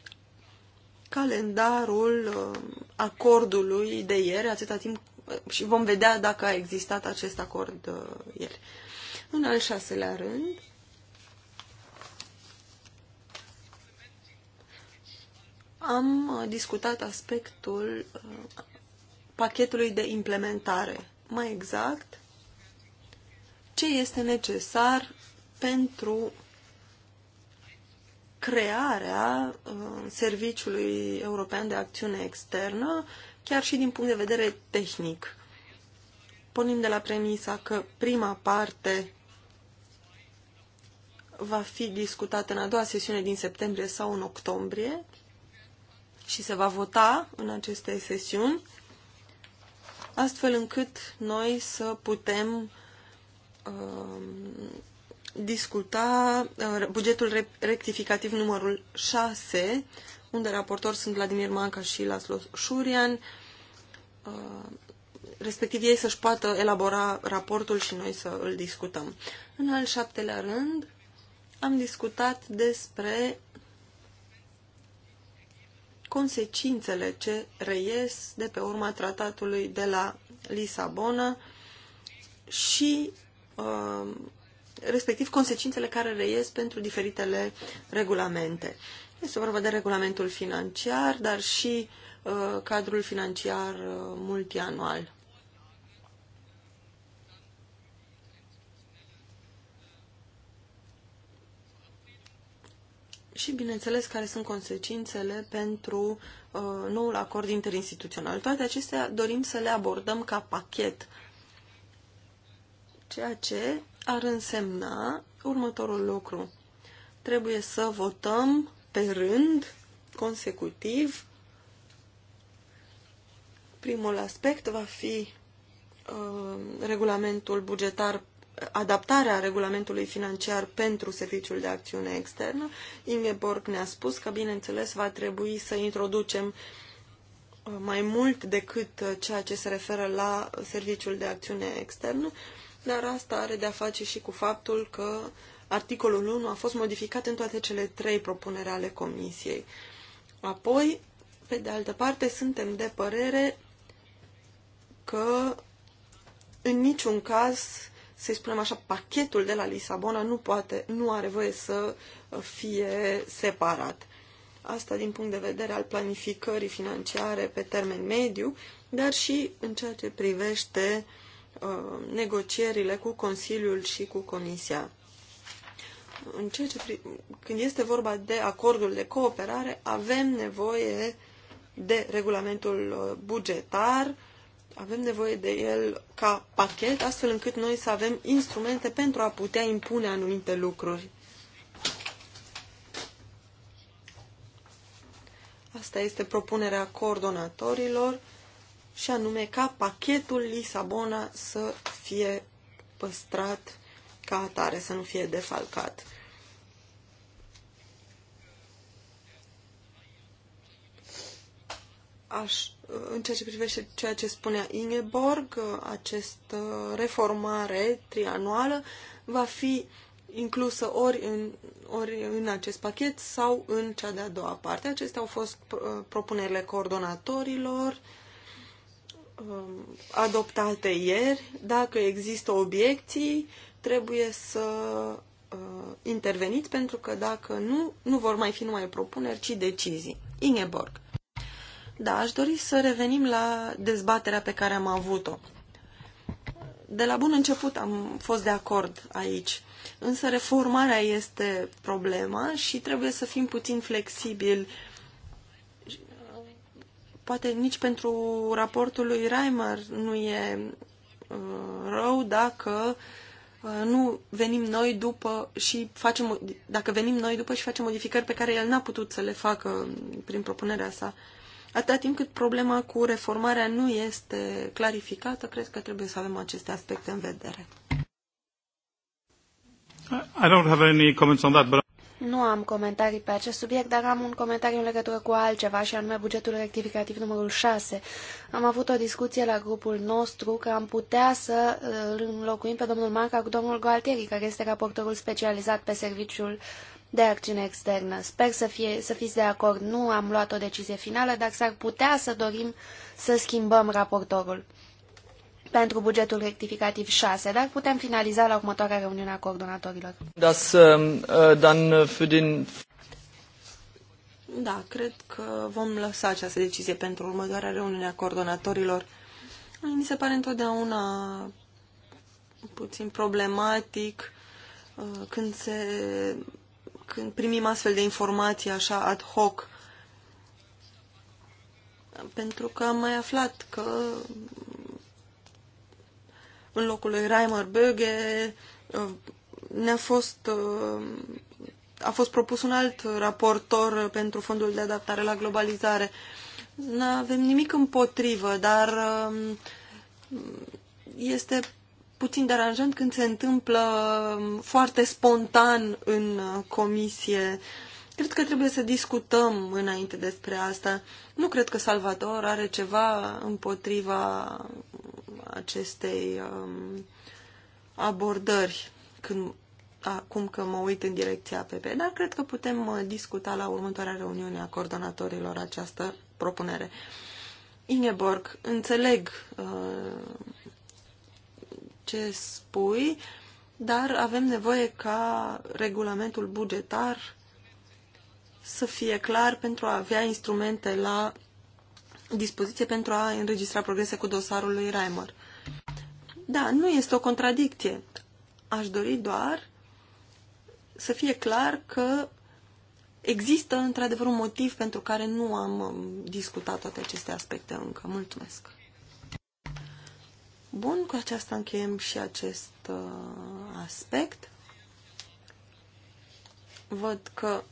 calendarul um, acordului de ieri, atâta timp și vom vedea dacă a existat acest acord uh, ieri. În al șaselea rând, am uh, discutat aspectul uh, pachetului de implementare. Mai exact, ce este necesar pentru crearea uh, Serviciului European de Acțiune Externă, chiar și din punct de vedere tehnic. Pornim de la premisa că prima parte va fi discutat în a doua sesiune din septembrie sau în octombrie și se va vota în aceste sesiuni, astfel încât noi să putem uh, discuta uh, bugetul rectificativ numărul 6, unde raportor sunt Vladimir Manca și Laszlo Șurian, uh, respectiv ei să-și poată elabora raportul și noi să îl discutăm. În al șaptelea rând, am discutat despre consecințele ce reies de pe urma tratatului de la Lisabona și uh, respectiv consecințele care reies pentru diferitele regulamente. Este vorba de regulamentul financiar, dar și uh, cadrul financiar uh, multianual. și, bineînțeles, care sunt consecințele pentru uh, noul acord interinstituțional. Toate acestea dorim să le abordăm ca pachet, ceea ce ar însemna următorul lucru. Trebuie să votăm pe rând, consecutiv. Primul aspect va fi uh, regulamentul bugetar adaptarea regulamentului financiar pentru serviciul de acțiune externă. Ingeborg ne-a spus că, bineînțeles, va trebui să introducem uh, mai mult decât uh, ceea ce se referă la serviciul de acțiune externă, dar asta are de-a face și cu faptul că articolul 1 a fost modificat în toate cele trei propuneri ale Comisiei. Apoi, pe de altă parte, suntem de părere că în niciun caz să-i spunem așa, pachetul de la Lisabona nu, poate, nu are voie să fie separat. Asta din punct de vedere al planificării financiare pe termen mediu, dar și în ceea ce privește uh, negocierile cu Consiliul și cu Comisia. În ceea ce, când este vorba de acordul de cooperare, avem nevoie de regulamentul uh, bugetar, avem nevoie de el ca pachet, astfel încât noi să avem instrumente pentru a putea impune anumite lucruri. Asta este propunerea coordonatorilor și anume ca pachetul Lisabona să fie păstrat ca atare, să nu fie defalcat. Aș în ceea ce privește ceea ce spunea Ingeborg, această uh, reformare trianuală va fi inclusă ori în, ori în acest pachet sau în cea de-a doua parte. Acestea au fost uh, propunerile coordonatorilor um, adoptate ieri. Dacă există obiecții, trebuie să uh, interveniți, pentru că dacă nu, nu vor mai fi numai propuneri, ci decizii. Ingeborg. Da, aș dori să revenim la dezbaterea pe care am avut-o. De la bun început am fost de acord aici, însă reformarea este problema și trebuie să fim puțin flexibili poate nici pentru raportul lui Reimer nu e uh, rău dacă uh, nu venim noi după și facem, dacă venim noi după și facem modificări pe care el n-a putut să le facă prin propunerea sa. Atâta timp cât problema cu reformarea nu este clarificată, cred că trebuie să avem aceste aspecte în vedere. I don't have any comments on that, but... Nu am comentarii pe acest subiect, dar am un comentariu în legătură cu altceva, și anume bugetul rectificativ numărul 6. Am avut o discuție la grupul nostru că am putea să uh, îl înlocuim pe domnul Marca cu domnul Gualtieri, care este raportorul specializat pe serviciul de acțiune externă. Sper să, fie, să fiți de acord. Nu am luat o decizie finală, dar s-ar putea să dorim să schimbăm raportorul pentru bugetul rectificativ 6, dar putem finaliza la următoarea reuniune a coordonatorilor. Das, um, uh, dann uh, für den... Da, cred că vom lăsa această decizie pentru următoarea reuniune a coordonatorilor. Mi se pare întotdeauna puțin problematic uh, când se când primim astfel de informații așa ad hoc. Pentru că am mai aflat că în locul lui Reimer Böge uh, ne-a fost uh, a fost propus un alt raportor pentru fondul de adaptare la globalizare. Nu avem nimic împotrivă, dar uh, este puțin deranjant când se întâmplă um, foarte spontan în uh, comisie. Cred că trebuie să discutăm înainte despre asta. Nu cred că Salvador are ceva împotriva acestei um, abordări când, acum că mă uit în direcția PP, dar cred că putem uh, discuta la următoarea reuniune a coordonatorilor această propunere. Ingeborg, înțeleg uh, ce spui, dar avem nevoie ca regulamentul bugetar să fie clar pentru a avea instrumente la dispoziție pentru a înregistra progrese cu dosarul lui Reimer. Da, nu este o contradicție. Aș dori doar să fie clar că există într-adevăr un motiv pentru care nu am um, discutat toate aceste aspecte încă. Mulțumesc! Bun, cu aceasta încheiem și acest uh, aspect. Văd că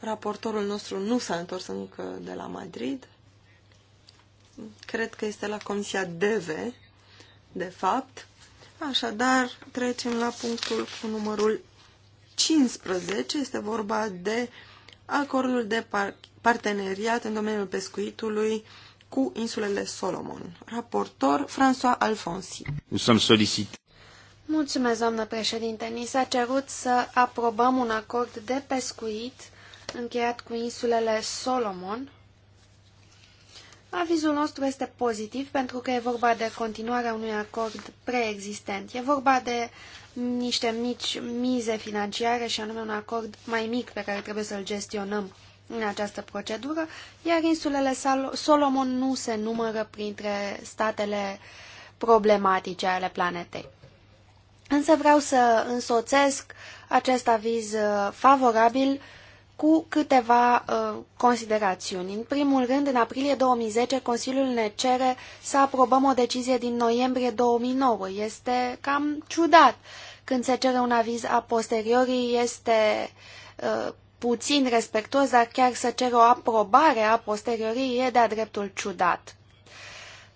raportorul nostru nu s-a întors încă de la Madrid. Cred că este la Comisia DEVE, de fapt. Așadar, trecem la punctul cu numărul 15. Este vorba de acordul de par parteneriat în domeniul pescuitului uh, cu insulele Solomon. Raportor François Alfonsi. Mulțumesc, doamnă președinte. Ni s-a cerut să aprobăm un acord de pescuit încheiat cu insulele Solomon. Avizul nostru este pozitiv pentru că e vorba de continuarea unui acord preexistent. E vorba de niște mici mize financiare și anume un acord mai mic pe care trebuie să-l gestionăm în această procedură, iar insulele Solomon nu se numără printre statele problematice ale planetei. Însă vreau să însoțesc acest aviz uh, favorabil cu câteva uh, considerațiuni. În primul rând, în aprilie 2010, Consiliul ne cere să aprobăm o decizie din noiembrie 2009. Este cam ciudat. Când se cere un aviz a posteriori, este uh, puțin respectuos, dar chiar să cer o aprobare a posteriorii e de-a dreptul ciudat.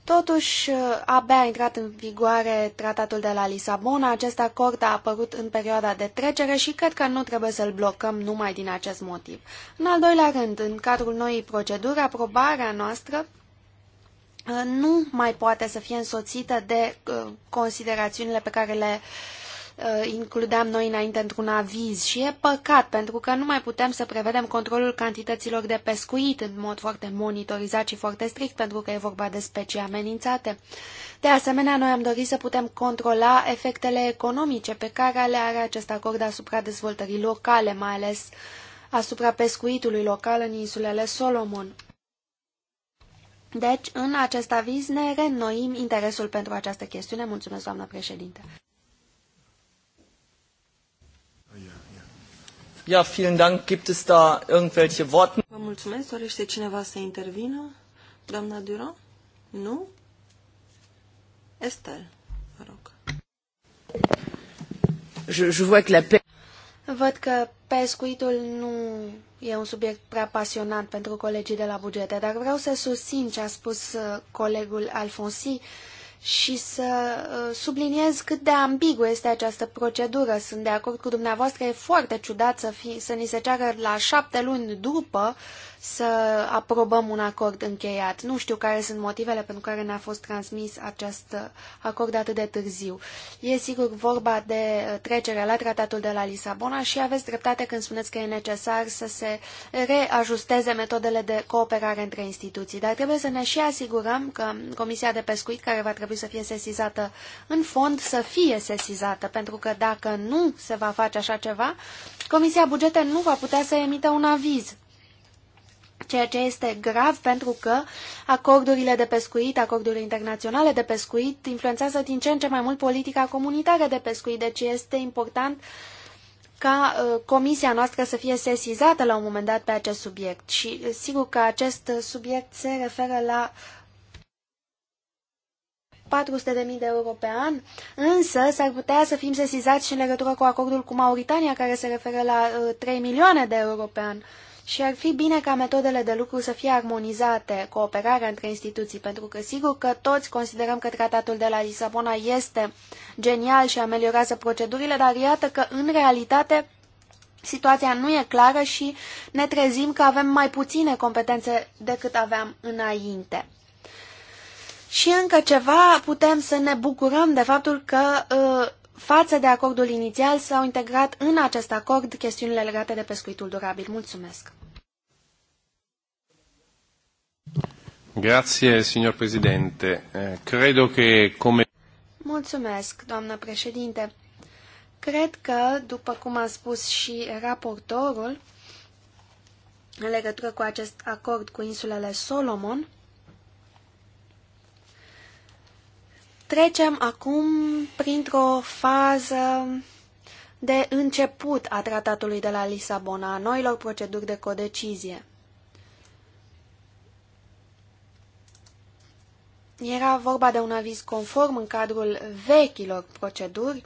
Totuși, abia a intrat în vigoare tratatul de la Lisabona, acest acord a apărut în perioada de trecere și cred că nu trebuie să-l blocăm numai din acest motiv. În al doilea rând, în cadrul noii proceduri, aprobarea noastră uh, nu mai poate să fie însoțită de uh, considerațiunile pe care le uh, Uh, includeam noi înainte într-un aviz și e păcat pentru că nu mai putem să prevedem controlul cantităților de pescuit în mod foarte monitorizat și foarte strict pentru că e vorba de specii amenințate. De asemenea, noi am dorit să putem controla efectele economice pe care le are acest acord asupra dezvoltării locale, mai ales asupra pescuitului local în insulele Solomon. Deci, în acest aviz ne reînnoim interesul pentru această chestiune. Mulțumesc, doamnă președinte. Ja, vielen Dank. Gibt es da irgendwelche Worte? Vă mulțumesc. Dorește cineva să intervină? Doamna Durand? Nu? Estel, vă rog. Je, je vois que la paix... Văd că pescuitul nu e un subiect prea pasionant pentru colegii de la bugete, dar vreau să susțin ce a spus uh, colegul Alfonsi și să uh, subliniez cât de ambiguă este această procedură. Sunt de acord cu dumneavoastră, e foarte ciudat să, fi, să ni se ceară la șapte luni după să aprobăm un acord încheiat. Nu știu care sunt motivele pentru care ne-a fost transmis acest acord atât de târziu. E sigur vorba de trecerea la tratatul de la Lisabona și aveți dreptate când spuneți că e necesar să se reajusteze metodele de cooperare între instituții. Dar trebuie să ne și asigurăm că Comisia de Pescuit, care va trebui trebui să fie sesizată în fond să fie sesizată, pentru că dacă nu se va face așa ceva, Comisia Bugete nu va putea să emită un aviz ceea ce este grav pentru că acordurile de pescuit, acordurile internaționale de pescuit, influențează din ce în ce mai mult politica comunitară de pescuit, deci este important ca uh, comisia noastră să fie sesizată la un moment dat pe acest subiect și uh, sigur că acest subiect se referă la 400.000 de euro pe an, însă s-ar putea să fim sesizați și în legătură cu acordul cu Mauritania, care se referă la uh, 3 milioane de euro pe an. Și ar fi bine ca metodele de lucru să fie armonizate, cooperarea între instituții, pentru că sigur că toți considerăm că tratatul de la Lisabona este genial și ameliorează procedurile, dar iată că în realitate situația nu e clară și ne trezim că avem mai puține competențe decât aveam înainte. Și încă ceva, putem să ne bucurăm de faptul că uh, față de acordul inițial s-au integrat în acest acord chestiunile legate de pescuitul durabil. Mulțumesc! Grazie, signor Presidente. Eh, credo che come... Mulțumesc, doamnă președinte. Cred că, după cum a spus și raportorul, în legătură cu acest acord cu insulele Solomon, Trecem acum printr-o fază de început a tratatului de la Lisabona, a noilor proceduri de codecizie. Era vorba de un aviz conform în cadrul vechilor proceduri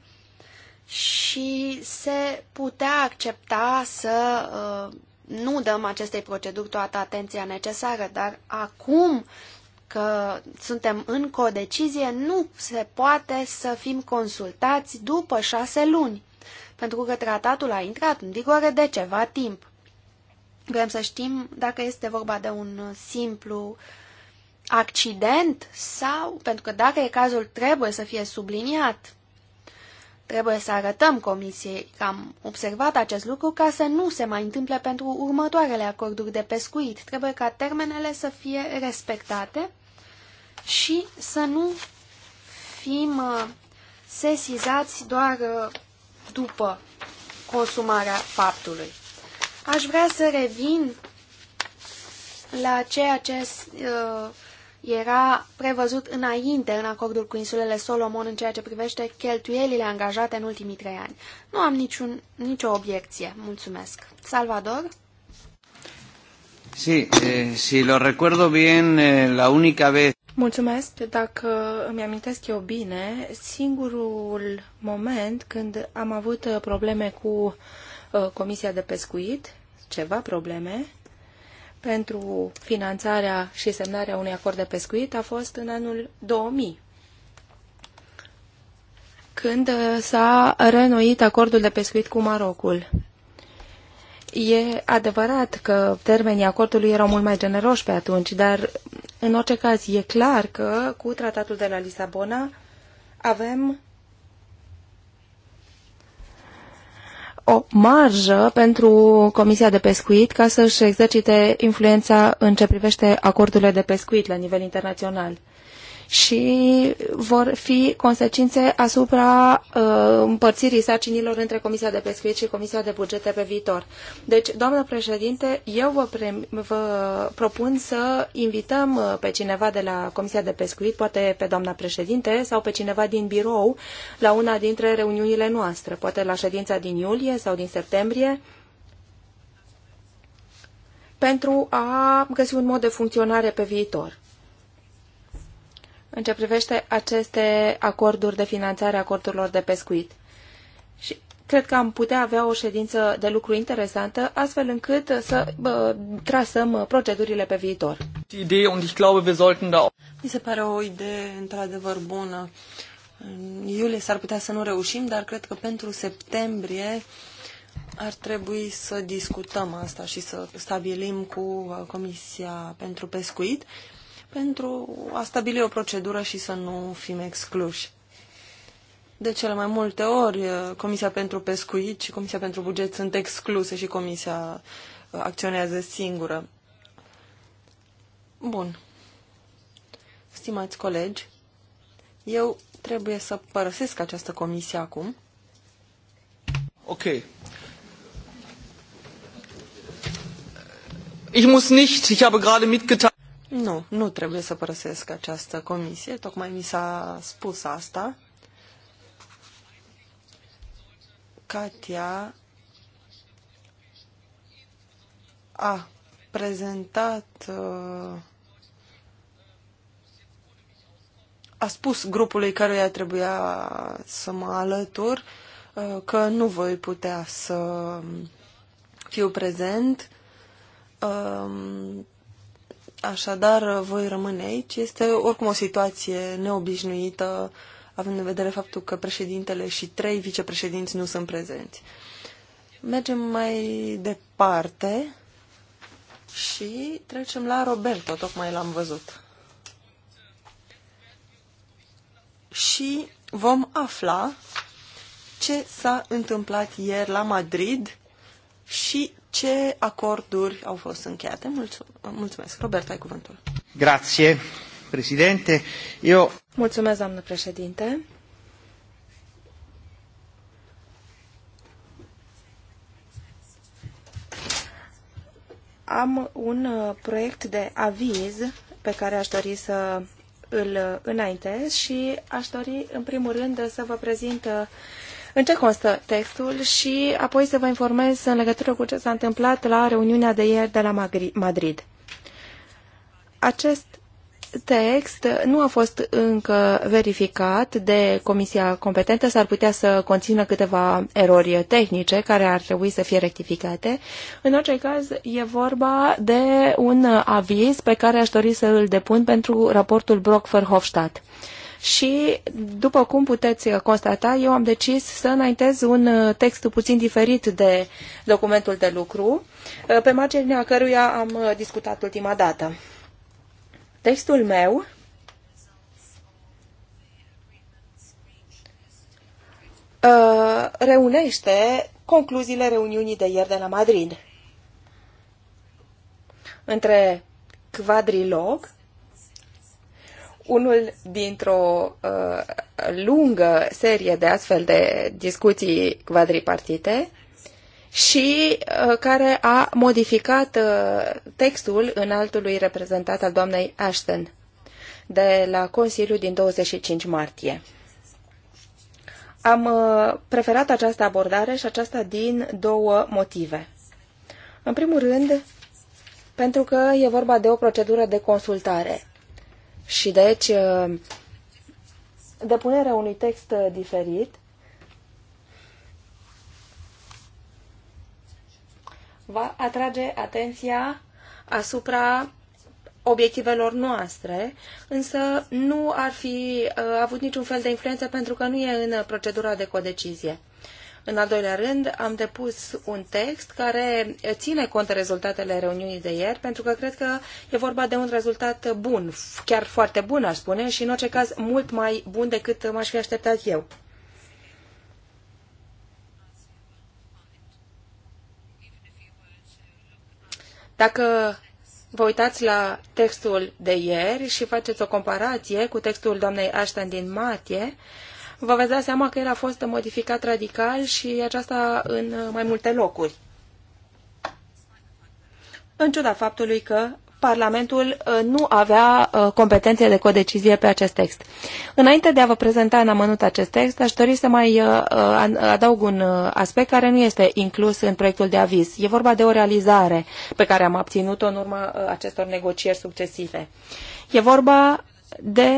și se putea accepta să uh, nu dăm acestei proceduri toată atenția necesară, dar acum că suntem în codecizie, nu se poate să fim consultați după șase luni, pentru că tratatul a intrat în vigoare de ceva timp. Vrem să știm dacă este vorba de un simplu accident sau, pentru că dacă e cazul, trebuie să fie subliniat. Trebuie să arătăm Comisiei că am observat acest lucru ca să nu se mai întâmple pentru următoarele acorduri de pescuit. Trebuie ca termenele să fie respectate și să nu fim uh, sesizați doar uh, după consumarea faptului. Aș vrea să revin la ceea ce uh, era prevăzut înainte în acordul cu insulele Solomon în ceea ce privește cheltuielile angajate în ultimii trei ani. Nu am niciun, nicio obiecție. Mulțumesc. Salvador? Sí, eh, si lo recuerdo bien, eh, la única vez... Mulțumesc. Dacă îmi amintesc eu bine, singurul moment când am avut eh, probleme cu uh, Comisia de Pescuit, ceva probleme, pentru finanțarea și semnarea unui acord de pescuit a fost în anul 2000, când uh, s-a renoit acordul de pescuit cu Marocul. E adevărat că termenii acordului erau mult mai generoși pe atunci, dar în orice caz e clar că cu tratatul de la Lisabona avem o marjă pentru Comisia de Pescuit ca să-și exercite influența în ce privește acordurile de pescuit la nivel internațional și vor fi consecințe asupra uh, împărțirii sarcinilor între Comisia de Pescuit și Comisia de Bugete pe viitor. Deci, doamnă președinte, eu vă, pre- vă propun să invităm uh, pe cineva de la Comisia de Pescuit, poate pe doamna președinte sau pe cineva din birou, la una dintre reuniunile noastre, poate la ședința din iulie sau din septembrie, pentru a găsi un mod de funcționare pe viitor în ce privește aceste acorduri de finanțare a acordurilor de pescuit. Și cred că am putea avea o ședință de lucru interesantă, astfel încât să bă, trasăm procedurile pe viitor. Da Mi se pare o idee într-adevăr bună. În iulie s-ar putea să nu reușim, dar cred că pentru septembrie ar trebui să discutăm asta și să stabilim cu Comisia pentru Pescuit pentru a stabili o procedură și să nu fim excluși. De cele mai multe ori, uh, Comisia pentru Pescuit și Comisia pentru Buget sunt excluse și Comisia uh, acționează singură. Bun. Stimați colegi, eu trebuie să părăsesc această comisie acum. Ok. Ich muss nicht, ich habe gerade mitgeteilt. Nu, nu trebuie să părăsesc această comisie, tocmai mi s-a spus asta. Katia a prezentat, uh, a spus grupului căruia trebuia să mă alătur uh, că nu voi putea să fiu prezent um, Așadar, voi rămâne aici. Este oricum o situație neobișnuită, având în vedere faptul că președintele și trei vicepreședinți nu sunt prezenți. Mergem mai departe și trecem la Roberto, tocmai l-am văzut. Și vom afla ce s-a întâmplat ieri la Madrid și ce acorduri au fost încheiate. Mulțumesc. Robert, ai cuvântul. Grazie, președinte. Eu... Mulțumesc, doamnă președinte. Am un uh, proiect de aviz pe care aș dori să îl înaintez și aș dori, în primul rând, să vă prezint uh, în ce constă textul și apoi să vă informez în legătură cu ce s-a întâmplat la reuniunea de ieri de la Madrid. Acest text nu a fost încă verificat de comisia competentă, s-ar putea să conțină câteva erori tehnice care ar trebui să fie rectificate. În orice caz, e vorba de un aviz pe care aș dori să îl depun pentru raportul Brock-Verhofstadt și, după cum puteți uh, constata, eu am decis să înaintez un uh, text puțin diferit de documentul de lucru, uh, pe marginea căruia am discutat ultima dată. Textul meu reunește concluziile reuniunii de ieri de la Madrid. Între quadrilog unul dintr-o uh, lungă serie de astfel de discuții quadripartite și uh, care a modificat uh, textul altului reprezentat al doamnei Ashton de la Consiliul din 25 martie. Am uh, preferat această abordare și aceasta din două motive. În primul rând, pentru că e vorba de o procedură de consultare și deci, uh, depunerea unui text uh, diferit va atrage atenția asupra obiectivelor noastre, însă nu ar fi uh, avut niciun fel de influență pentru că nu e în procedura de codecizie. În al doilea rând, am depus un text care ține cont de rezultatele reuniunii de ieri, pentru că cred că e vorba de un rezultat bun, chiar foarte bun, aș spune, și în orice caz mult mai bun decât m-aș fi așteptat eu. Dacă vă uitați la textul de ieri și faceți o comparație cu textul doamnei Ashton din martie, vă veți da seama că el a fost modificat radical și aceasta în uh, mai multe locuri. În ciuda faptului că Parlamentul uh, nu avea uh, competențe de codecizie pe acest text. Înainte de a vă prezenta în amănunt acest text, aș dori să mai adaug un aspect care nu este inclus în proiectul de aviz. E vorba de o realizare pe care am obținut-o în urma acestor negocieri succesive. E vorba de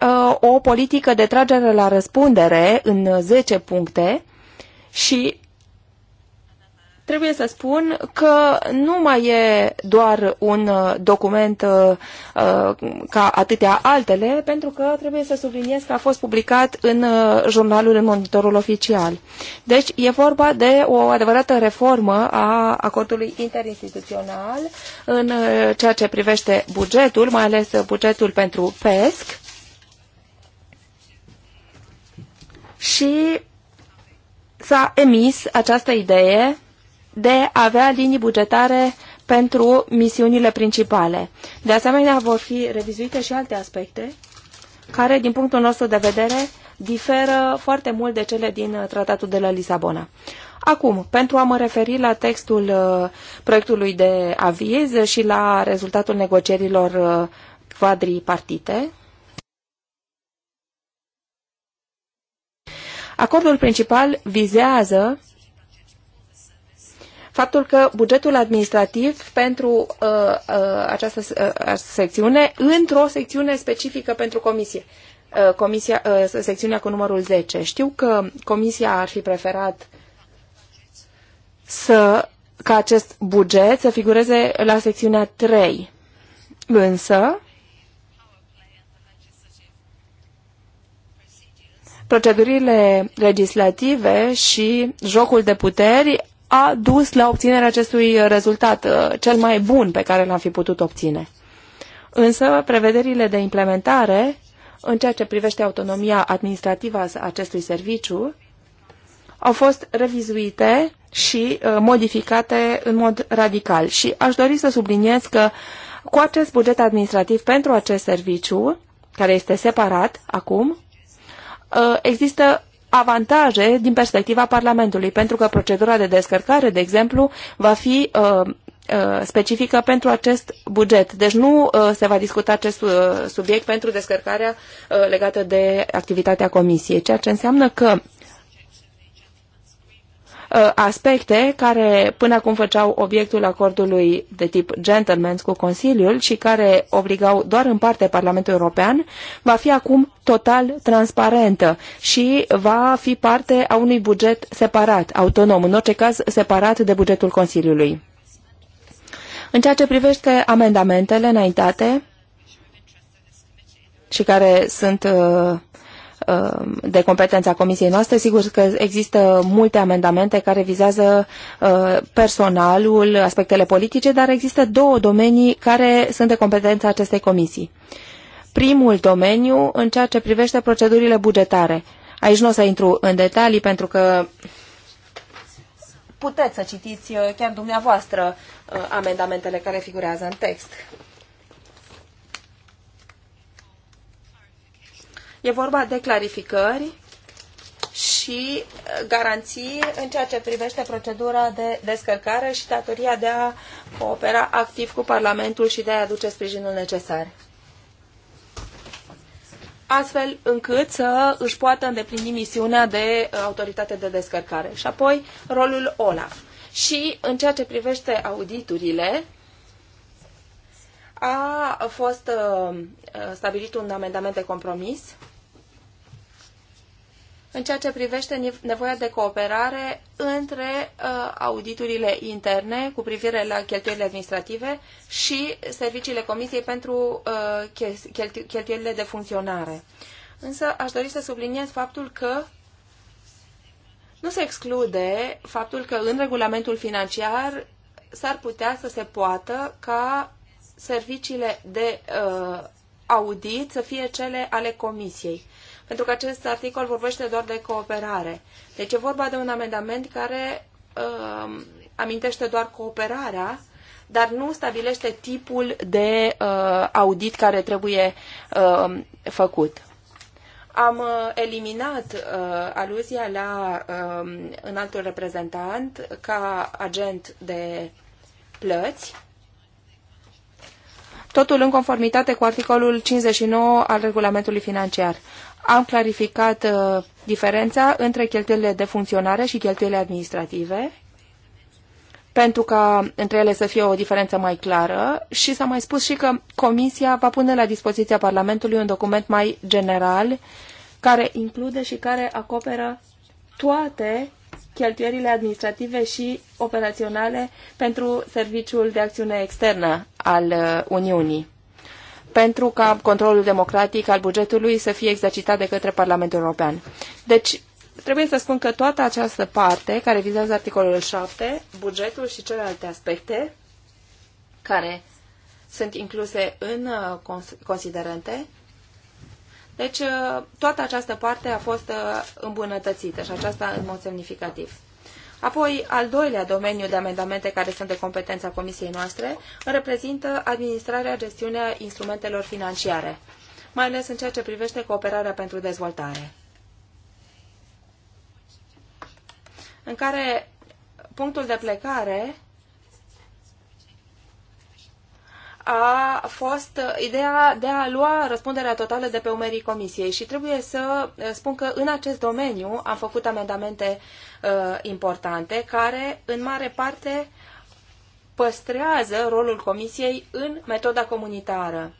uh, o politică de tragere la răspundere în 10 uh, puncte și trebuie să spun că nu mai e doar un uh, document uh, uh, ca atâtea altele, pentru că trebuie să subliniez că a fost publicat în uh, jurnalul în monitorul oficial. Deci e vorba de o adevărată reformă a acordului interinstituțional în uh, ceea ce privește bugetul, mai ales bugetul pentru PESC. Și s-a emis această idee de a avea linii bugetare pentru misiunile principale. De asemenea, vor fi revizuite și alte aspecte care, din punctul nostru de vedere, diferă foarte mult de cele din Tratatul de la Lisabona. Acum, pentru a mă referi la textul uh, proiectului de aviz și la rezultatul negocierilor uh, quadripartite, acordul principal vizează faptul că bugetul administrativ pentru uh, uh, această uh, secțiune, într-o secțiune specifică pentru comisie, uh, comisia, uh, secțiunea cu numărul 10. Știu că comisia ar fi preferat să ca acest buget să figureze la secțiunea 3. Însă, procedurile legislative și jocul de puteri a dus la obținerea acestui uh, rezultat uh, cel mai bun pe care l-am fi putut obține. Însă, prevederile de implementare în ceea ce privește autonomia administrativă a acestui serviciu au fost revizuite și uh, modificate în mod radical. Și aș dori să subliniez că cu acest buget administrativ pentru acest serviciu, care este separat acum, există avantaje din perspectiva Parlamentului, pentru că procedura de descărcare, de exemplu, va fi uh, uh, specifică pentru acest buget. Deci nu uh, se va discuta acest uh, subiect pentru descărcarea uh, legată de activitatea Comisiei, ceea ce înseamnă că Uh, aspecte care până acum făceau obiectul acordului de tip gentleman cu Consiliul și care obligau doar în parte Parlamentul European, va fi acum total transparentă și va fi parte a unui buget separat, autonom, în orice caz separat de bugetul Consiliului. În ceea ce privește amendamentele înaintate și care sunt uh, Uh, de competența comisiei noastre. Sigur că există multe amendamente care vizează uh, personalul, aspectele politice, dar există două domenii care sunt de competența acestei comisii. Primul domeniu în ceea ce privește procedurile bugetare. Aici nu o să intru în detalii pentru că puteți să citiți uh, chiar dumneavoastră amendamentele care figurează în text. E vorba de clarificări și uh, garanții în ceea ce privește procedura de descărcare și datoria de a coopera activ cu Parlamentul și de a aduce sprijinul necesar. Astfel încât să își poată îndeplini misiunea de uh, autoritate de descărcare. Și apoi rolul OLAF. Și în ceea ce privește auditurile, a fost uh, stabilit un amendament de compromis în ceea ce privește nevoia de cooperare între uh, auditurile interne cu privire la cheltuielile administrative și serviciile Comisiei pentru uh, cheltuielile de funcționare. Însă aș dori să subliniez faptul că nu se exclude faptul că în regulamentul financiar s-ar putea să se poată ca serviciile de uh, audit să fie cele ale comisiei pentru că acest articol vorbește doar de cooperare. Deci e vorba de un amendament care uh, amintește doar cooperarea, dar nu stabilește tipul de uh, audit care trebuie uh, făcut. Am uh, eliminat uh, aluzia la uh, um, altul reprezentant ca agent de plăți, totul în conformitate cu articolul 59 al regulamentului financiar. Am clarificat uh, diferența între cheltuielile de funcționare și cheltuielile administrative, pentru ca între ele să fie o diferență mai clară și s-a mai spus și că Comisia va pune la dispoziția Parlamentului un document mai general care include și care acoperă toate cheltuierile administrative și operaționale pentru Serviciul de Acțiune Externă al uh, Uniunii pentru ca controlul democratic al bugetului să fie exercitat de către Parlamentul European. Deci, trebuie să spun că toată această parte care vizează articolul 7, bugetul și celelalte aspecte care sunt incluse în uh, considerente, deci uh, toată această parte a fost uh, îmbunătățită și aceasta în mod semnificativ. Apoi, al doilea domeniu de amendamente care sunt de competența comisiei noastre reprezintă administrarea, gestiunea instrumentelor financiare, mai ales în ceea ce privește cooperarea pentru dezvoltare, în care punctul de plecare a fost ideea de a lua răspunderea totală de pe umerii comisiei și trebuie să uh, spun că în acest domeniu am făcut amendamente uh, importante care în mare parte păstrează rolul comisiei în metoda comunitară.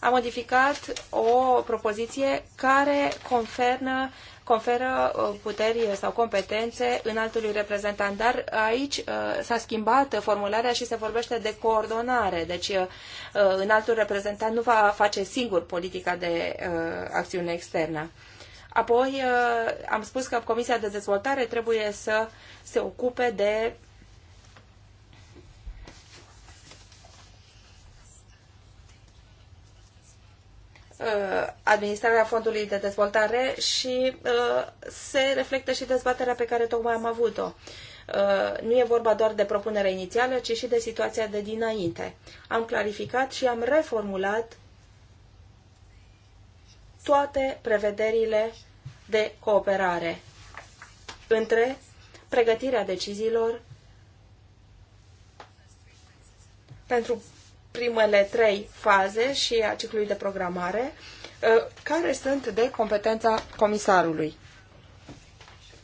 A modificat o propoziție care confernă conferă uh, puteri sau competențe în altului reprezentant, dar aici uh, s-a schimbat formularea și se vorbește de coordonare, deci uh, în altul reprezentant nu va face singur politica de acțiune externă. Apoi am spus că Comisia de Dezvoltare trebuie să se ocupe de Uh, administrarea fondului de dezvoltare și uh, se reflectă și dezbaterea pe care tocmai am avut-o. Uh, nu e vorba doar de propunerea inițială, ci și de situația de dinainte. Am clarificat și am reformulat toate prevederile de cooperare între pregătirea deciziilor pentru primele trei faze și a ciclului de programare, uh, care sunt de competența comisarului.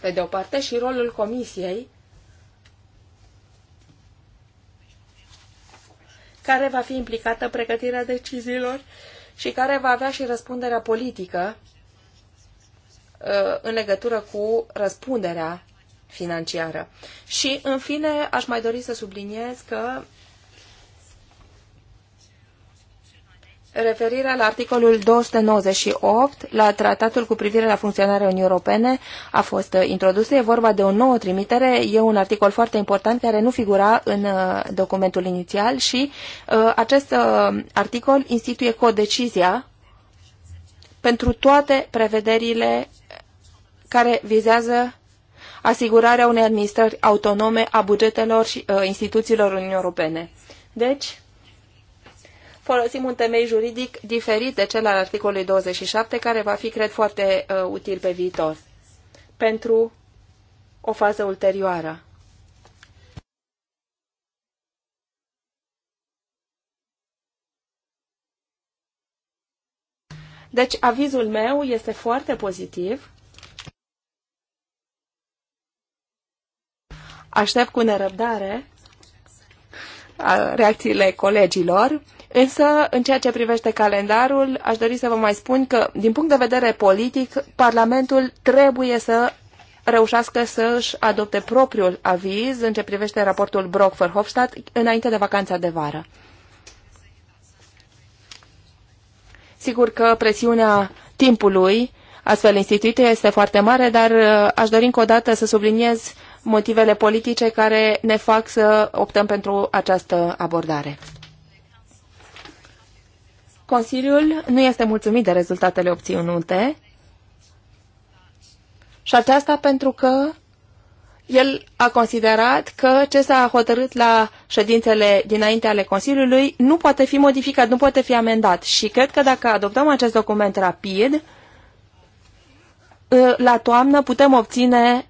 Pe de o parte și rolul comisiei, care va fi implicată în pregătirea deciziilor și care va avea și răspunderea politică uh, în legătură cu răspunderea financiară. Și, în fine, aș mai dori să subliniez că referirea la articolul 298 la tratatul cu privire la funcționarea Uniunii Europene a fost uh, introdusă. E vorba de o nouă trimitere. E un articol foarte important care nu figura în uh, documentul inițial și uh, acest uh, articol instituie codecizia pentru toate prevederile care vizează asigurarea unei administrări autonome a bugetelor și uh, instituțiilor Uniunii Europene. Deci, folosim un temei juridic diferit de cel al articolului 27, care va fi, cred, foarte uh, util pe viitor, pentru o fază ulterioară. Deci, avizul meu este foarte pozitiv. Aștept cu nerăbdare uh, reacțiile colegilor Însă, în ceea ce privește calendarul, aș dori să vă mai spun că, din punct de vedere politic, Parlamentul trebuie să reușească să își adopte propriul aviz în ce privește raportul Brock for Hofstadt înainte de vacanța de vară. Sigur că presiunea timpului astfel instituită este foarte mare, dar uh, aș dori încă o dată să subliniez motivele politice care ne fac să optăm pentru această abordare. Consiliul nu este mulțumit de rezultatele obținute și aceasta pentru că el a considerat că ce s-a hotărât la ședințele dinainte ale Consiliului nu poate fi modificat, nu poate fi amendat. Și cred că dacă adoptăm acest document rapid, ă, la toamnă putem obține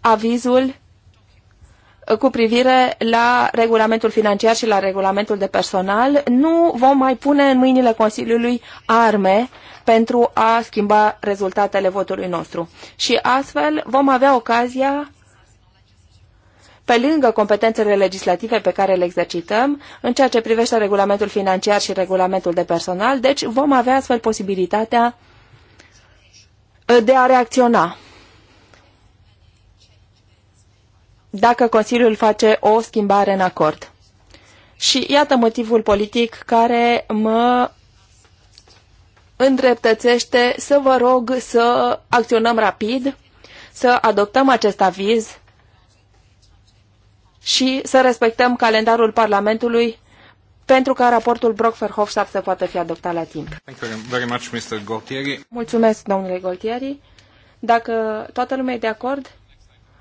avizul cu privire la regulamentul financiar și la regulamentul de personal, nu vom mai pune în mâinile Consiliului arme pentru a schimba rezultatele votului nostru. Și astfel vom avea ocazia pe lângă competențele legislative pe care le exercităm, în ceea ce privește regulamentul financiar și regulamentul de personal, deci vom avea astfel posibilitatea de a reacționa dacă Consiliul face o schimbare în acord. Și iată motivul politic care mă îndreptățește să vă rog să acționăm rapid, să adoptăm acest aviz și să respectăm calendarul Parlamentului pentru ca raportul Brockfer-Hofstadt să poată fi adoptat la timp. Mulțumesc, domnule Goltieri. Dacă toată lumea e de acord,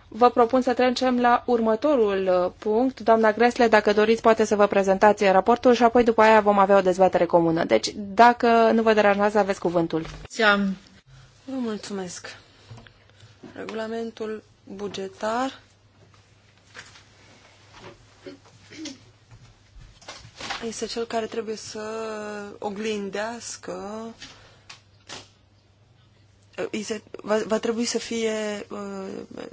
vă propun să trecem la următorul uh, punct. Doamna Gresle, dacă doriți, poate să vă prezentați raportul și apoi după aia vom avea o dezbatere comună. Deci, dacă nu vă deranjează, aveți cuvântul. Vă mulțumesc. Regulamentul bugetar este cel care trebuie să oglindească va, va trebui să fie uh,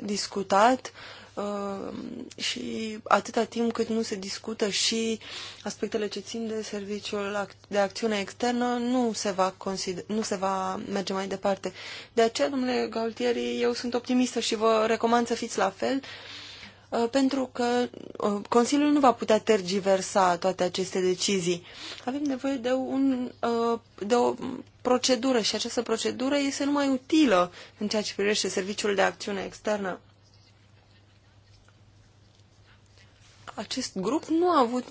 discutat uh, și atâta timp cât nu se discută și aspectele ce țin de serviciul de acțiune externă, nu se va, consider, nu se va merge mai departe. De aceea, domnule Gaultieri, eu sunt optimistă și vă recomand să fiți la fel. Uh, Uh, pentru că uh, Consiliul nu va putea tergiversa toate aceste decizii. Avem nevoie de, un, uh, de o procedură și această procedură este numai utilă în ceea ce privește Serviciul de Acțiune Externă. Acest grup nu a avut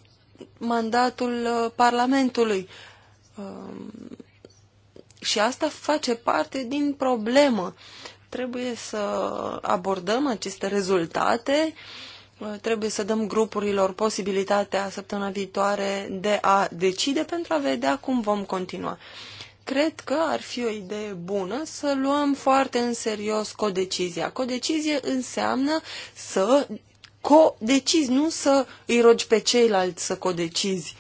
mandatul Parlamentului um, și asta face parte din problemă. Trebuie să abordăm aceste rezultate, uh, trebuie să dăm grupurilor posibilitatea săptămâna viitoare de a decide pentru a vedea cum vom continua. Cred că ar fi o idee bună să luăm foarte în serios codecizia. Codecizie înseamnă să codecizi, nu să îi rogi pe ceilalți să codecizi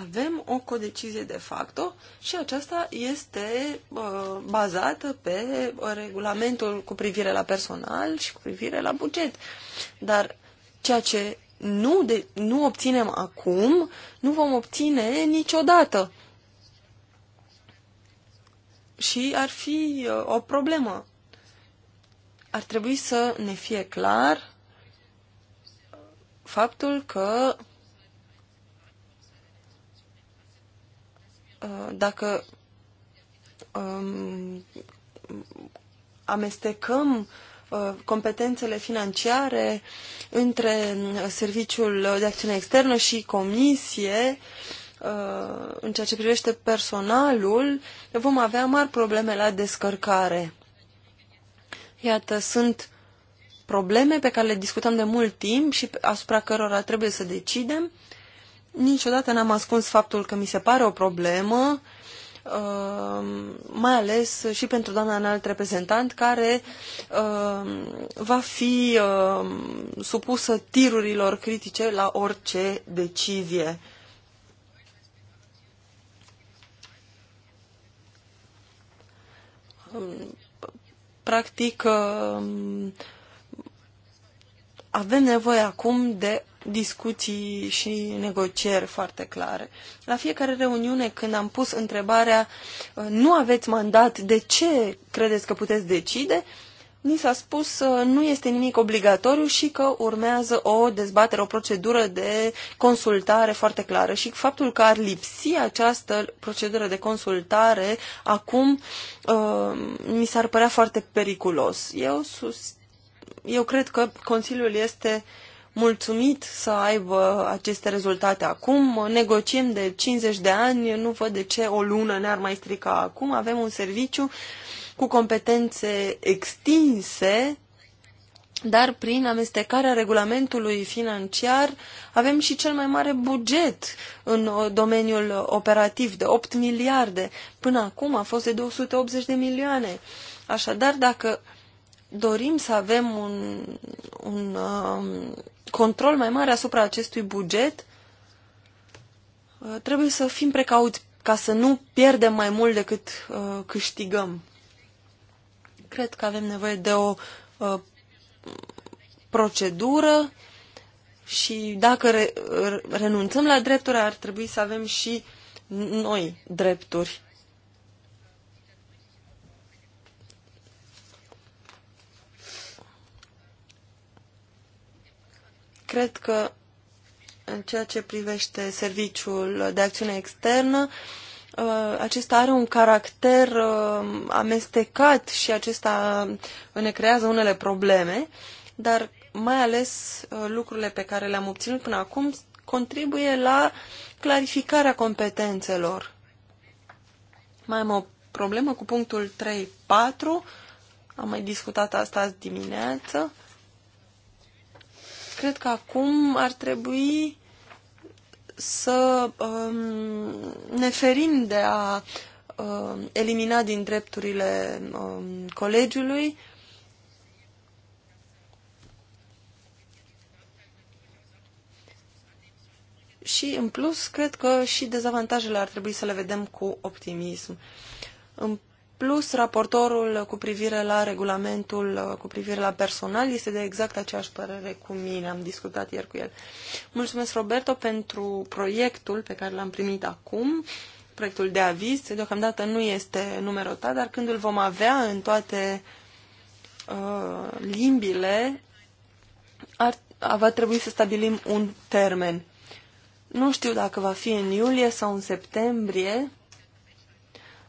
avem o codecizie de facto și aceasta este uh, bazată pe uh, regulamentul cu privire la personal și cu privire la buget. Dar ceea ce nu, de, nu obținem acum, nu vom obține niciodată. Și ar fi uh, o problemă. Ar trebui să ne fie clar faptul că Uh, dacă um, amestecăm uh, competențele financiare între uh, Serviciul de Acțiune Externă și Comisie în ceea ce privește personalul, vom avea mari probleme la descărcare. Iată, sunt probleme pe care le discutăm de mult timp și asupra cărora trebuie să decidem niciodată n-am ascuns faptul că mi se pare o problemă, uh, mai ales și pentru doamna înalt reprezentant, care uh, va fi uh, supusă tirurilor critice la orice decizie. Um, practic, avem nevoie acum de discuții și negocieri foarte clare. La fiecare reuniune, când am pus întrebarea uh, nu aveți mandat, de ce credeți că puteți decide, ni s-a spus că uh, nu este nimic obligatoriu și că urmează o dezbatere, o procedură de consultare foarte clară și faptul că ar lipsi această procedură de consultare acum uh, mi s-ar părea foarte periculos. Eu susțin eu cred că Consiliul este mulțumit să aibă aceste rezultate acum. Negociem de 50 de ani, nu văd de ce o lună ne-ar mai strica acum. Avem un serviciu cu competențe extinse, dar prin amestecarea regulamentului financiar avem și cel mai mare buget în domeniul operativ de 8 miliarde. Până acum a fost de 280 de milioane. Așadar, dacă dorim să avem un, un um, control mai mare asupra acestui buget, uh, trebuie să fim precauți ca să nu pierdem mai mult decât uh, câștigăm. Cred că avem nevoie de o uh, procedură și dacă re, renunțăm la drepturi, ar trebui să avem și noi drepturi. Cred că în ceea ce privește serviciul de acțiune externă, uh, acesta are un caracter uh, amestecat și acesta ne creează unele probleme, dar mai ales uh, lucrurile pe care le-am obținut până acum contribuie la clarificarea competențelor. Mai am o problemă cu punctul 3.4, am mai discutat asta azi dimineață, cred că acum ar trebui să um, ne ferim de a um, elimina din drepturile um, colegiului și, în plus, cred că și dezavantajele ar trebui să le vedem cu optimism. În plus raportorul cu privire la regulamentul uh, cu privire la personal este de exact aceeași părere cu mine, am discutat ieri cu el. Mulțumesc, Roberto, pentru proiectul pe care l-am primit acum, proiectul de aviz. Deocamdată nu este numerotat, dar când îl vom avea în toate uh, limbile, ar, va trebui să stabilim un termen. Nu știu dacă va fi în iulie sau în septembrie,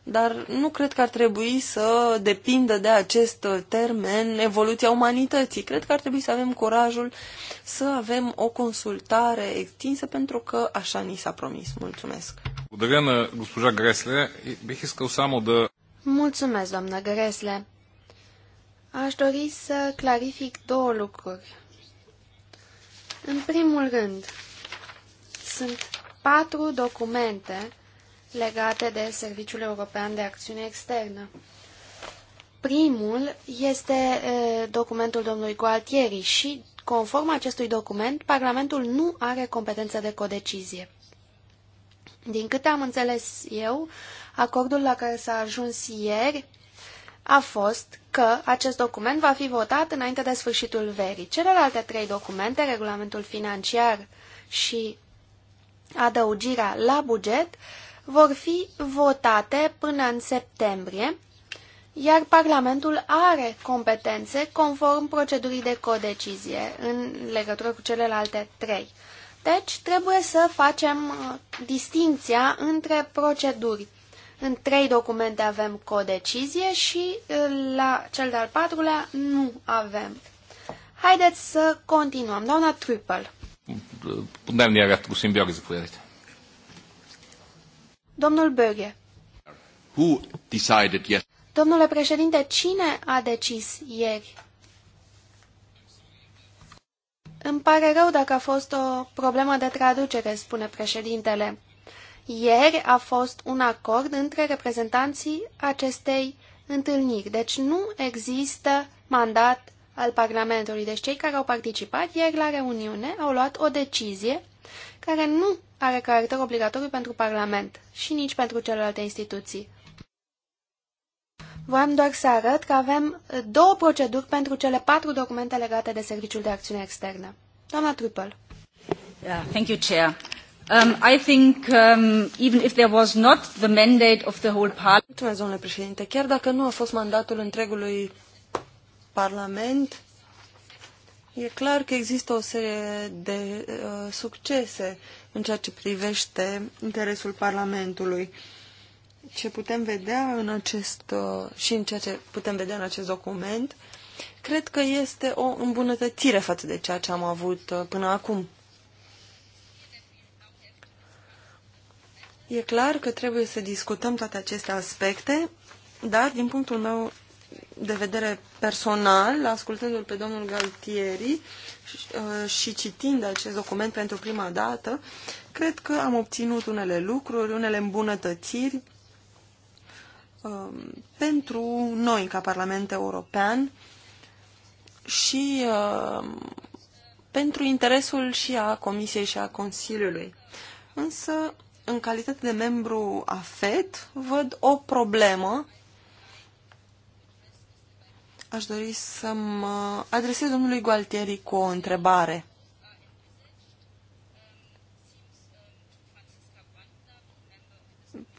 dar nu cred că ar trebui să depindă de acest termen evoluția umanității. Cred că ar trebui să avem curajul să avem o consultare extinsă pentru că așa ni s-a promis. Mulțumesc! Mulțumesc, doamnă Gresle! Aș dori să clarific două lucruri. În primul rând, sunt patru documente legate de Serviciul European de Acțiune Externă. Primul este documentul domnului Gualtieri și, conform acestui document, Parlamentul nu are competență de codecizie. Din câte am înțeles eu, acordul la care s-a ajuns ieri a fost că acest document va fi votat înainte de sfârșitul verii. Celelalte trei documente, regulamentul financiar și adăugirea la buget, vor fi votate până în septembrie, iar Parlamentul are competențe conform procedurii de codecizie în legătură cu celelalte trei. Deci trebuie să facem uh, distinția între proceduri. În trei documente avem codecizie și uh, la cel de-al patrulea nu avem. Haideți să continuăm. Doamna Trüppel. Putem diagat cu simbiotic, să Domnul Böge. Who decided yes? Domnule președinte, cine a decis ieri? Îmi pare rău dacă a fost o problemă de traducere, spune președintele. Ieri a fost un acord între reprezentanții acestei întâlniri, deci nu există mandat al Parlamentului. Deci cei care au participat ieri la reuniune au luat o decizie care nu are caracter obligatoriu pentru Parlament și nici pentru celelalte instituții. Vreau doar să arăt că avem două proceduri pentru cele patru documente legate de Serviciul de Acțiune Externă. Doamna Trupel. Yeah, thank you, Chair. Um, I think um, even if there was not the mandate of the whole Parliament. Mulțumesc, domnule președinte. Chiar dacă nu a fost mandatul întregului Parlament, E clar că există o serie de uh, succese în ceea ce privește interesul Parlamentului. Ce putem vedea în acest, uh, și în ceea ce putem vedea în acest document, cred că este o îmbunătățire față de ceea ce am avut uh, până acum. E clar că trebuie să discutăm toate aceste aspecte, dar, din punctul meu de vedere personal, ascultându-l pe domnul Galtieri uh, și citind acest document pentru prima dată, cred că am obținut unele lucruri, unele îmbunătățiri um, pentru noi ca Parlament European și um, pentru interesul și a Comisiei și a Consiliului. Însă, în calitate de membru AFET, văd o problemă Aș dori să mă adresez domnului Gualtieri cu o întrebare.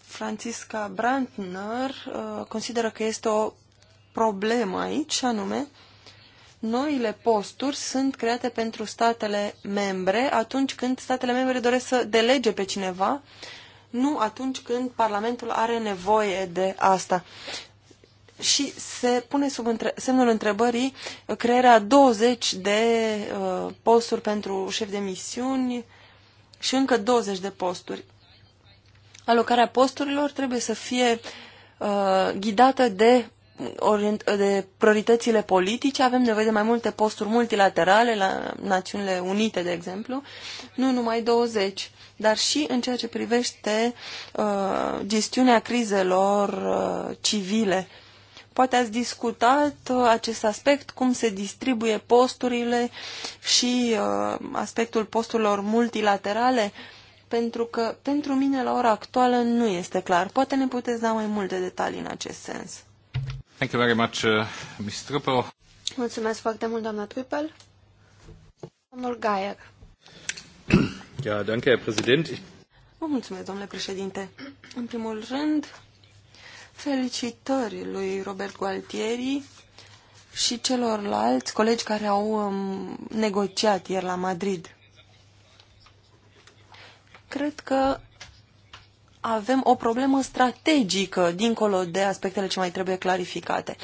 Francisca Brandner uh, consideră că este o problemă aici, anume noile posturi sunt create pentru statele membre atunci când statele membre doresc să delege pe cineva, nu atunci când Parlamentul are nevoie de asta și se pune sub între, semnul întrebării crearea 20 de uh, posturi pentru șef de misiuni și încă 20 de posturi. Alocarea posturilor trebuie să fie uh, ghidată de, orient, de prioritățile politice. Avem nevoie de mai multe posturi multilaterale la Națiunile Unite, de exemplu, nu numai 20 dar și în ceea ce privește uh, gestiunea crizelor uh, civile. Poate ați discutat uh, acest aspect, cum se distribuie posturile și uh, aspectul posturilor multilaterale, pentru că pentru mine la ora actuală nu este clar. Poate ne puteți da mai multe detalii în acest sens. Thank you very much, uh, Ms. Mulțumesc foarte mult, doamna Trupel. Domnul Gaier. Ja, danke, Herr Präsident. Vă mulțumesc, domnule președinte. În primul rând, Felicitări lui Robert Gualtieri și celorlalți colegi care au um, negociat ieri la Madrid. Cred că avem o problemă strategică dincolo de aspectele ce mai trebuie clarificate.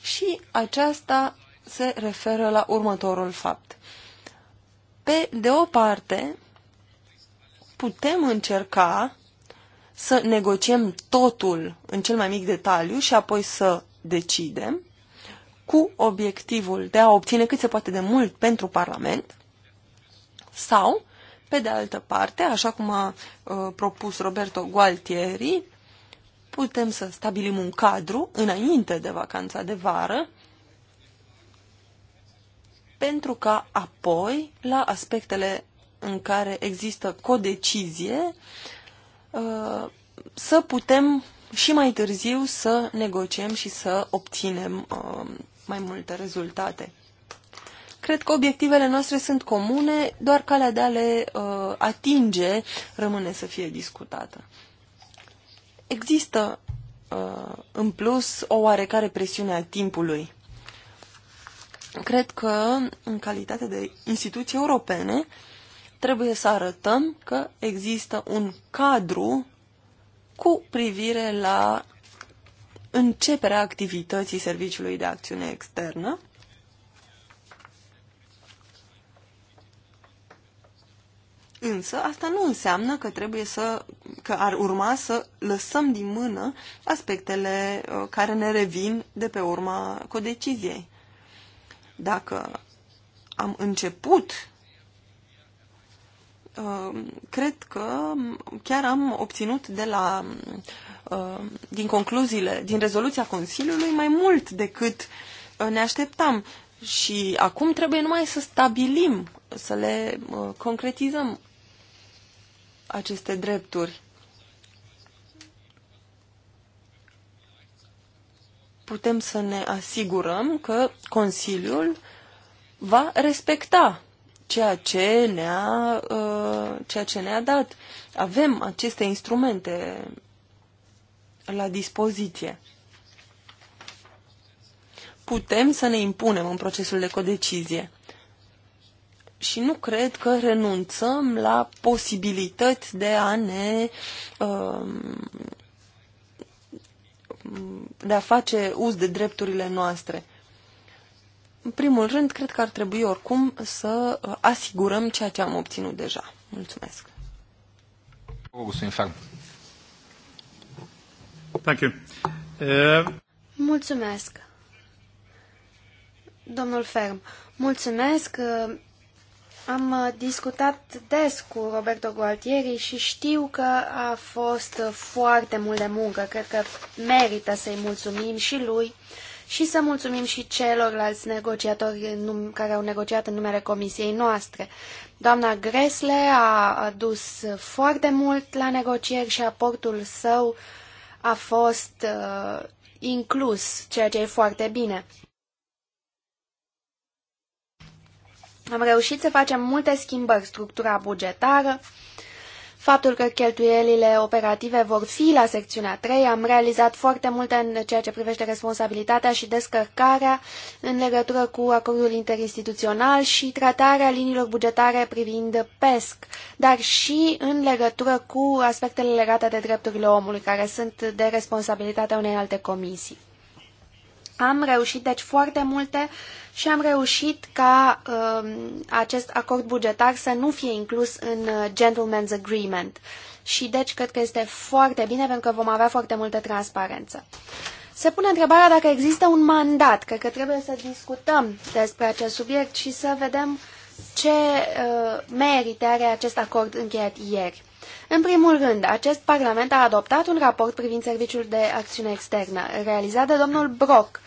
Și aceasta se referă la următorul fapt. Pe de o parte, putem încerca să negociem totul în cel mai mic detaliu și apoi să decidem cu obiectivul de a obține cât se poate de mult pentru Parlament sau, pe de altă parte, așa cum a uh, propus Roberto Gualtieri, putem să stabilim un cadru înainte de vacanța de vară pentru ca apoi, la aspectele în care există codecizie, Uh, să putem și mai târziu să negociem și să obținem uh, mai multe rezultate. Cred că obiectivele noastre sunt comune, doar calea de a le uh, atinge rămâne să fie discutată. Există în plus o oarecare presiune a timpului. Cred că, în calitate de instituții europene, uh, trebuie să arătăm că există un cadru cu privire la începerea activității Serviciului de Acțiune Externă. Însă asta nu înseamnă că trebuie să, că ar urma să lăsăm din mână aspectele uh, care ne revin de pe urma codeciziei. Dacă am început Um, cred că chiar am obținut de la, um, din concluziile, din rezoluția Consiliului mai mult decât uh, ne așteptam. Și acum trebuie numai să stabilim, să le uh, concretizăm aceste drepturi. Putem să ne asigurăm că Consiliul va respecta ceea ce ne-a, uh, ceea ce ne-a dat. Avem aceste instrumente la dispoziție. Putem să ne impunem în procesul de codecizie. Și nu cred că renunțăm la posibilități de a ne um, de a face uz de drepturile noastre în primul rând, cred că ar trebui oricum să uh, asigurăm ceea ce am obținut deja. Mulțumesc. Thank you. Uh... Mulțumesc. Domnul Ferm, mulțumesc. Uh, am uh, discutat des cu Roberto Gualtieri și știu că a fost foarte mult de muncă. Cred că merită să-i mulțumim și lui și să mulțumim și celorlalți negociatori care au negociat în numele comisiei noastre. Doamna Gresle a adus foarte mult la negocieri și aportul său a fost uh, inclus, ceea ce e foarte bine. Am reușit să facem multe schimbări, structura bugetară, faptul că cheltuielile operative vor fi la secțiunea 3. Am realizat foarte multe în ceea ce privește responsabilitatea și descărcarea în legătură cu acordul interinstituțional și tratarea liniilor bugetare privind PESC, dar și în legătură cu aspectele legate de drepturile omului, care sunt de responsabilitatea unei alte comisii. Am reușit, deci, foarte multe și am reușit ca um, acest acord bugetar să nu fie inclus în uh, Gentleman's Agreement. Și deci cred că este foarte bine pentru că vom avea foarte multă transparență. Se pune întrebarea dacă există un mandat. Cred că trebuie să discutăm despre acest subiect și să vedem ce uh, merite are acest acord încheiat ieri. În primul rând, acest Parlament a adoptat un raport privind Serviciul de Acțiune Externă, realizat de domnul Brock,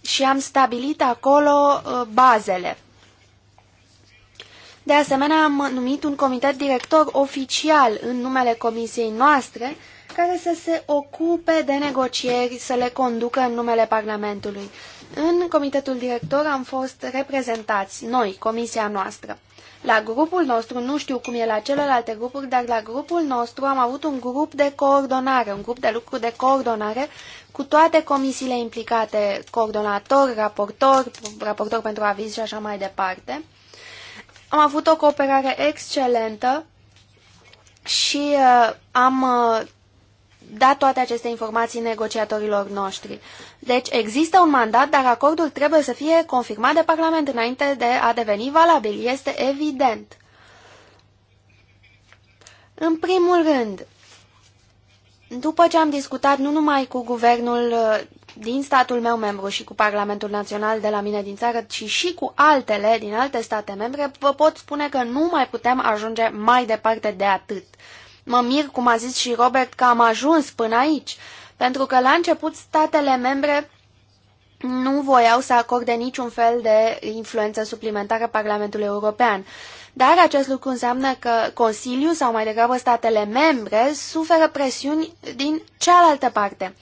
și am stabilit acolo uh, bazele. De asemenea, am numit un comitet director oficial în numele comisiei noastre, care să se ocupe de negocieri, să le conducă în numele Parlamentului. În comitetul director am fost reprezentați noi, comisia noastră. La grupul nostru, nu știu cum e la celelalte grupuri, dar la grupul nostru am avut un grup de coordonare, un grup de lucru de coordonare cu toate comisiile implicate, coordonator, raportor, raportor pentru aviz și așa mai departe. Am avut o cooperare excelentă și uh, am uh, da toate aceste informații negociatorilor noștri. Deci există un mandat, dar acordul trebuie să fie confirmat de Parlament înainte de a deveni valabil. Este evident. În primul rând, după ce am discutat nu numai cu guvernul uh, din statul meu membru și cu Parlamentul Național de la mine din țară, ci și cu altele din alte state membre, vă pot spune că nu mai putem ajunge mai departe de atât. Mă mir, cum a zis și Robert, că am ajuns până aici, pentru că la început statele membre nu voiau să acorde niciun fel de influență suplimentară Parlamentului European. Dar acest lucru înseamnă că Consiliul sau mai degrabă statele membre suferă presiuni din cealaltă parte.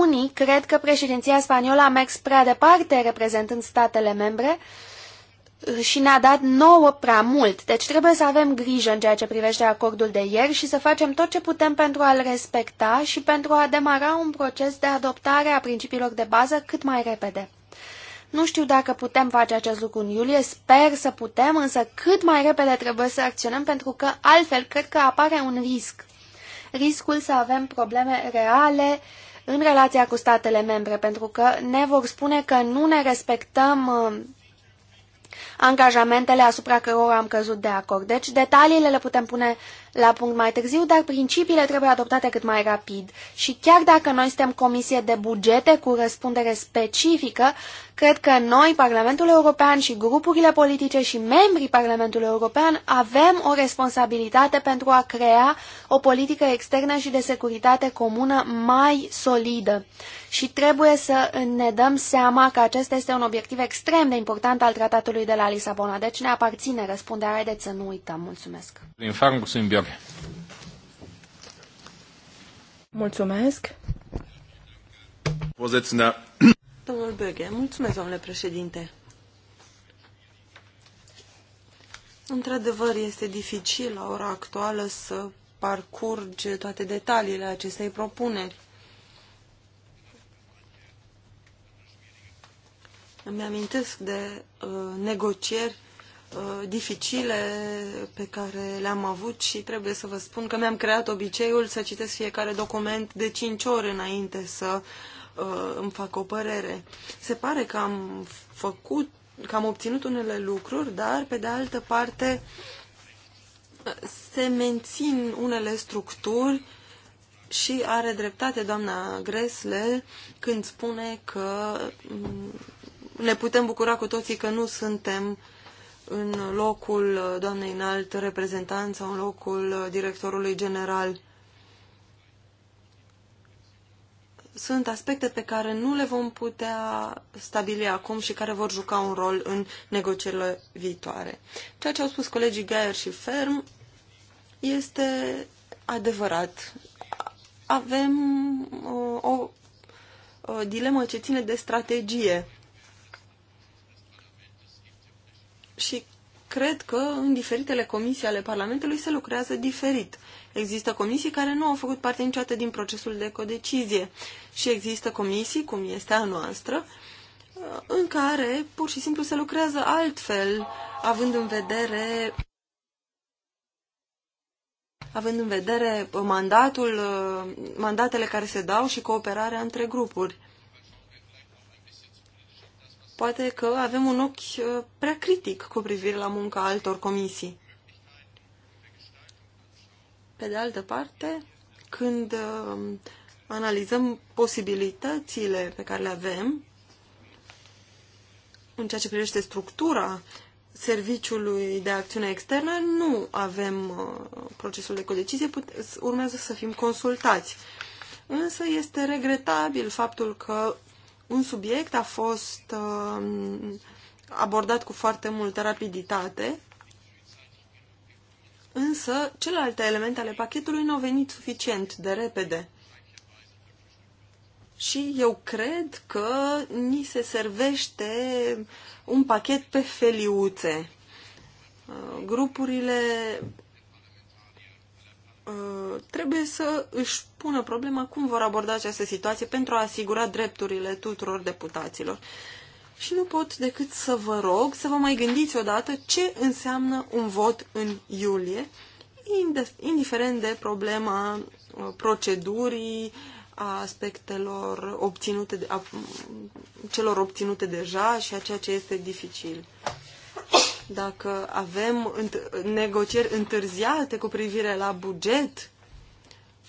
Unii cred că președinția spaniolă a mers prea departe reprezentând statele membre, și ne-a dat nouă prea mult, deci trebuie să avem grijă în ceea ce privește acordul de ieri și să facem tot ce putem pentru a-l respecta și pentru a demara un proces de adoptare a principiilor de bază cât mai repede. Nu știu dacă putem face acest lucru în iulie, sper să putem, însă cât mai repede trebuie să acționăm pentru că altfel cred că apare un risc. Riscul să avem probleme reale în relația cu statele membre, pentru că ne vor spune că nu ne respectăm uh, angajamentele asupra cărora am căzut de acord. Deci detaliile le putem pune la punct mai târziu, dar principiile trebuie adoptate cât mai rapid. Și chiar dacă noi suntem comisie de bugete cu răspundere specifică, cred că noi, Parlamentul European și grupurile politice și membrii Parlamentului European avem o responsabilitate pentru a crea o politică externă și de securitate comună mai solidă. Și trebuie să ne dăm seama că acesta este un obiectiv extrem de important al tratatului de la Lisabona. Deci ne aparține răspunderea, haideți să nu uităm. Mulțumesc. Björk. Mulțumesc. Domnul Böge, mulțumesc, domnule președinte. Într-adevăr, este dificil la ora actuală să parcurge toate detaliile acestei propuneri. Îmi amintesc de uh, negocieri Uh, dificile pe care le-am avut și trebuie să vă spun că mi-am creat obiceiul să citesc fiecare document de 5 ori înainte să uh, îmi fac o părere. Se pare că am făcut, că am obținut unele lucruri, dar pe de altă parte se mențin unele structuri și are dreptate doamna Gresle când spune că mm, ne putem bucura cu toții că nu suntem uh, în locul doamnei înalt reprezentant sau în locul directorului general. Sunt aspecte pe care nu le vom putea stabili acum și care vor juca un rol în negocierile viitoare. Ceea ce au spus colegii Geier și Ferm este adevărat. Avem uh, o, o dilemă ce ține de strategie și cred că în diferitele comisii ale Parlamentului se lucrează diferit. Există comisii care nu au făcut parte niciodată din procesul de codecizie și există comisii, cum este a noastră, uh, în care pur și simplu se lucrează altfel, având în vedere având în vedere mandatul, uh, mandatele care se dau și cooperarea între grupuri. Poate că avem un ochi uh, prea critic cu privire la munca altor comisii. Pe de altă parte, când uh, analizăm posibilitățile pe care le avem în ceea ce privește structura serviciului de acțiune externă, nu avem uh, procesul de codecizie, urmează să fim consultați. Însă este regretabil faptul că un subiect a fost um, abordat cu foarte multă rapiditate, însă celelalte elemente ale pachetului nu au venit suficient de repede. Și eu cred că ni se servește un pachet pe feliuțe. Uh, grupurile uh, trebuie să își pună problema cum vor aborda această situație pentru a asigura drepturile tuturor deputaților. Și nu pot decât să vă rog să vă mai gândiți odată ce înseamnă un vot în iulie, indiferent de problema uh, procedurii, a aspectelor obținute, de, a celor obținute deja și a ceea ce este dificil. Dacă avem negocieri întârziate cu privire la buget,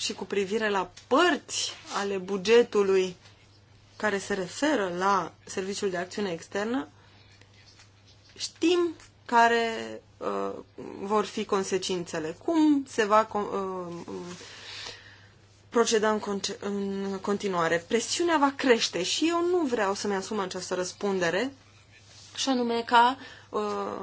și cu privire la părți ale bugetului care se referă la Serviciul de Acțiune Externă, știm care uh, vor fi consecințele, cum se va uh, proceda în, în continuare. Presiunea va crește și eu nu vreau să-mi asum această răspundere, și anume ca uh, Uh,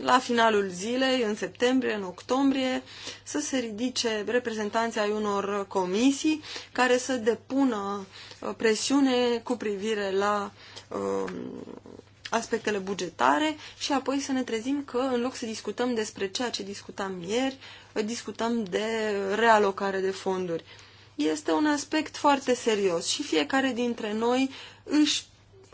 la finalul zilei, în septembrie, în octombrie, să se ridice reprezentanții ai unor comisii care să depună uh, presiune cu privire la uh, aspectele bugetare și apoi să ne trezim că în loc să discutăm despre ceea ce discutam ieri, discutăm de realocare de fonduri. Este un aspect foarte serios și fiecare dintre noi își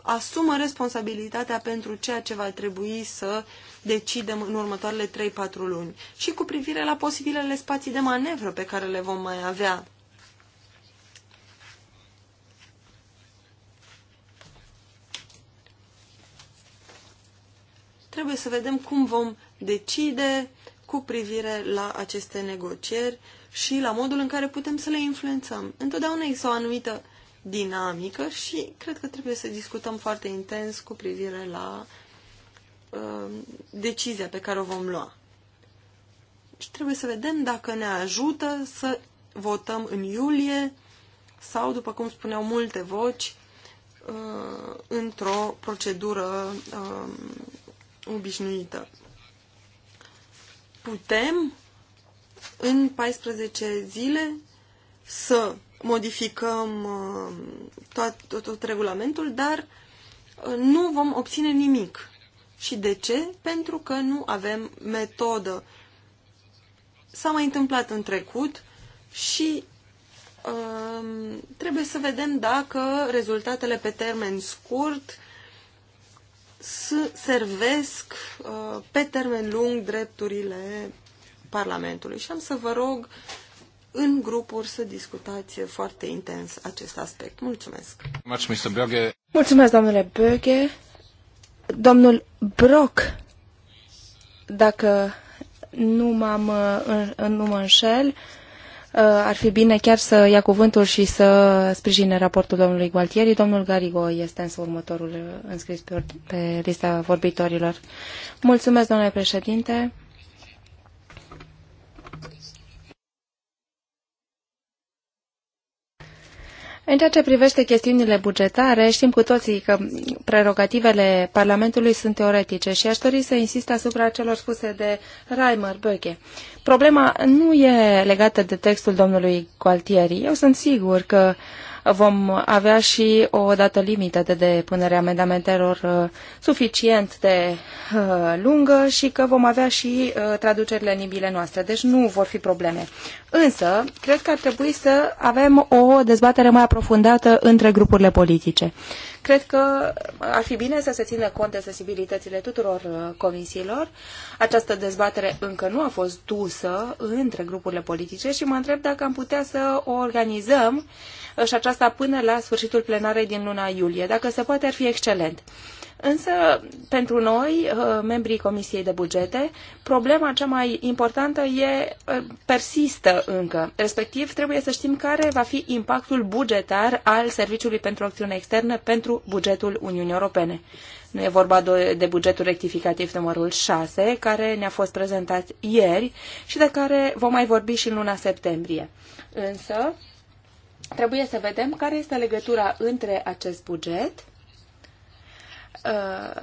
asumă responsabilitatea pentru ceea ce va trebui să decidem în următoarele 3-4 luni și cu privire la posibilele spații de manevră pe care le vom mai avea. Trebuie să vedem cum vom decide cu privire la aceste negocieri și la modul în care putem să le influențăm. Întotdeauna există o anumită uh, dinamică și cred că trebuie să discutăm foarte intens cu privire la uh, decizia pe care o vom lua. Și trebuie să vedem dacă ne ajută să votăm în iulie sau, după cum spuneau multe voci, uh, într-o procedură uh, obișnuită. Putem în 14 zile să modificăm uh, tot, tot, tot regulamentul, dar uh, nu vom obține nimic. Și de ce? Pentru că nu avem metodă. S-a mai întâmplat în trecut și um, trebuie să vedem dacă rezultatele pe termen scurt servesc uh, pe termen lung drepturile Parlamentului. Și am să vă rog uh, în grupuri să discutați foarte intens acest aspect. Mulțumesc! Mulțumesc, domnule Böge! Domnul Brock, dacă nu, m-am, nu mă înșel, uh, ar fi bine chiar să ia cuvântul și să sprijine raportul domnului Gualtieri. Domnul Garigo este însă următorul uh, înscris pe, pe lista vorbitorilor. Mulțumesc, domnule președinte. În ceea ce privește chestiunile bugetare, știm cu toții că prerogativele Parlamentului sunt teoretice și aș dori să insist asupra celor spuse de Reimer Böge. Problema nu e legată de textul domnului Gualtieri. Eu sunt sigur că uh, Vom avea și o dată limită de depunere a amendamentelor uh, suficient de uh, lungă și că vom avea și uh, traducerile în limbile noastre, deci nu vor fi probleme. Însă, cred că ar trebui să avem o dezbatere mai aprofundată între grupurile politice. Cred că ar fi bine să se țină cont de sensibilitățile tuturor comisiilor. Această dezbatere încă nu a fost dusă între grupurile politice și mă întreb dacă am putea să o organizăm uh, și aceasta până la sfârșitul plenarei din luna iulie. Dacă se poate, ar fi excelent. Însă, pentru noi, uh, membrii Comisiei de Bugete, problema cea mai importantă e uh, persistă încă. Respectiv, trebuie să știm care va fi impactul bugetar al Serviciului pentru Acțiune Externă pentru bugetul Uniunii Europene. Nu e vorba de bugetul rectificativ numărul 6, care ne-a fost prezentat ieri și de care vom mai vorbi și în luna septembrie. Însă, Trebuie să vedem care este legătura între acest buget uh,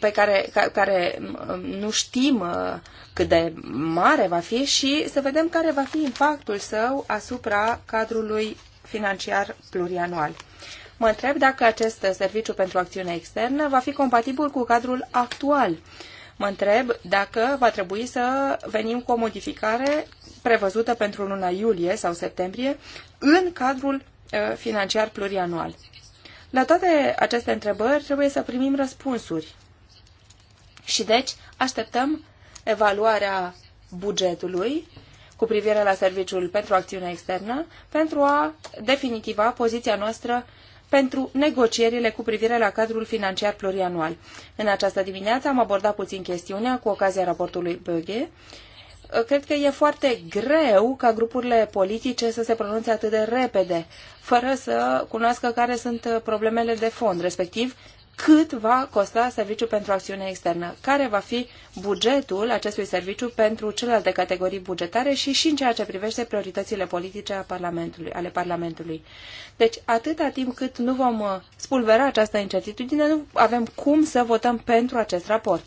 pe care, care um, nu știm uh, cât de mare va fi și să vedem care va fi impactul său asupra cadrului financiar plurianual. Mă întreb dacă acest serviciu pentru acțiune externă va fi compatibil cu cadrul actual. Mă întreb dacă va trebui să venim cu o modificare prevăzută pentru luna iulie sau septembrie în cadrul uh, financiar plurianual. La toate aceste întrebări trebuie să primim răspunsuri. Și deci așteptăm evaluarea bugetului cu privire la serviciul pentru acțiune externă pentru a definitiva poziția noastră pentru negocierile cu privire la cadrul financiar plurianual. În această dimineață am abordat puțin chestiunea cu ocazia raportului Böge cred că e foarte greu ca grupurile politice să se pronunțe atât de repede, fără să cunoască care sunt problemele de fond, respectiv cât va costa serviciul pentru acțiune externă, care va fi bugetul acestui serviciu pentru celelalte categorii bugetare și și în ceea ce privește prioritățile politice a Parlamentului, ale Parlamentului. Deci, atâta timp cât nu vom spulvera această incertitudine, nu avem cum să votăm pentru acest raport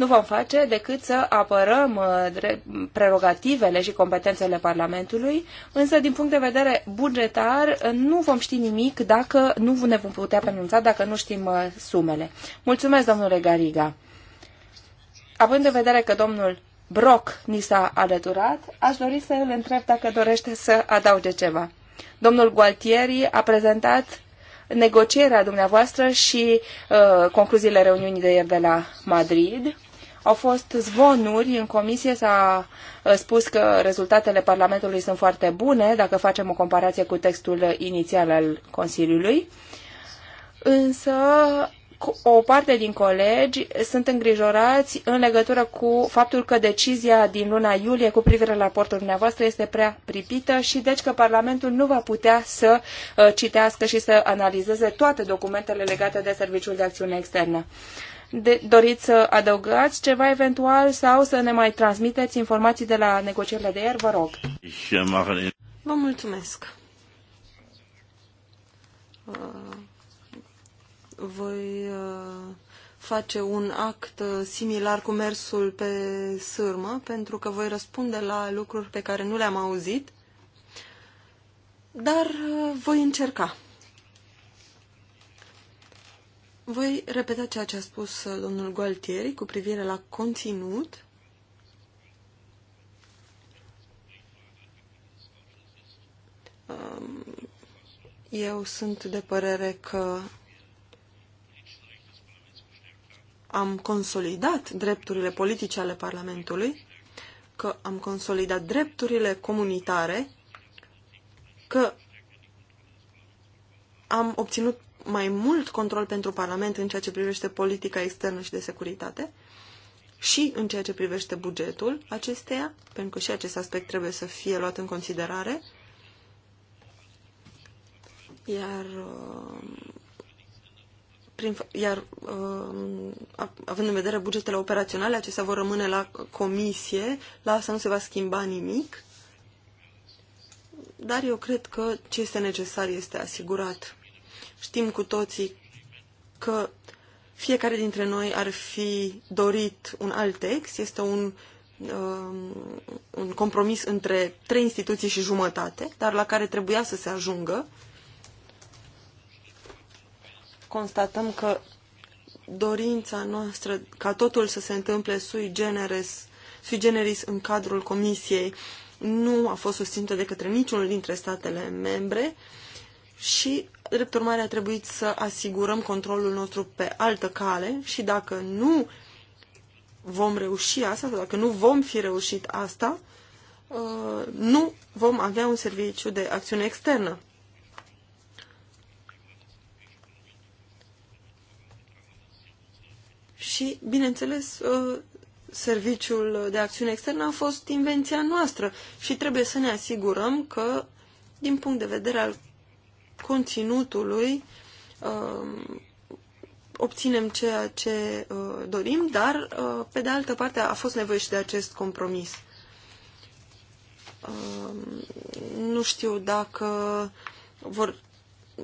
nu vom face decât să apărăm uh, prerogativele și competențele Parlamentului, însă din punct de vedere bugetar uh, nu vom ști nimic dacă nu ne vom putea pronunța dacă nu știm uh, sumele. Mulțumesc, domnule Gariga. Având în vedere că domnul Broc ni s-a alăturat, aș dori să îl întreb dacă dorește să adauge ceva. Domnul Gualtieri a prezentat negocierea dumneavoastră și uh, concluziile reuniunii de ieri de la Madrid. Au fost zvonuri în comisie, s-a uh, spus că rezultatele Parlamentului sunt foarte bune, dacă facem o comparație cu textul inițial al Consiliului. Însă o parte din colegi sunt îngrijorați în legătură cu faptul că decizia din luna iulie cu privire la raportul dumneavoastră este prea pripită și deci că Parlamentul nu va putea să uh, citească și să analizeze toate documentele legate de Serviciul de Acțiune Externă de, doriți să adăugați ceva eventual sau să ne mai transmiteți informații de la negocierile de ieri, vă rog. Vă mulțumesc. Uh, voi uh, face un act uh, similar cu mersul pe sârmă, pentru că voi răspunde la lucruri pe care nu le-am auzit, dar voi încerca. Voi repeta ceea ce a spus uh, domnul Gualtieri cu privire la conținut. Um, eu sunt de părere că am consolidat drepturile politice ale Parlamentului, că am consolidat drepturile comunitare, că am obținut mai mult control pentru Parlament în ceea ce privește politica externă și de securitate și în ceea ce privește bugetul acesteia, pentru că și acest aspect trebuie să fie luat în considerare. Iar, uh, prin, iar uh, având în vedere bugetele operaționale, acestea vor rămâne la comisie, la asta nu se va schimba nimic. Dar eu cred că ce este necesar este asigurat. Știm cu toții că fiecare dintre noi ar fi dorit un alt text. Este un, um, un compromis între trei instituții și jumătate, dar la care trebuia să se ajungă. Constatăm că dorința noastră ca totul să se întâmple sui generis, sui generis în cadrul comisiei nu a fost susținută de către niciunul dintre statele membre și Drept urmare, a trebuit să asigurăm controlul nostru pe altă cale și dacă nu vom reuși asta, sau dacă nu vom fi reușit asta, uh, nu vom avea un serviciu de acțiune externă. Și, bineînțeles, uh, serviciul de acțiune externă a fost invenția noastră și trebuie să ne asigurăm că, din punct de vedere al conținutului um, obținem ceea ce uh, dorim, dar, uh, pe de altă parte, a fost nevoie și de acest compromis. Um, nu știu dacă vor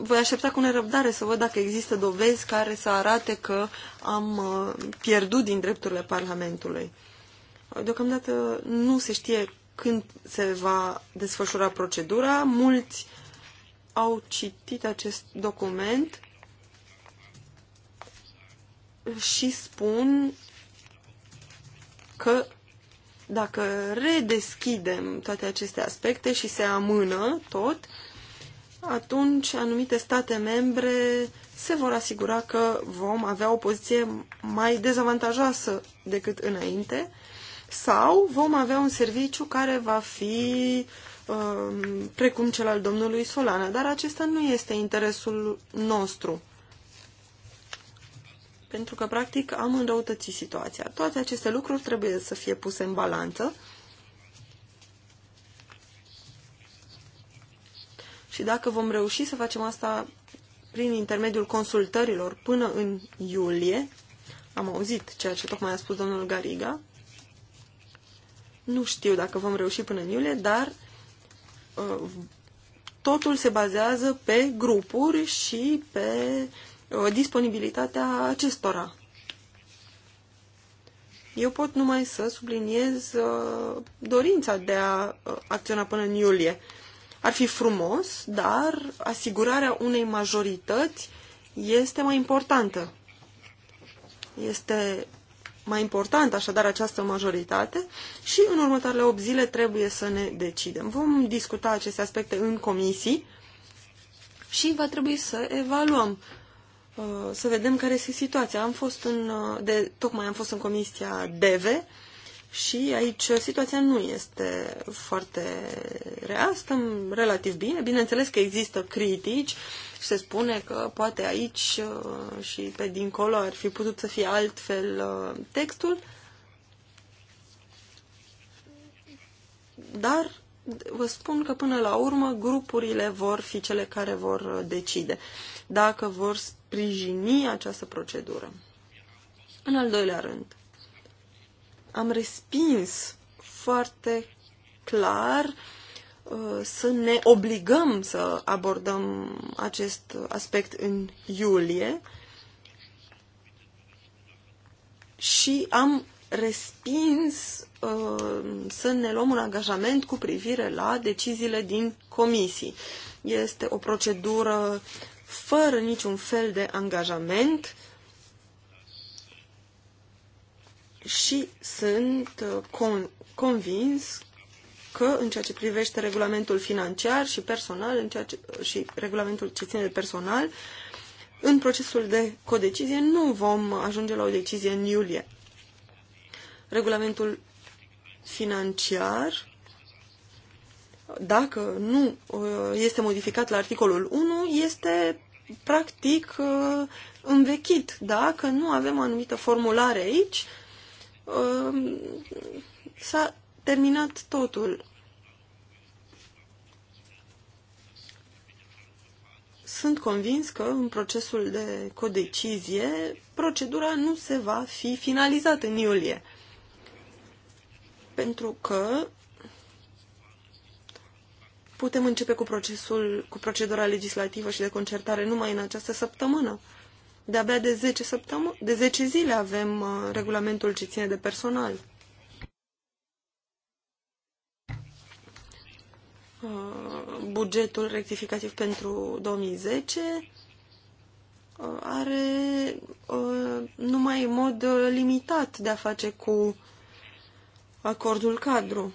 voi aștepta cu nerăbdare să văd dacă există dovezi care să arate că am uh, pierdut din drepturile Parlamentului. Deocamdată nu se știe când se va desfășura procedura. Mulți au citit acest document și spun că dacă redeschidem toate aceste aspecte și se amână tot, atunci anumite state membre se vor asigura că vom avea o poziție mai dezavantajoasă decât înainte sau vom avea un serviciu care va fi uh, Um, precum cel al domnului Solana, dar acesta nu este interesul nostru. Pentru că, practic, am înrăutățit situația. Toate aceste lucruri trebuie să fie puse în balanță și dacă vom reuși să facem asta prin intermediul consultărilor până în iulie, am auzit ceea ce tocmai a spus domnul Gariga, nu știu dacă vom reuși până în iulie, dar totul se bazează pe grupuri și pe uh, disponibilitatea acestora. Eu pot numai să subliniez uh, dorința de a uh, acționa până în iulie. Ar fi frumos, dar asigurarea unei majorități este mai importantă. Este mai important așadar această majoritate și în următoarele 8 zile trebuie să ne decidem. Vom discuta aceste aspecte în comisii și va trebui să evaluăm, uh, să vedem care este situația. Am fost în, uh, de, tocmai am fost în comisia DEVE și aici situația nu este foarte rea, stăm relativ bine. Bineînțeles că există critici și se spune că poate aici uh, și pe dincolo ar fi putut să fie altfel uh, textul. Dar vă spun că până la urmă grupurile vor fi cele care vor uh, decide dacă vor sprijini această procedură. În al doilea rând, am respins foarte clar uh, să ne obligăm să abordăm acest aspect în iulie și am respins uh, să ne luăm un angajament cu privire la deciziile din comisii. Este o procedură fără niciun fel de angajament și sunt uh, con convins că în ceea ce privește regulamentul financiar și personal, în ceea ce, și regulamentul ce ține de personal, în procesul de codecizie nu vom ajunge la o decizie în iulie. Regulamentul financiar, dacă nu uh, este modificat la articolul 1, este practic uh, învechit. Dacă nu avem o anumită formulare aici, Um, s-a terminat totul. Sunt convins că în procesul de codecizie procedura nu se va fi finalizată în iulie. Pentru că putem începe cu procesul, cu procedura legislativă și de concertare numai în această săptămână. De-abia de 10, săptămâ- de 10 zile avem uh, regulamentul ce ține de personal. Uh, bugetul rectificativ pentru 2010 uh, are numai mod limitat de a face cu acordul cadru.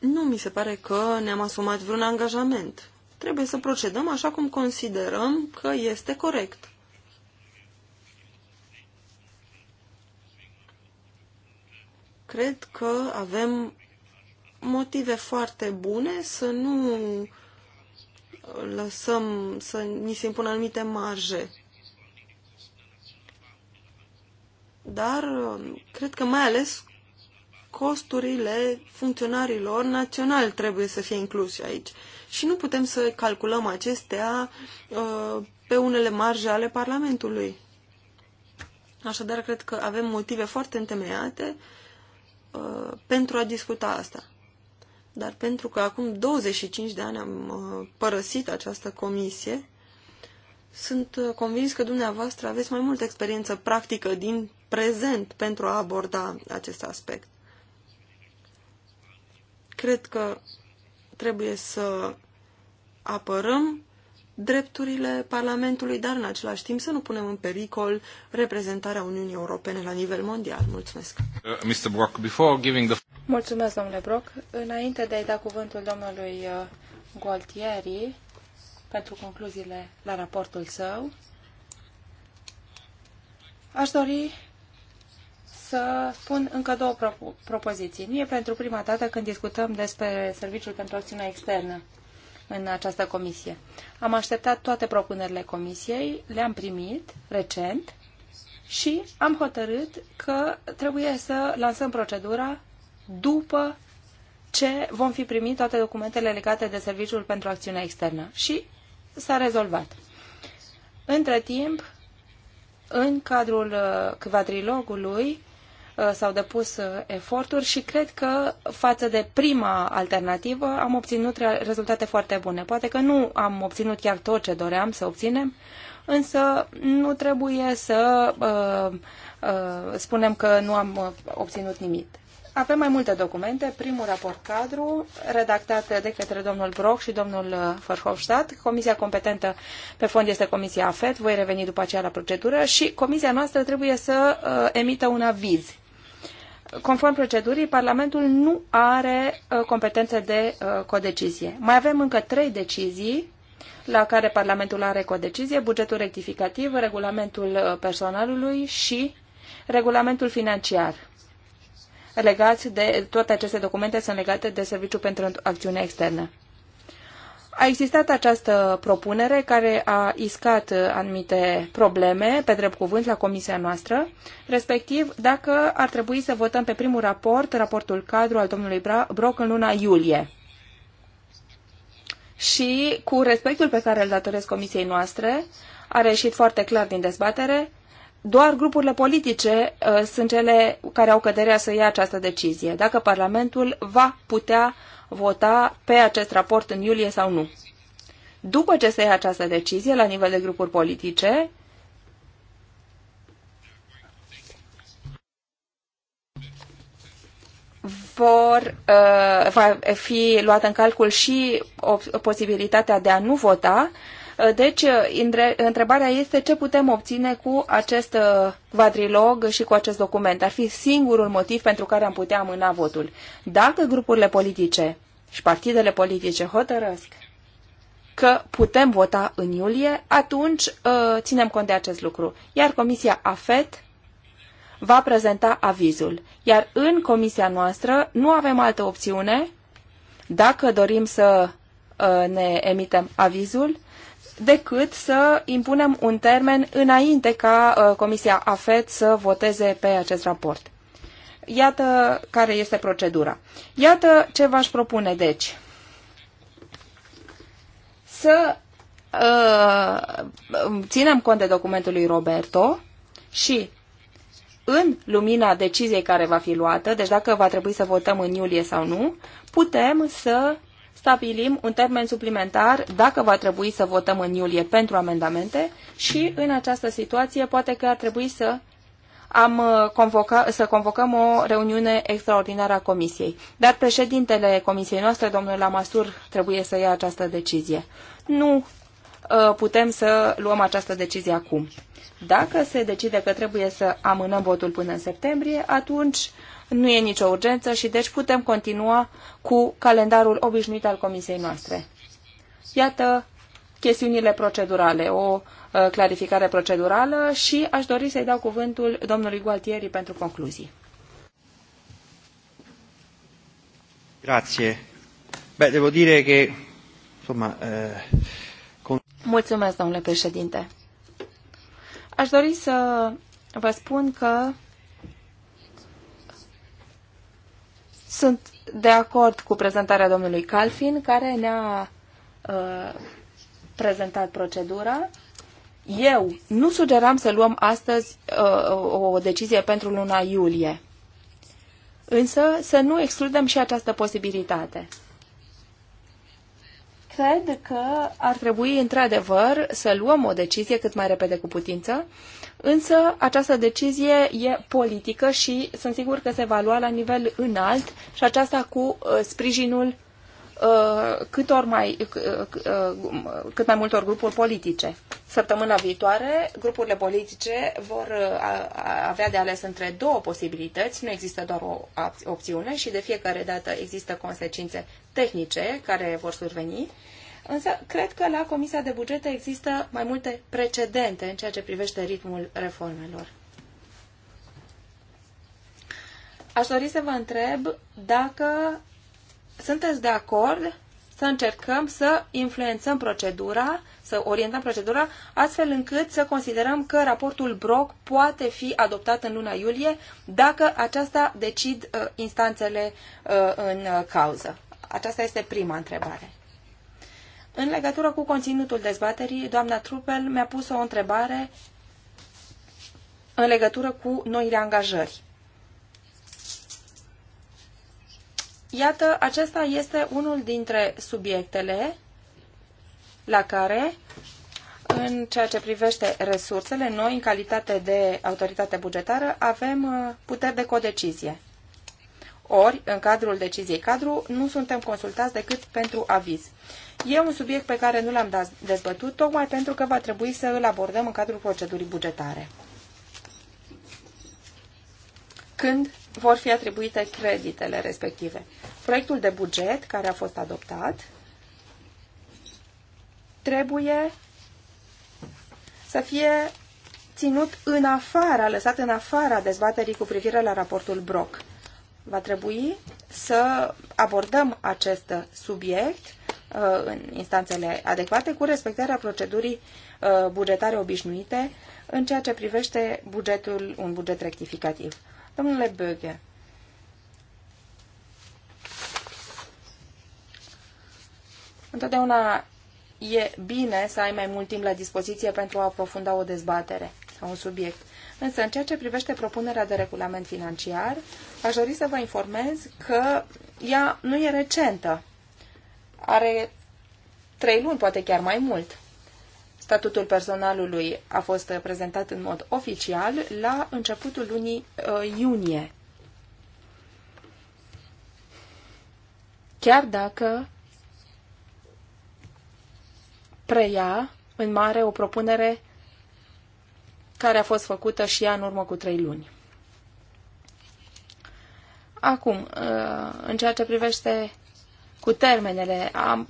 Nu mi se pare că ne-am asumat vreun angajament. Trebuie să procedăm așa cum considerăm că este corect. Cred că avem motive foarte bune să nu lăsăm să ni se impună anumite marje. Dar cred că mai ales costurile funcționarilor naționali trebuie să fie incluse aici. Și nu putem să calculăm acestea uh, pe unele marje ale Parlamentului. Așadar, cred că avem motive foarte întemeiate uh, pentru a discuta asta. Dar pentru că acum 25 de ani am uh, părăsit această comisie, sunt uh, convins că dumneavoastră aveți mai multă experiență practică din prezent pentru a aborda acest aspect. Cred că trebuie să apărăm drepturile Parlamentului, dar în același timp să nu punem în pericol reprezentarea Uniunii Europene la nivel mondial. Mulțumesc. Uh, Mr. Brock, before giving the... Mulțumesc, domnule Brock. Înainte de a-i da cuvântul domnului uh, Gualtieri pentru concluziile la raportul său, aș dori să spun încă două propo propoziții. Nu e pentru prima dată când discutăm despre Serviciul pentru Acțiunea Externă în această comisie. Am așteptat toate propunerile comisiei, le-am primit recent și am hotărât că trebuie să lansăm procedura după ce vom fi primit toate documentele legate de Serviciul pentru Acțiunea Externă. Și s-a rezolvat. Între timp, în cadrul uh, quadrilogului, Uh, s-au depus uh, eforturi și cred că față de prima alternativă am obținut rezultate foarte bune. Poate că nu am obținut chiar tot ce doream să obținem, însă nu trebuie să uh, uh, spunem că nu am uh, obținut nimic. Avem mai multe documente. Primul raport cadru, redactat de către domnul Brock și domnul Verhofstadt. Comisia competentă pe fond este Comisia AFET. Voi reveni după aceea la procedură și comisia noastră trebuie să uh, emită un aviz conform procedurii, Parlamentul nu are uh, competențe de uh, codecizie. Mai avem încă trei decizii la care Parlamentul are codecizie, bugetul rectificativ, regulamentul uh, personalului și regulamentul financiar. Legați de toate aceste documente sunt legate de Serviciul pentru Acțiune Externă. A existat această propunere care a iscat uh, anumite probleme, pe drept cuvânt, la comisia noastră, respectiv dacă ar trebui să votăm pe primul raport, raportul cadru al domnului Broc în luna iulie. Și cu respectul pe care îl datoresc comisiei noastre, a reieșit foarte clar din dezbatere, doar grupurile politice uh, sunt cele care au căderea să ia această decizie. Dacă Parlamentul va putea uh, vota pe acest raport în iulie sau nu. După ce se ia această decizie la nivel de grupuri politice, vor uh, va fi luată în calcul și o posibilitatea de a nu vota Uh, deci, uh, întrebarea este ce putem obține cu acest uh, quadrilog și cu acest document. Ar fi singurul motiv pentru care am putea amâna votul. Dacă grupurile politice și partidele politice hotărăsc că putem vota în iulie, atunci ținem cont de acest lucru. Iar Comisia AFET va prezenta avizul. Iar în comisia noastră nu avem altă opțiune, dacă dorim să ne emitem avizul, decât să impunem un termen înainte ca uh, Comisia AFET să voteze pe acest raport. Iată care este procedura. Iată ce v-aș propune, deci. Să uh, ținem cont de documentul lui Roberto și în lumina deciziei care va fi luată, deci dacă va trebui să votăm în iulie sau nu, putem să stabilim un termen suplimentar dacă va trebui să votăm în iulie pentru amendamente și în această situație poate că ar trebui să am uh, convoca, să convocăm o reuniune extraordinară a Comisiei. Dar președintele Comisiei noastre, domnul Lamasur, trebuie să ia această decizie. Nu uh, putem să luăm această decizie acum. Dacă se decide că trebuie să amânăm votul până în septembrie, atunci nu e nicio urgență și deci putem continua cu calendarul obișnuit al comisiei noastre. Iată chestiunile procedurale, o uh, clarificare procedurală și aș dori să-i dau cuvântul domnului Gualtieri pentru concluzii. Grazie. Beh, devo dire che, insomma, eh, con... Mulțumesc, domnule președinte. Aș dori să vă spun că Sunt de acord cu prezentarea domnului Calfin, care ne-a uh, prezentat procedura. Eu nu sugeram să luăm astăzi uh, o decizie pentru luna iulie, însă să nu excludem și această posibilitate. Cred că ar trebui, într-adevăr, să luăm o decizie cât mai repede cu putință, uh, Însă această decizie e politică și sunt sigur că se va lua la nivel înalt și aceasta cu uh, sprijinul uh, cât, ori mai, uh, cât mai multor grupuri politice. Săptămâna viitoare, grupurile politice vor avea de ales între două posibilități, nu există doar o opțiune și de fiecare dată există consecințe tehnice care vor surveni Însă, cred că la Comisia de Bugete există mai multe precedente în ceea ce privește ritmul reformelor. Aș dori să vă întreb dacă sunteți de acord să încercăm să influențăm procedura, să orientăm procedura, astfel încât să considerăm că raportul Brock poate fi adoptat în luna iulie, dacă aceasta decid uh, instanțele uh, în uh, cauză. Aceasta este prima întrebare. În legătură cu conținutul dezbaterii, doamna Trupel mi-a pus o întrebare în legătură cu noile angajări. Iată, acesta este unul dintre subiectele la care, în ceea ce privește resursele, noi, în calitate de autoritate bugetară, avem uh, puteri de codecizie. Ori, în cadrul deciziei cadru, nu suntem consultați decât pentru aviz. E un subiect pe care nu l-am dezbătut, tocmai pentru că va trebui să îl abordăm în cadrul procedurii bugetare. Când vor fi atribuite creditele respective? Proiectul de buget care a fost adoptat trebuie să fie ținut în afara, lăsat în afara dezbaterii cu privire la raportul Brock. Va trebui să abordăm acest subiect Uh, în instanțele adecvate cu respectarea procedurii uh, bugetare obișnuite în ceea ce privește bugetul, un buget rectificativ. Domnule Böge, întotdeauna e bine să ai mai mult timp la dispoziție pentru a aprofunda o dezbatere sau un subiect. Însă, în ceea ce privește propunerea de regulament financiar, aș dori să vă informez că ea nu e recentă are trei luni, poate chiar mai mult. Statutul personalului a fost prezentat în mod oficial la începutul lunii uh, iunie. Chiar dacă preia în mare o propunere care a fost făcută și ea în urmă cu trei luni. Acum, uh, în ceea ce privește cu termenele. Am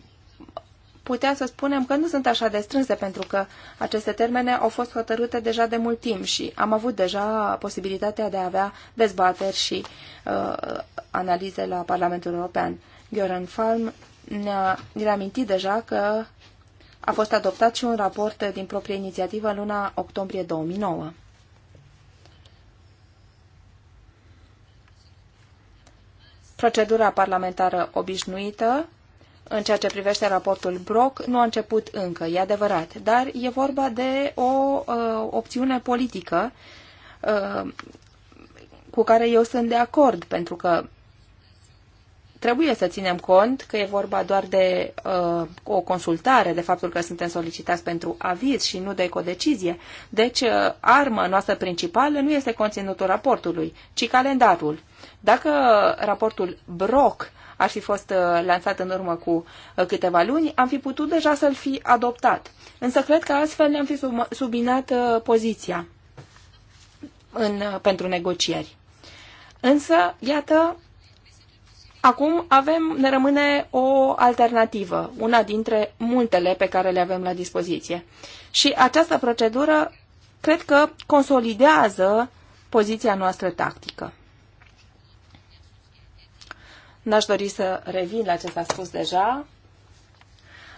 putea să spunem că nu sunt așa de strânse pentru că aceste termene au fost hotărâte deja de mult timp și am avut deja posibilitatea de a avea dezbateri și uh, analize la Parlamentul European. Göran Falm ne-a reamintit deja că a fost adoptat și un raport din proprie inițiativă în luna octombrie 2009. Procedura parlamentară obișnuită în ceea ce privește raportul Brock nu a început încă, e adevărat, dar e vorba de o uh, opțiune politică uh, cu care eu sunt de acord, pentru că trebuie să ținem cont că e vorba doar de uh, o consultare, de faptul că suntem solicitați pentru aviz și nu de codecizie. Deci, uh, arma noastră principală nu este conținutul raportului, ci calendarul. Dacă raportul Brock ar fi fost uh, lansat în urmă cu uh, câteva luni, am fi putut deja să-l fi adoptat. Însă cred că astfel ne-am fi subinat uh, poziția în, pentru negocieri. Însă, iată, acum avem, ne rămâne o alternativă, una dintre multele pe care le avem la dispoziție. Și această procedură cred că consolidează poziția noastră tactică. N-aș dori să revin la ce s-a spus deja,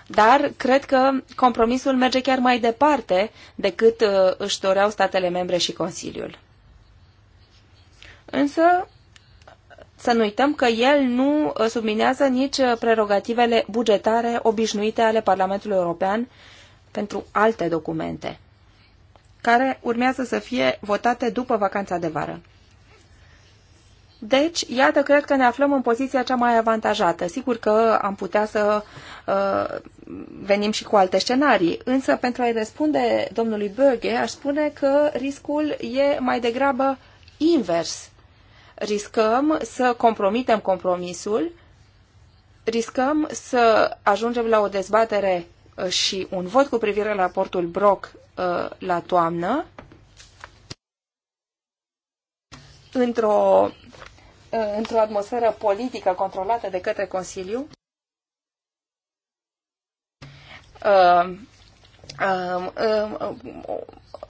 dar cred că compromisul merge chiar mai departe decât uh, își doreau statele membre și Consiliul. Însă, să nu uităm că el nu uh, subminează nici uh, prerogativele bugetare obișnuite ale Parlamentului European pentru alte documente, care urmează să fie votate după vacanța de vară. Deci, iată, cred că ne aflăm în poziția cea mai avantajată. Sigur că am putea să uh, venim și cu alte scenarii, însă pentru a-i răspunde domnului Böge, aș spune că riscul e mai degrabă invers. Riscăm să compromitem compromisul, riscăm să ajungem la o dezbatere uh, și un vot cu privire la raportul Brock uh, la toamnă, într-o Uh, într-o atmosferă politică controlată de către Consiliu, uh, uh,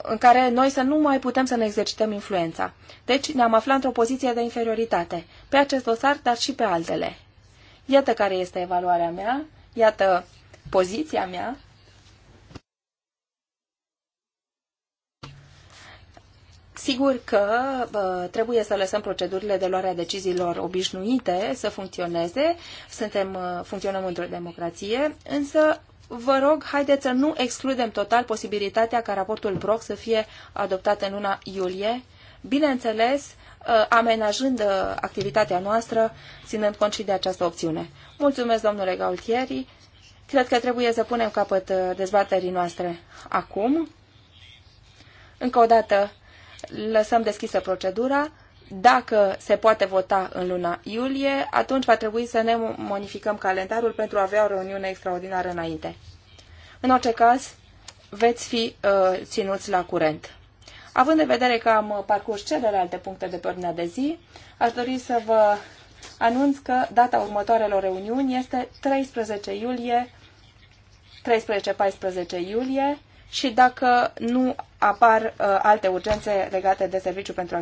în care noi să nu mai putem să ne exercităm influența. Deci ne-am aflat într-o poziție de inferioritate pe acest dosar, dar și pe altele. Iată care este evaluarea mea, iată poziția mea Sigur că trebuie să lăsăm procedurile de luare a deciziilor obișnuite să funcționeze. Suntem, funcționăm într-o democrație, însă vă rog, haideți să nu excludem total posibilitatea ca raportul Brock să fie adoptat în luna iulie. Bineînțeles, amenajând activitatea noastră, ținând cont și de această opțiune. Mulțumesc, domnule Gaultieri. Cred că trebuie să punem capăt dezbaterii noastre acum. Încă o dată, lăsăm deschisă procedura. Dacă se poate vota în luna iulie, atunci va trebui să ne modificăm calendarul pentru a avea o reuniune extraordinară înainte. În orice caz, veți fi uh, ținuți la curent. Având în vedere că am uh, parcurs celelalte puncte de pe ordinea de zi, aș dori să vă anunț că data următoarelor reuniuni este 13 iulie, 13-14 iulie, și dacă nu apar uh, alte urgențe legate de serviciu pentru acțiune.